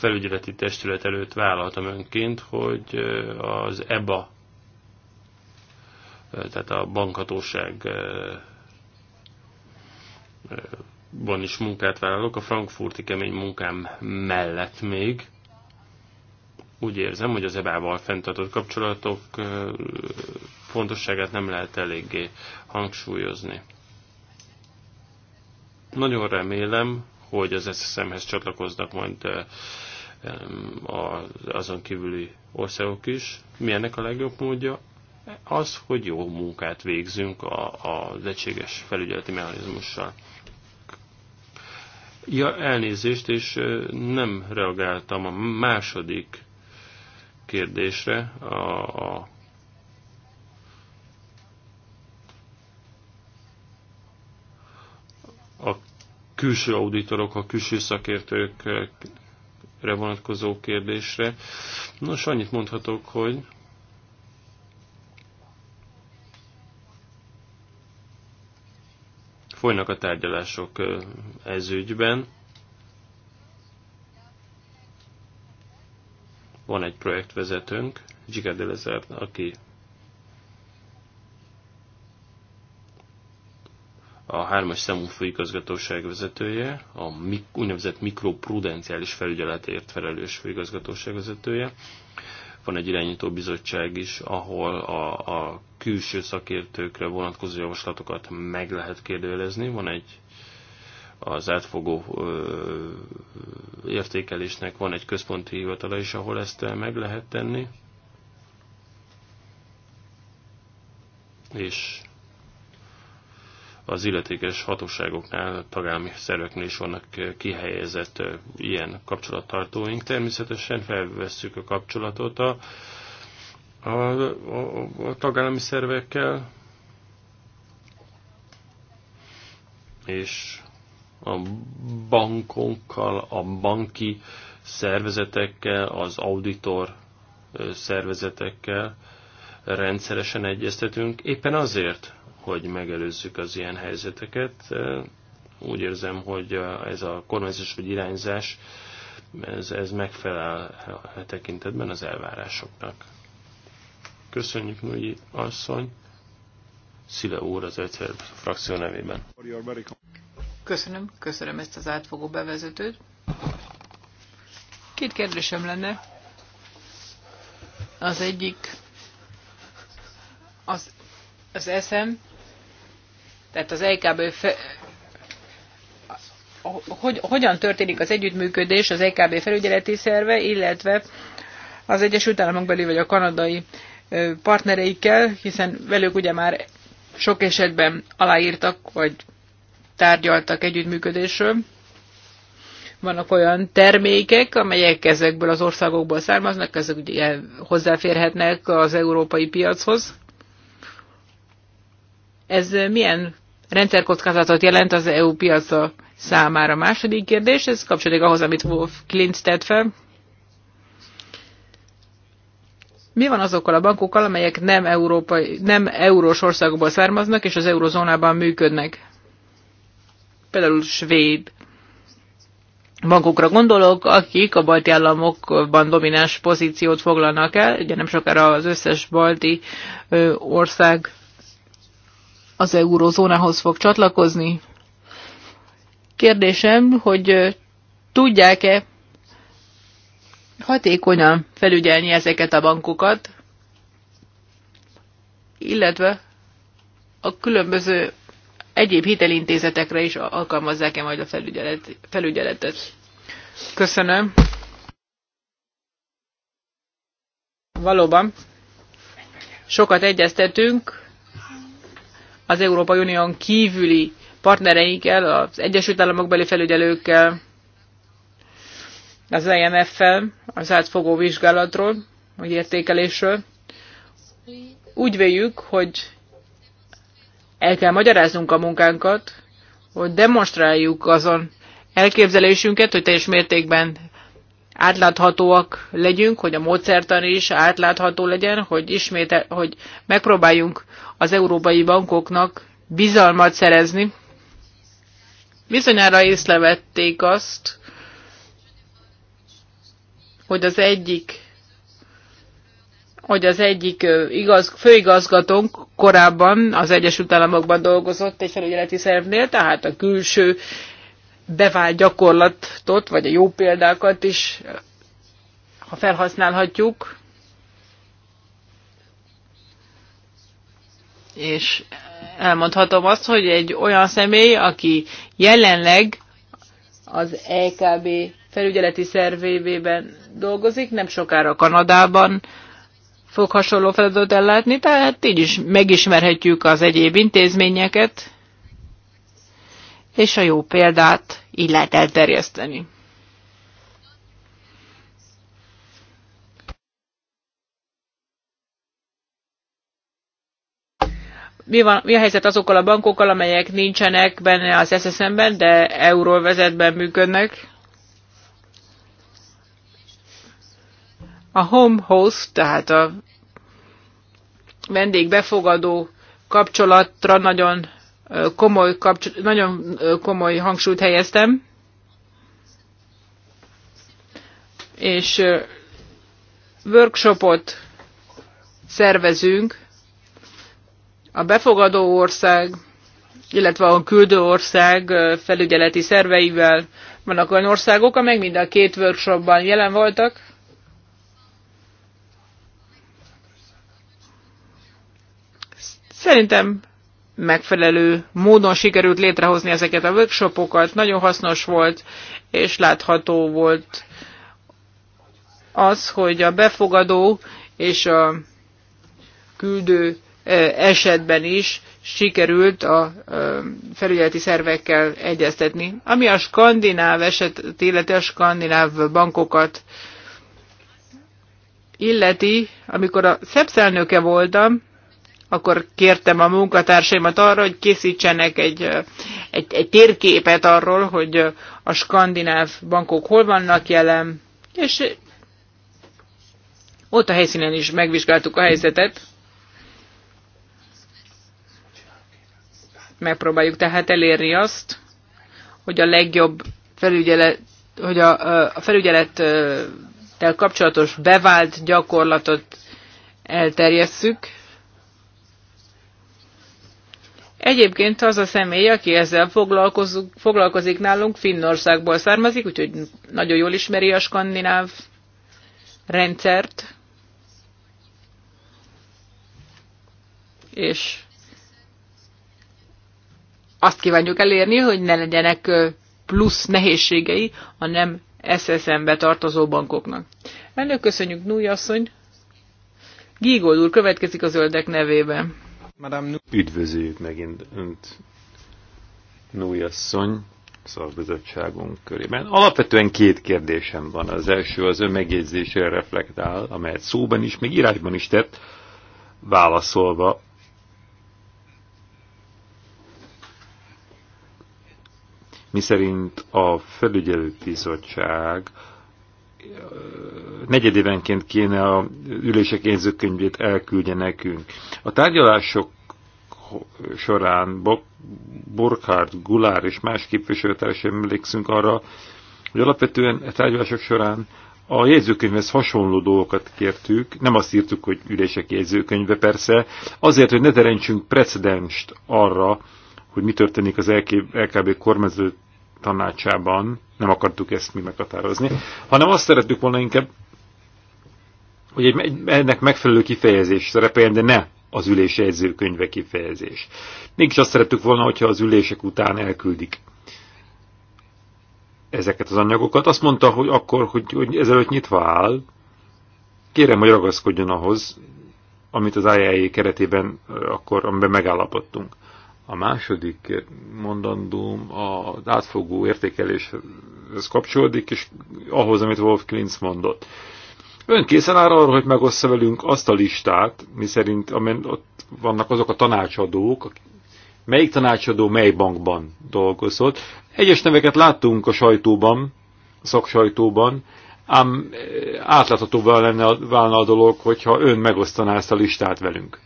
felügyeleti testület előtt vállaltam önként, hogy az EBA, tehát a bankhatóság van is munkát vállalok, a frankfurti kemény munkám mellett még. Úgy érzem, hogy az EBA-val fenntartott kapcsolatok fontosságát nem lehet eléggé hangsúlyozni. Nagyon remélem, hogy az SSM-hez csatlakoznak majd eh, azon kívüli országok is. Mi ennek a legjobb módja? Az, hogy jó munkát végzünk az egységes felügyeleti mechanizmussal. Ja, elnézést, és eh, nem reagáltam a második kérdésre, a, a a külső auditorok, a külső szakértőkre vonatkozó kérdésre. Nos, annyit mondhatok, hogy folynak a tárgyalások ez ügyben. Van egy projektvezetőnk, Zsigadelezer, aki a hármas számú főigazgatóság vezetője, a úgynevezett mikroprudenciális felügyeletért felelős főigazgatóság vezetője. Van egy irányító bizottság is, ahol a, a külső szakértőkre vonatkozó javaslatokat meg lehet kérdőjelezni. Van egy az átfogó ö, értékelésnek van egy központi hivatala is, ahol ezt meg lehet tenni. És az illetékes hatóságoknál, tagállami szerveknél is vannak eh, kihelyezett eh, ilyen kapcsolattartóink. Természetesen felvesszük a kapcsolatot a, a, a, a tagállami szervekkel, és a bankokkal, a banki szervezetekkel, az auditor eh, szervezetekkel rendszeresen egyeztetünk, éppen azért, hogy megelőzzük az ilyen helyzeteket. Úgy érzem, hogy ez a kormányzás vagy irányzás ez, ez megfelel a tekintetben az elvárásoknak. Köszönjük, Női asszony! Szile úr az egyszer frakció nevében. Köszönöm, köszönöm ezt az átfogó bevezetőt. Két kérdésem lenne. Az egyik az, az eszem tehát az EKB fe, hogy, hogyan történik az együttműködés az EKB felügyeleti szerve, illetve az Egyesült Államok belül vagy a kanadai partnereikkel, hiszen velük ugye már sok esetben aláírtak, vagy tárgyaltak együttműködésről. Vannak olyan termékek, amelyek ezekből az országokból származnak, ezek ugye hozzáférhetnek az európai piachoz. Ez milyen rendszerkockázatot jelent az EU piaca számára. második kérdés, ez kapcsolódik ahhoz, amit Wolf Klintz tett fel. Mi van azokkal a bankokkal, amelyek nem, európai, nem eurós országokból származnak, és az eurozónában működnek? Például svéd bankokra gondolok, akik a balti államokban domináns pozíciót foglalnak el, ugye nem sokára az összes balti ország az eurozónához fog csatlakozni. Kérdésem, hogy tudják-e hatékonyan felügyelni ezeket a bankokat, illetve a különböző egyéb hitelintézetekre is alkalmazzák-e majd a felügyelet, felügyeletet. Köszönöm. Valóban. Sokat egyeztetünk az Európai Unión kívüli partnereinkkel, az Egyesült Államok beli felügyelőkkel, az IMF-fel, az átfogó vizsgálatról, vagy értékelésről. Úgy véljük, hogy el kell magyaráznunk a munkánkat, hogy demonstráljuk azon elképzelésünket, hogy teljes mértékben átláthatóak legyünk, hogy a módszertan is átlátható legyen, hogy ismét, hogy megpróbáljunk az európai bankoknak bizalmat szerezni. Bizonyára észlevették azt, hogy az egyik hogy az egyik igaz, főigazgatónk korábban az Egyesült Államokban dolgozott egy felügyeleti szervnél, tehát a külső bevált gyakorlatot, vagy a jó példákat is, ha felhasználhatjuk, és elmondhatom azt, hogy egy olyan személy, aki jelenleg az EKB felügyeleti szervében dolgozik, nem sokára Kanadában fog hasonló feladatot ellátni, tehát így is megismerhetjük az egyéb intézményeket, és a jó példát így lehet elterjeszteni. mi, van, mi a helyzet azokkal a bankokkal, amelyek nincsenek benne az SSM-ben, de euróvezetben működnek? A home host, tehát a vendégbefogadó kapcsolatra nagyon komoly kapcs- nagyon komoly hangsúlyt helyeztem, és workshopot szervezünk a befogadó ország, illetve a küldő ország felügyeleti szerveivel. Vannak olyan országok, amelyek mind a két workshopban jelen voltak. Szerintem megfelelő módon sikerült létrehozni ezeket a workshopokat, nagyon hasznos volt, és látható volt az, hogy a befogadó és a küldő esetben is sikerült a felügyeleti szervekkel egyeztetni. Ami a skandináv eset illeti, a skandináv bankokat illeti, amikor a szepszelnöke voltam, akkor kértem a munkatársaimat arra, hogy készítsenek egy, egy, egy térképet arról, hogy a skandináv bankok hol vannak jelen, és ott a helyszínen is megvizsgáltuk a helyzetet. Megpróbáljuk tehát elérni azt, hogy a legjobb felügyelet, hogy a, a felügyelettel kapcsolatos bevált gyakorlatot elterjesszük, Egyébként az a személy, aki ezzel foglalkozik nálunk, Finnországból származik, úgyhogy nagyon jól ismeri a skandináv rendszert. És azt kívánjuk elérni, hogy ne legyenek plusz nehézségei a nem SSM-be tartozó bankoknak. Elnök, köszönjük, Núj asszony! Gígold úr következik a zöldek nevében. Madame... Üdvözöljük megint Önt, Núj asszony, szakbizottságunk körében. Alapvetően két kérdésem van. Az első az ön megjegyzésére reflektál, amelyet szóban is, még írásban is tett, válaszolva miszerint a felügyelőbizottság negyedévenként kéne a ülések jegyzőkönyvét elküldje nekünk. A tárgyalások során Burkhardt, Gulár és más képviselőtársai emlékszünk arra, hogy alapvetően a e tárgyalások során a jegyzőkönyvhez hasonló dolgokat kértük, nem azt írtuk, hogy ülések jegyzőkönyve persze, azért, hogy ne teremtsünk precedenst arra, hogy mi történik az LKB kormányzó tanácsában nem akartuk ezt mi meghatározni, hanem azt szerettük volna inkább, hogy egy, ennek megfelelő kifejezés szerepeljen, de ne az ülés jegyzőkönyve kifejezés. Mégis azt szerettük volna, hogyha az ülések után elküldik ezeket az anyagokat. Azt mondta, hogy akkor, hogy, hogy ezelőtt nyitva áll, kérem, hogy ragaszkodjon ahhoz, amit az IAE keretében akkor, amiben megállapodtunk. A második mondandóm az átfogó értékeléshez kapcsolódik, és ahhoz, amit Wolf Klintz mondott. Ön készen áll arra, hogy megossza velünk azt a listát, miszerint ott vannak azok a tanácsadók, melyik tanácsadó mely bankban dolgozott. Egyes neveket láttunk a sajtóban, a szaksajtóban, ám eh, átláthatóbb lenne, válna a dolog, hogyha ön megosztaná ezt a listát velünk.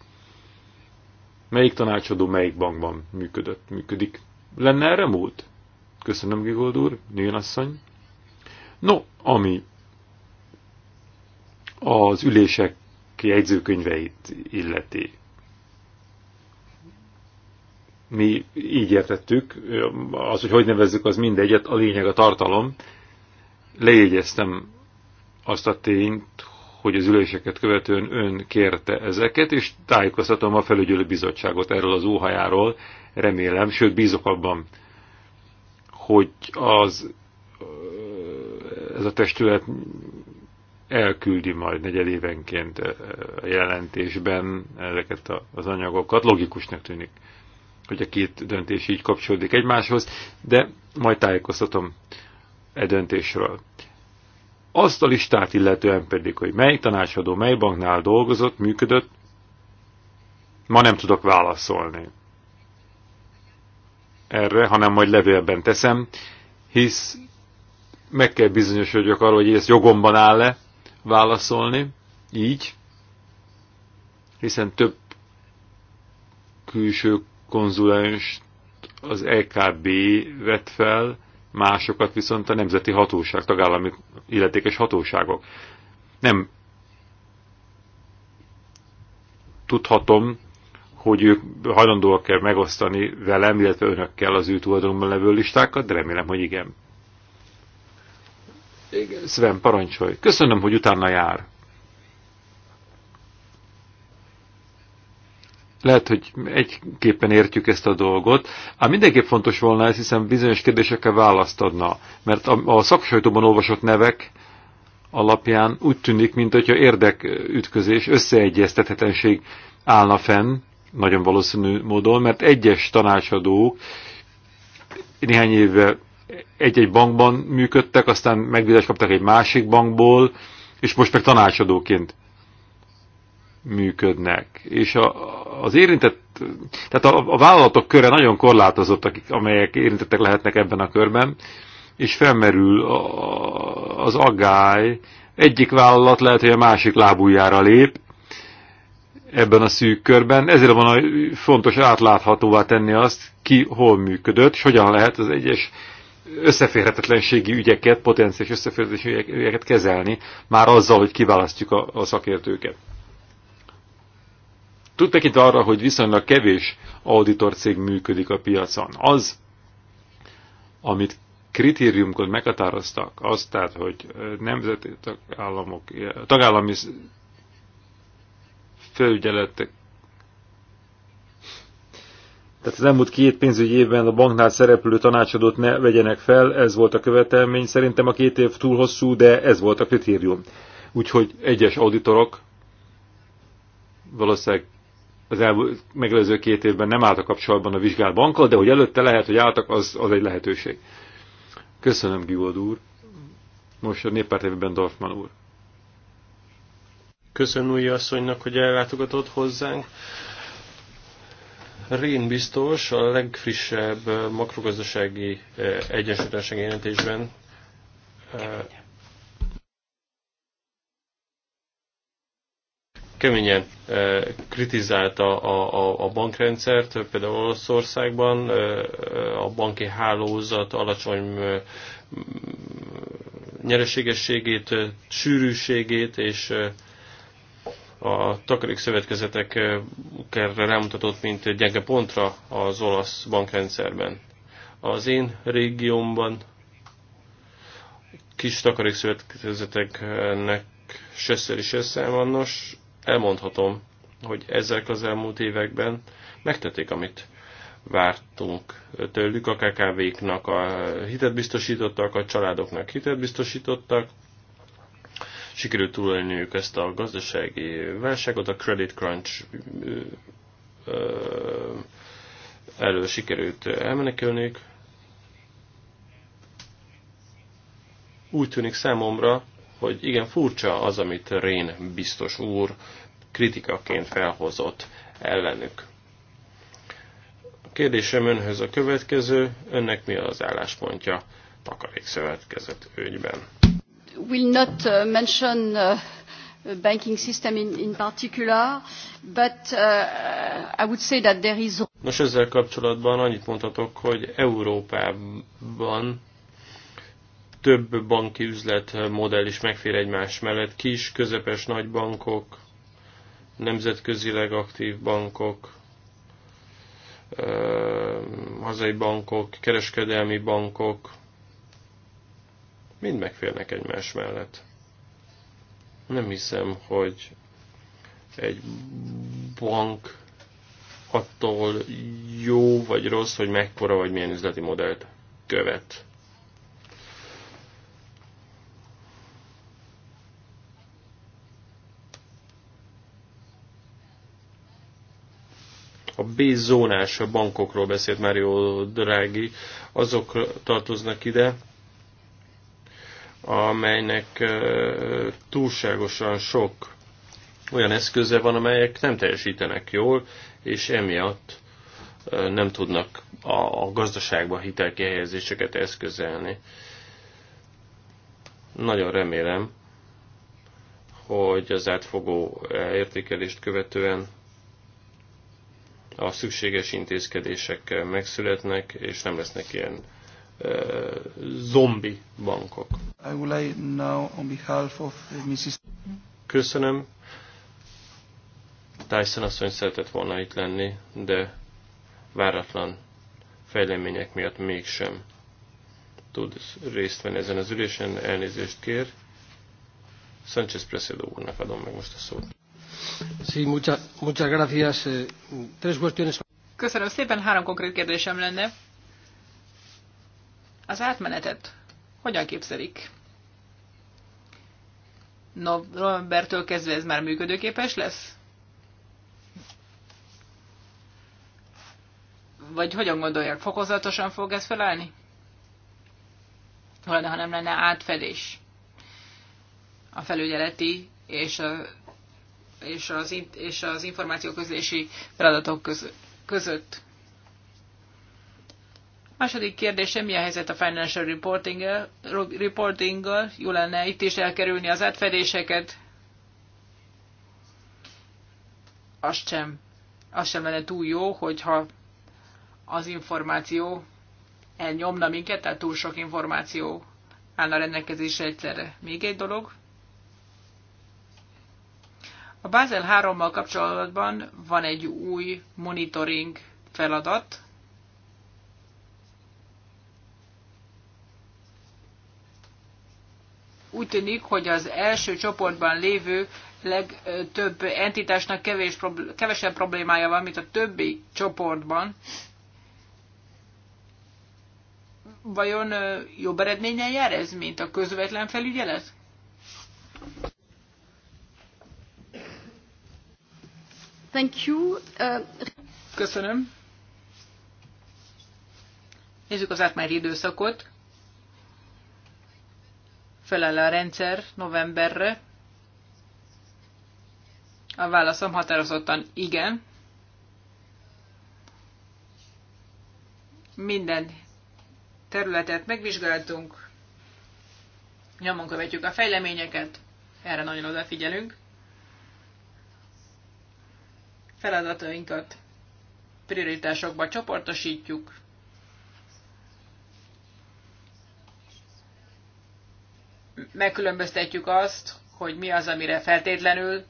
Melyik tanácsadó melyik bankban működött, működik? Lenne erre múlt? Köszönöm, Gigold úr, asszony. No, ami az ülések jegyzőkönyveit illeti. Mi így értettük, az, hogy hogy nevezzük, az mindegyet, a lényeg a tartalom. Lejegyeztem azt a tényt, hogy az üléseket követően ön kérte ezeket, és tájékoztatom a felügyelő bizottságot erről az óhajáról, remélem, sőt bízok abban, hogy az, ez a testület elküldi majd negyedévenként a jelentésben ezeket az anyagokat. Logikusnak tűnik, hogy a két döntés így kapcsolódik egymáshoz, de majd tájékoztatom e döntésről. Azt a listát illetően pedig, hogy mely tanácsadó, mely banknál dolgozott, működött, ma nem tudok válaszolni erre, hanem majd levélben teszem, hisz meg kell bizonyosodjak arról, hogy ezt jogomban áll-e válaszolni, így, hiszen több külső konzulens az EKB vett fel, másokat viszont a nemzeti hatóság, tagállami illetékes hatóságok. Nem tudhatom, hogy ők hajlandóak-e megosztani velem, illetve önökkel az ő tulajdonban levő listákat, de remélem, hogy igen. igen. Sven, parancsolj. Köszönöm, hogy utána jár. lehet, hogy egyképpen értjük ezt a dolgot, ám mindenképp fontos volna ez, hiszen bizonyos kérdésekkel választ adna. Mert a, a szaksajtóban olvasott nevek alapján úgy tűnik, mint hogyha érdekütközés, összeegyeztethetenség állna fenn, nagyon valószínű módon, mert egyes tanácsadók néhány évvel egy-egy bankban működtek, aztán megbízást kaptak egy másik bankból, és most meg tanácsadóként működnek, és a, az érintett, tehát a, a vállalatok köre nagyon korlátozott, akik, amelyek érintettek lehetnek ebben a körben, és felmerül a, az aggály, egyik vállalat lehet, hogy a másik lábújára lép ebben a szűk körben, ezért van a fontos átláthatóvá tenni azt, ki hol működött, és hogyan lehet az egyes összeférhetetlenségi ügyeket, potenciális összeférhetetlenségi ügyeket kezelni, már azzal, hogy kiválasztjuk a, a szakértőket. Tud tekintve arra, hogy viszonylag kevés auditorcég működik a piacon. Az, amit kritériumkod meghatároztak, az tehát, hogy nemzeti tagállamok, tagállami felügyeletek tehát az elmúlt két pénzügyi évben a banknál szereplő tanácsadót ne vegyenek fel, ez volt a követelmény. Szerintem a két év túl hosszú, de ez volt a kritérium. Úgyhogy egyes auditorok valószínűleg az megelőző két évben nem állt a kapcsolatban a vizsgált bankkal, de hogy előtte lehet, hogy álltak, az, az egy lehetőség. Köszönöm, Gigold úr. Most a néppártevőben Dorfman úr. Köszönöm új asszonynak, hogy ellátogatott hozzánk. Rén biztos a legfrissebb eh, makrogazdasági eh, egyensúlytalanság jelentésben eh, keményen eh, kritizálta a, a, a bankrendszert, például Olaszországban eh, eh, a banki hálózat alacsony nyereségességét, sűrűségét és a takarékszövetkezetekre rámutatott, mint gyenge pontra az olasz bankrendszerben. Az én régiómban kis takarékszövetkezeteknek szövetkezeteknek szer is vannos, elmondhatom, hogy ezek az elmúlt években megtették, amit vártunk tőlük. A KKV-knak a hitet biztosítottak, a családoknak hitet biztosítottak. Sikerült túlélniük ezt a gazdasági válságot, a credit crunch elő sikerült elmenekülniük. Úgy tűnik számomra, hogy igen, furcsa az, amit Rén biztos úr kritikaként felhozott ellenük. A kérdésem önhöz a következő, önnek mi az álláspontja takarékszövetkezet ügyben? Will not uh, mention uh, banking system in, in particular, but uh, I would say that there is... Nos, ezzel kapcsolatban annyit mondhatok, hogy Európában több banki üzletmodell is megfér egymás mellett. Kis, közepes, nagy bankok, nemzetközileg aktív bankok, hazai bankok, kereskedelmi bankok, mind megférnek egymás mellett. Nem hiszem, hogy egy bank attól jó vagy rossz, hogy mekkora vagy milyen üzleti modellt követ. A B-zónás bankokról beszélt jó Drági, azok tartoznak ide, amelynek túlságosan sok olyan eszköze van, amelyek nem teljesítenek jól, és emiatt nem tudnak a gazdaságba hitelkihelyezéseket eszközelni. Nagyon remélem, hogy az átfogó értékelést követően a szükséges intézkedések megszületnek, és nem lesznek ilyen uh, zombi bankok. I would like now on behalf of Mrs. Köszönöm. Tyson asszony szeretett volna itt lenni, de váratlan fejlemények miatt mégsem tud részt venni ezen az ülésen, elnézést kér. Sanchez Presedo úrnak adom meg most a szót. Eh, Köszönöm szépen, három konkrét kérdésem lenne. Az átmenetet hogyan képzelik? Novembertől kezdve ez már működőképes lesz? Vagy hogyan gondolják, fokozatosan fog ez felállni? Volna, ha nem lenne átfedés a felügyeleti és a és az, és az információközlési feladatok között. Második kérdésem, mi a helyzet a financial reporting-gal? reporting Jó lenne itt is elkerülni az átfedéseket? Azt sem, azt sem lenne túl jó, hogyha az információ elnyomna minket, tehát túl sok információ állna rendelkezésre egyszerre. Még egy dolog, a Basel 3-mal kapcsolatban van egy új monitoring feladat, úgy tűnik, hogy az első csoportban lévő legtöbb entitásnak kevés problé- kevesebb problémája van, mint a többi csoportban. Vajon jobb eredménnyel jár ez, mint a közvetlen felügyelet? Thank you. Uh... Köszönöm. Nézzük az átmári időszakot. Felel a rendszer novemberre. A válaszom határozottan igen. Minden területet megvizsgáltunk, nyomon követjük a fejleményeket, erre nagyon odafigyelünk feladatainkat prioritásokba csoportosítjuk, megkülönböztetjük azt, hogy mi az, amire feltétlenül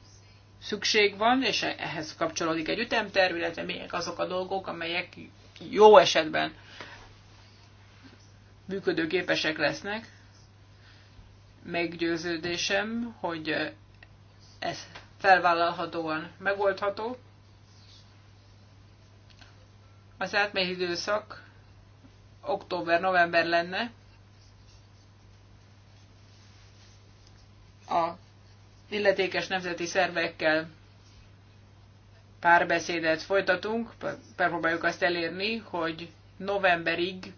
szükség van, és ehhez kapcsolódik egy ütemterv, illetve melyek azok a dolgok, amelyek jó esetben működőképesek lesznek. Meggyőződésem, hogy ez felvállalhatóan megoldható az átmegy időszak október-november lenne. A illetékes nemzeti szervekkel párbeszédet folytatunk, próbáljuk azt elérni, hogy novemberig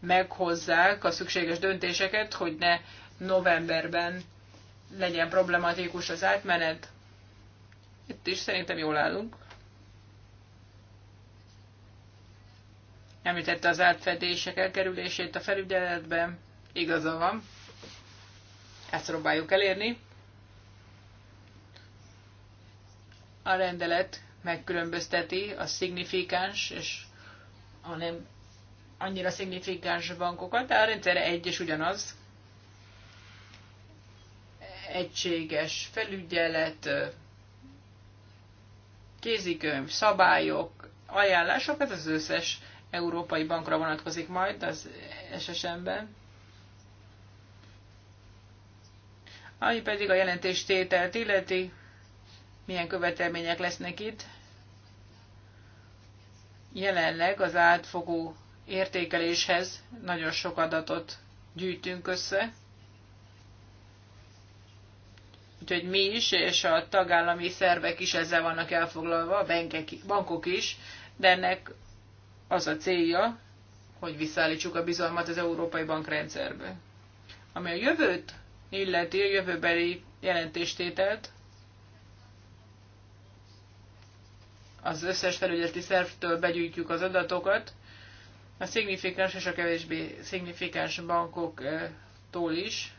meghozzák a szükséges döntéseket, hogy ne novemberben legyen problematikus az átmenet. Itt is szerintem jól állunk. Említette az átfedések elkerülését a felügyeletben. Igaza van. Ezt próbáljuk elérni. A rendelet megkülönbözteti a szignifikáns és a nem annyira szignifikáns bankokat, de a rendszer egy és ugyanaz. Egységes felügyelet, kézikönyv, szabályok, ajánlások, ez az összes európai bankra vonatkozik majd az SSM-ben. Ami pedig a jelentéstételt illeti, milyen követelmények lesznek itt. Jelenleg az átfogó értékeléshez nagyon sok adatot gyűjtünk össze, úgyhogy mi is, és a tagállami szervek is ezzel vannak elfoglalva, a bankok is, de ennek az a célja, hogy visszaállítsuk a bizalmat az európai bankrendszerbe. Ami a jövőt illeti, a jövőbeli jelentéstételt, az összes felügyeleti szervtől begyűjtjük az adatokat, a szignifikáns és a kevésbé szignifikáns bankoktól is,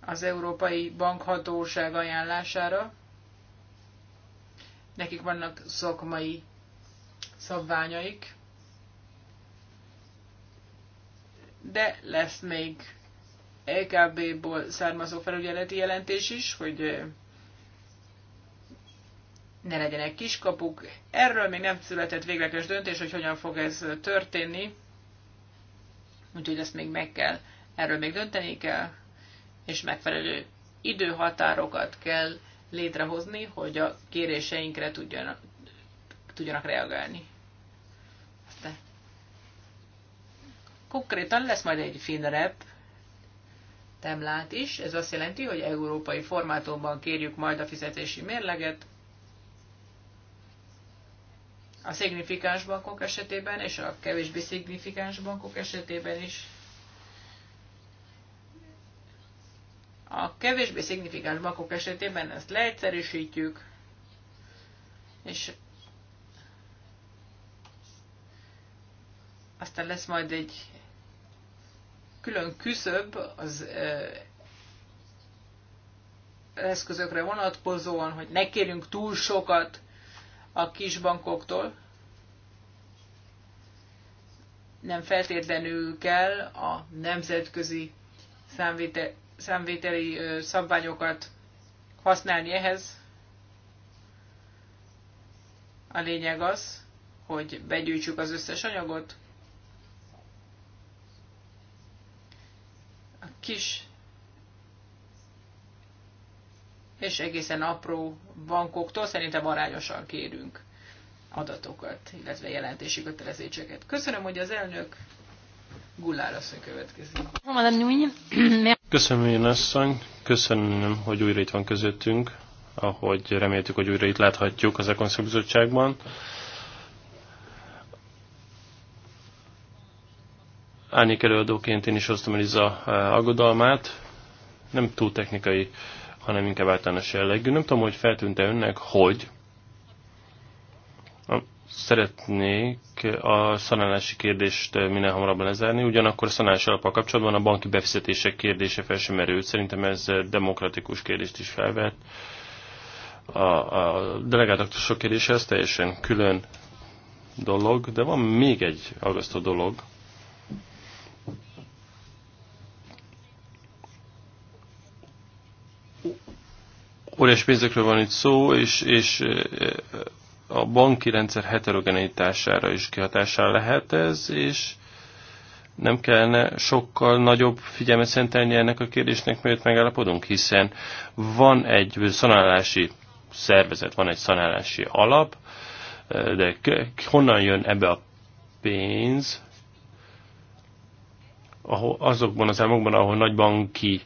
az Európai Bankhatóság ajánlására. Nekik vannak szakmai szabványaik, de lesz még lkb ból származó felügyeleti jelentés is, hogy ne legyenek kiskapuk. Erről még nem született végleges döntés, hogy hogyan fog ez történni, úgyhogy ezt még meg kell, erről még dönteni kell, és megfelelő időhatárokat kell létrehozni, hogy a kéréseinkre tudjanak, tudjanak reagálni. Konkrétan lesz majd egy finrep temlát is, ez azt jelenti, hogy európai formátumban kérjük majd a fizetési mérleget, a szignifikáns bankok esetében és a kevésbé szignifikáns bankok esetében is. A kevésbé szignifikáns bankok esetében ezt leegyszerűsítjük, és aztán lesz majd egy külön küszöb az eszközökre vonatkozóan, hogy ne kérünk túl sokat a kisbankoktól. Nem feltétlenül kell a nemzetközi számvétel, számvételi szabványokat használni ehhez. A lényeg az, hogy begyűjtsük az összes anyagot, kis és egészen apró bankoktól szerintem arányosan kérünk adatokat, illetve jelentési kötelezéseket. Köszönöm, hogy az elnök Gullár asszony következik. Köszönöm, hogy asszony. Köszönöm, hogy újra itt van közöttünk, ahogy reméltük, hogy újra itt láthatjuk az Ekonszak Bizottságban. árnyék előadóként én is hoztam Eliza eh, aggodalmát. Nem túl technikai, hanem inkább általános jellegű. Nem tudom, hogy feltűnt-e önnek, hogy szeretnék a szanálási kérdést eh, minél hamarabb lezárni, ugyanakkor a szanálási alappal kapcsolatban a banki befizetések kérdése fel sem erőt. Szerintem ez eh, demokratikus kérdést is felvett. A, a sok kérdése ez teljesen külön dolog, de van még egy aggasztó dolog, óriás pénzekről van itt szó, és, és a banki rendszer heterogenitására is kihatással lehet ez, és nem kellene sokkal nagyobb figyelmet szentelni ennek a kérdésnek, mert megállapodunk, hiszen van egy szanálási szervezet, van egy szanálási alap, de honnan jön ebbe a pénz, ahol, azokban az államokban, ahol nagy banki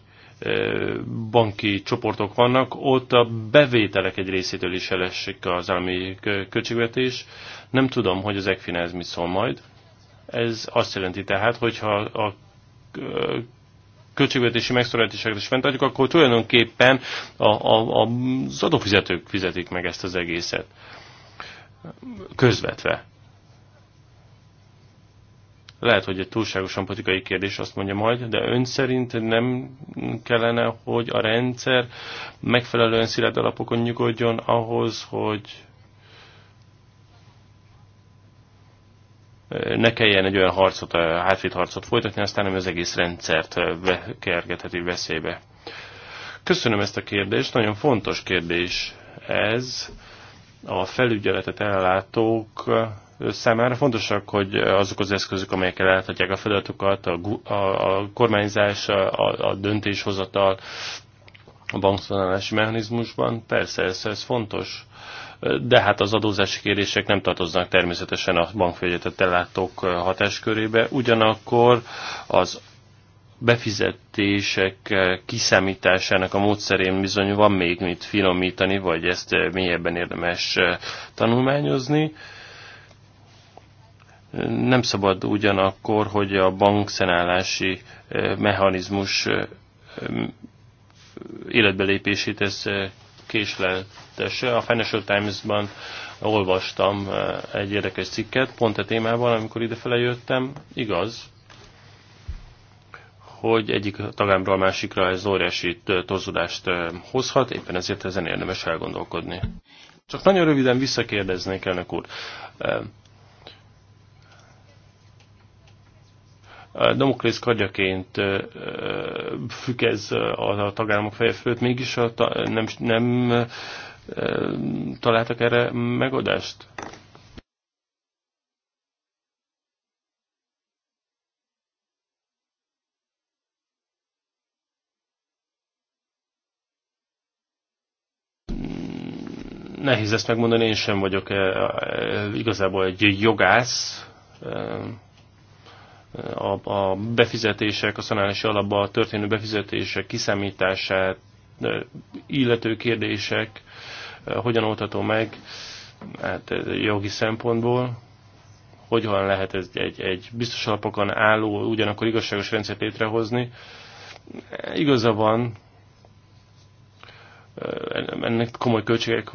banki csoportok vannak, ott a bevételek egy részétől is elesik az állami költségvetés. Nem tudom, hogy az ECFIN ez mit szól majd. Ez azt jelenti tehát, hogyha a költségvetési megszorításokat is fenntartjuk, akkor tulajdonképpen a, a, a, az adófizetők fizetik meg ezt az egészet közvetve. Lehet, hogy egy túlságosan politikai kérdés azt mondja majd, de ön szerint nem kellene, hogy a rendszer megfelelően szilárd alapokon nyugodjon ahhoz, hogy ne kelljen egy olyan harcot, hátvét harcot folytatni, aztán nem az egész rendszert kergetheti veszélybe. Köszönöm ezt a kérdést, nagyon fontos kérdés ez. A felügyeletet ellátók számára fontosak, hogy azok az eszközök, amelyekkel láthatják a feladatokat, a, a, a kormányzás, a, a döntéshozatal, a bankszolálási mechanizmusban, persze ez, ez fontos, de hát az adózási kérések nem tartoznak természetesen a bankfelügyeletet ellátók hatáskörébe, ugyanakkor az befizetések kiszámításának a módszerén bizony van még mit finomítani, vagy ezt mélyebben érdemes tanulmányozni nem szabad ugyanakkor, hogy a bankszenálási eh, mechanizmus eh, életbelépését ez eh, késleltesse. A Financial Times-ban olvastam egy érdekes cikket pont a e témában, amikor idefele jöttem. Igaz, hogy egyik tagámról másikra ez óriási torzulást hozhat, éppen ezért ezen érdemes elgondolkodni. Csak nagyon röviden visszakérdeznék, elnök úr. Demokrész kagyaként fükez a tagállamok feje fölött, mégis a ta, nem, nem találtak erre megoldást? Nehéz ezt megmondani, én sem vagyok igazából egy jogász, a, a befizetések, a szanálási alapban történő befizetések kiszámítását, illető kérdések hogyan oldható meg hát, jogi szempontból, hogyan lehet ez egy, egy biztos alapokon álló, ugyanakkor igazságos rendszert létrehozni. Igaza van, ennek komoly költségek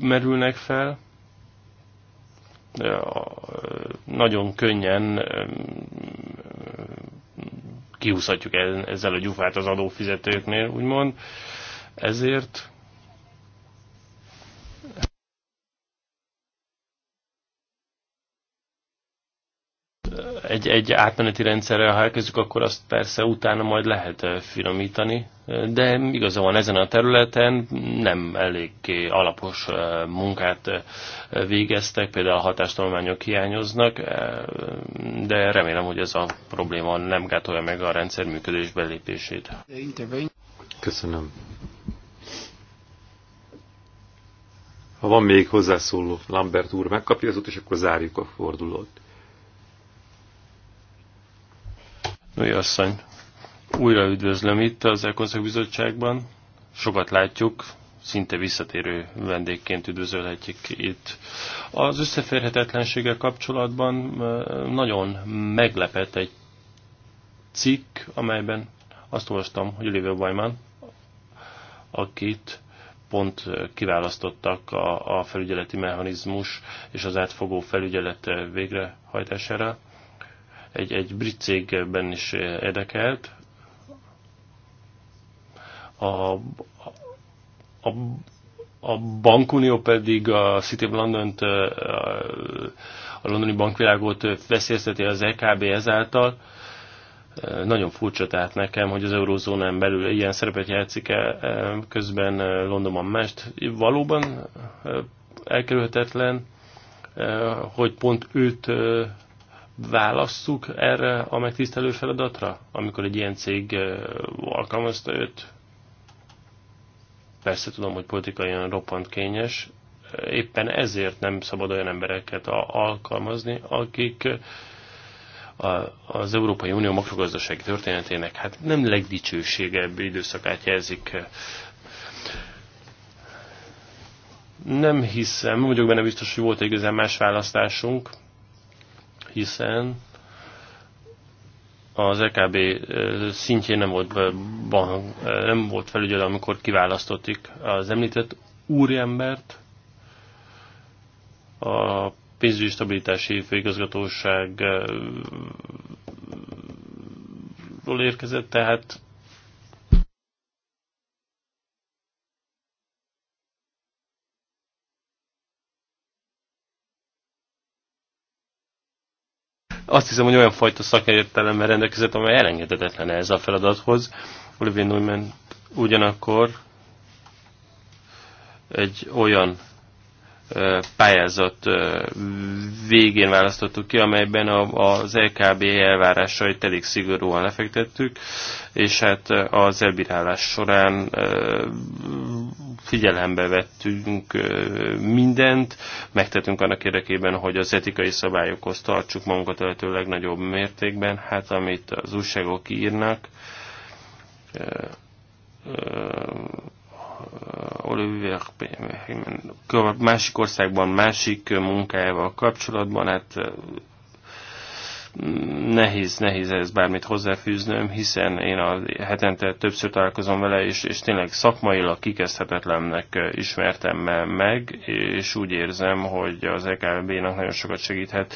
merülnek fel, nagyon könnyen kihúzhatjuk ezzel a gyufát az adófizetőknél, úgymond. Ezért egy, egy átmeneti rendszerrel, ha elkezdjük, akkor azt persze utána majd lehet finomítani, de igaza van ezen a területen nem elég alapos munkát végeztek, például a hatástolmányok hiányoznak, de remélem, hogy ez a probléma nem gátolja meg a rendszer működés belépését. Köszönöm. Ha van még hozzászóló, Lambert úr megkapja az és akkor zárjuk a fordulót. asszony, újra üdvözlöm itt az Ekonszak Bizottságban. Sokat látjuk, szinte visszatérő vendégként üdvözölhetjük itt. Az összeférhetetlenséggel kapcsolatban nagyon meglepett egy cikk, amelyben azt olvastam, hogy Oliver Weiman, akit pont kiválasztottak a, a felügyeleti mechanizmus és az átfogó felügyelet végrehajtására egy, egy brit cégben is érdekelt. A, a, a bankunió pedig a City of london a londoni bankvilágot veszélyezteti az EKB ezáltal. Nagyon furcsa tehát nekem, hogy az eurózónán belül ilyen szerepet játszik -e, e közben Londonban mást. Valóban elkerülhetetlen, hogy pont őt válasszuk erre a megtisztelő feladatra, amikor egy ilyen cég alkalmazta őt? Persze tudom, hogy politikaian roppant kényes, éppen ezért nem szabad olyan embereket alkalmazni, akik az Európai Unió makrogazdasági történetének hát nem legdicsőségebb időszakát jelzik nem hiszem, mondjuk benne biztos, hogy volt igazán más választásunk, hiszen az EKB eh, szintjén nem volt, eh, nem volt felügyelő, amikor kiválasztottik az említett úriembert. A pénzügyi stabilitási főigazgatóságról eh, érkezett, tehát Azt hiszem, hogy olyan fajta szakértelemmel rendelkezett, amely elengedhetetlen ez a feladathoz. Olivier Neumann ugyanakkor egy olyan pályázat végén választottuk ki, amelyben az LKB elvárásait elég szigorúan lefektettük, és hát az elbírálás során figyelembe vettünk mindent, megtettünk annak érdekében, hogy az etikai szabályokhoz tartsuk magunkat a lehető legnagyobb mértékben, hát amit az újságok írnak, Olivier másik országban, másik munkájával kapcsolatban, hát nehéz, nehéz ez bármit hozzáfűznöm, hiszen én a hetente többször találkozom vele, és, és tényleg szakmailag kikezdhetetlennek ismertem meg, és úgy érzem, hogy az EKB-nak nagyon sokat segíthet,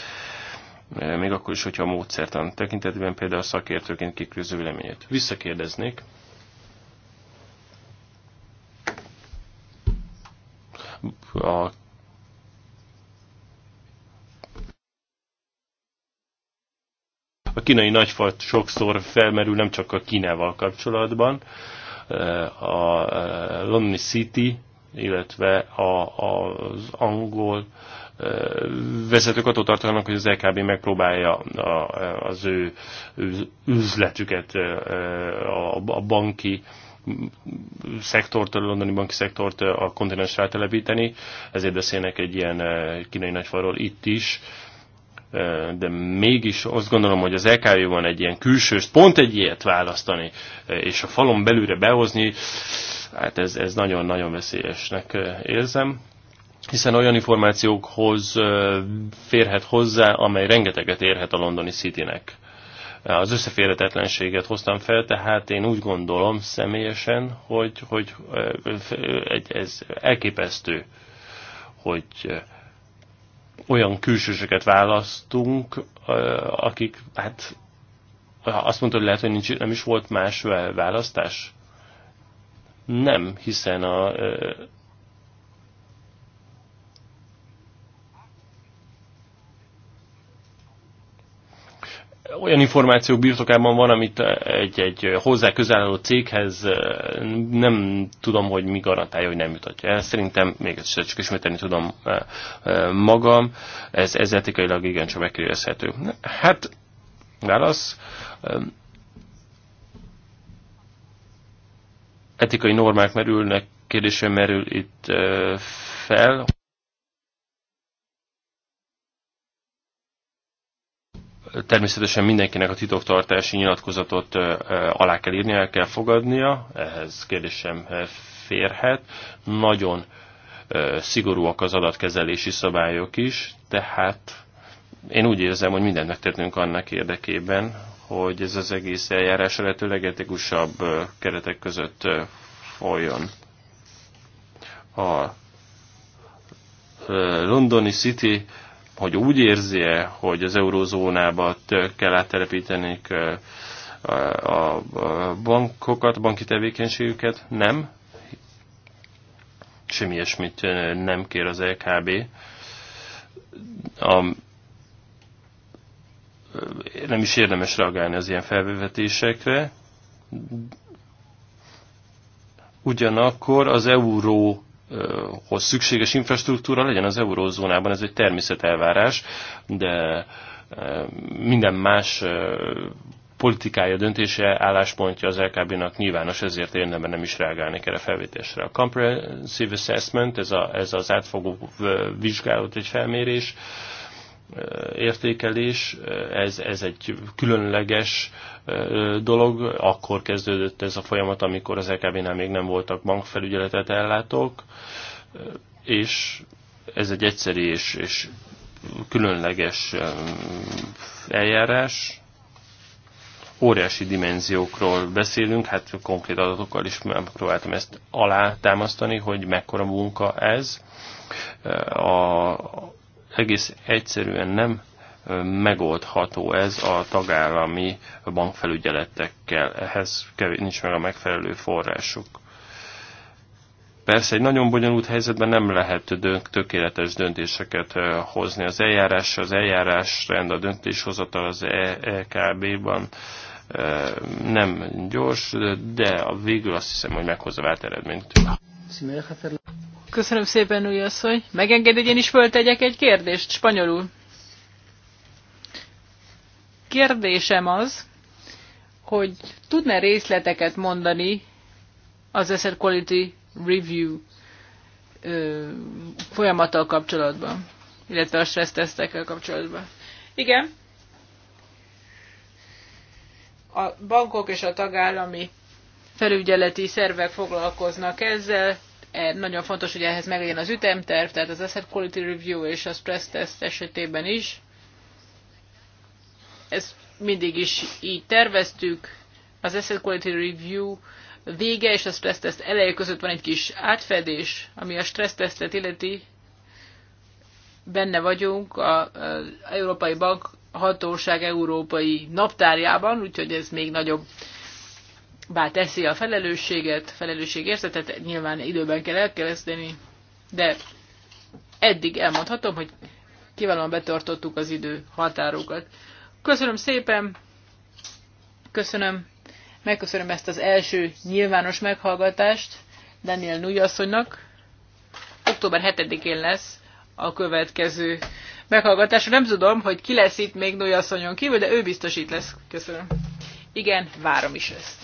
még akkor is, hogyha a módszertan tekintetében például szakértőként kiküzdő véleményét. Visszakérdeznék, a a kínai nagyfajt sokszor felmerül nem csak a Kínával kapcsolatban, eh, a eh, London City, illetve a, az angol eh, vezetők attól tartanak, hogy az LKB megpróbálja az ő üzletüket, a banki szektort, a londoni banki szektort a kontinensre átelepíteni, ezért beszélnek egy ilyen kínai nagyfalról itt is, de mégis azt gondolom, hogy az LKV van egy ilyen külsős, pont egy ilyet választani, és a falon belülre behozni, hát ez, ez nagyon-nagyon veszélyesnek érzem hiszen olyan információkhoz férhet hozzá, amely rengeteget érhet a londoni Citynek az összeférhetetlenséget hoztam fel, tehát én úgy gondolom személyesen, hogy, hogy ez elképesztő, hogy olyan külsősöket választunk, akik, hát azt mondta, hogy lehet, hogy nincs, nem is volt más választás. Nem, hiszen a olyan információk birtokában van, amit egy, egy hozzá álló céghez eh, nem tudom, hogy mi garantálja, hogy nem jutatja el. Szerintem még ezt csak ismételni tudom eh, eh, magam, ez, ez etikailag igencsak megkérdezhető. Hát, válasz, etikai normák merülnek, kérdése merül itt fel, Természetesen mindenkinek a titoktartási nyilatkozatot alá kell írnia, el kell fogadnia, ehhez kérdésem férhet. Nagyon szigorúak az adatkezelési szabályok is, tehát én úgy érzem, hogy mindent megtettünk annak érdekében, hogy ez az egész eljárás lehető legetikusabb keretek között folyjon. A Londoni City hogy úgy érzi -e, hogy az eurózónába kell áttelepíteni a bankokat, banki tevékenységüket? Nem. Semmi ilyesmit nem kér az LKB. A, nem is érdemes reagálni az ilyen felvetésekre. Ugyanakkor az euró hoz szükséges infrastruktúra legyen az eurózónában, ez egy természetelvárás, de e, minden más e, politikája, döntése, álláspontja az LKB-nak nyilvános, ezért érdemben nem is reagálni erre a felvétésre. A comprehensive assessment, ez, a, ez az átfogó vizsgálat, egy felmérés, értékelés, ez, ez egy különleges dolog. Akkor kezdődött ez a folyamat, amikor az LKB-nál még nem voltak bankfelügyeletet ellátók, és ez egy egyszerű és, és különleges eljárás. Óriási dimenziókról beszélünk, hát konkrét adatokkal is megpróbáltam ezt alátámasztani, hogy mekkora munka ez. A, egész egyszerűen nem megoldható ez a tagállami bankfelügyeletekkel. Ehhez kevés, nincs meg a megfelelő forrásuk. Persze egy nagyon bonyolult helyzetben nem lehet tökéletes döntéseket hozni. Az eljárás, az eljárás rend, a döntéshozatal az EKB-ban e nem gyors, de a végül azt hiszem, hogy meghozza vált eredményt. Köszönöm szépen, új asszony. Megenged, hogy én is föltegyek egy kérdést spanyolul. Kérdésem az, hogy tudna részleteket mondani az Asset Quality Review ö, folyamattal kapcsolatban, illetve a tesztekkel kapcsolatban. Igen. A bankok és a tagállami felügyeleti szervek foglalkoznak ezzel. E, nagyon fontos, hogy ehhez meglegyen az ütemterv, tehát az Asset Quality Review és a Stress Test esetében is. Ezt mindig is így terveztük. Az Asset Quality Review vége és a Stress Test eleje között van egy kis átfedés, ami a Stress Testet illeti. Benne vagyunk a, Európai Bank hatóság európai naptárjában, úgyhogy ez még nagyobb bár teszi a felelősséget, felelősségérzetet, nyilván időben kell elkezdeni, de eddig elmondhatom, hogy kiválóan betartottuk az idő határokat. Köszönöm szépen, köszönöm, megköszönöm ezt az első nyilvános meghallgatást Daniel Nújasszonynak. Október 7-én lesz a következő meghallgatás. Nem tudom, hogy ki lesz itt még Nújasszonyon kívül, de ő biztos itt lesz. Köszönöm. Igen, várom is ezt.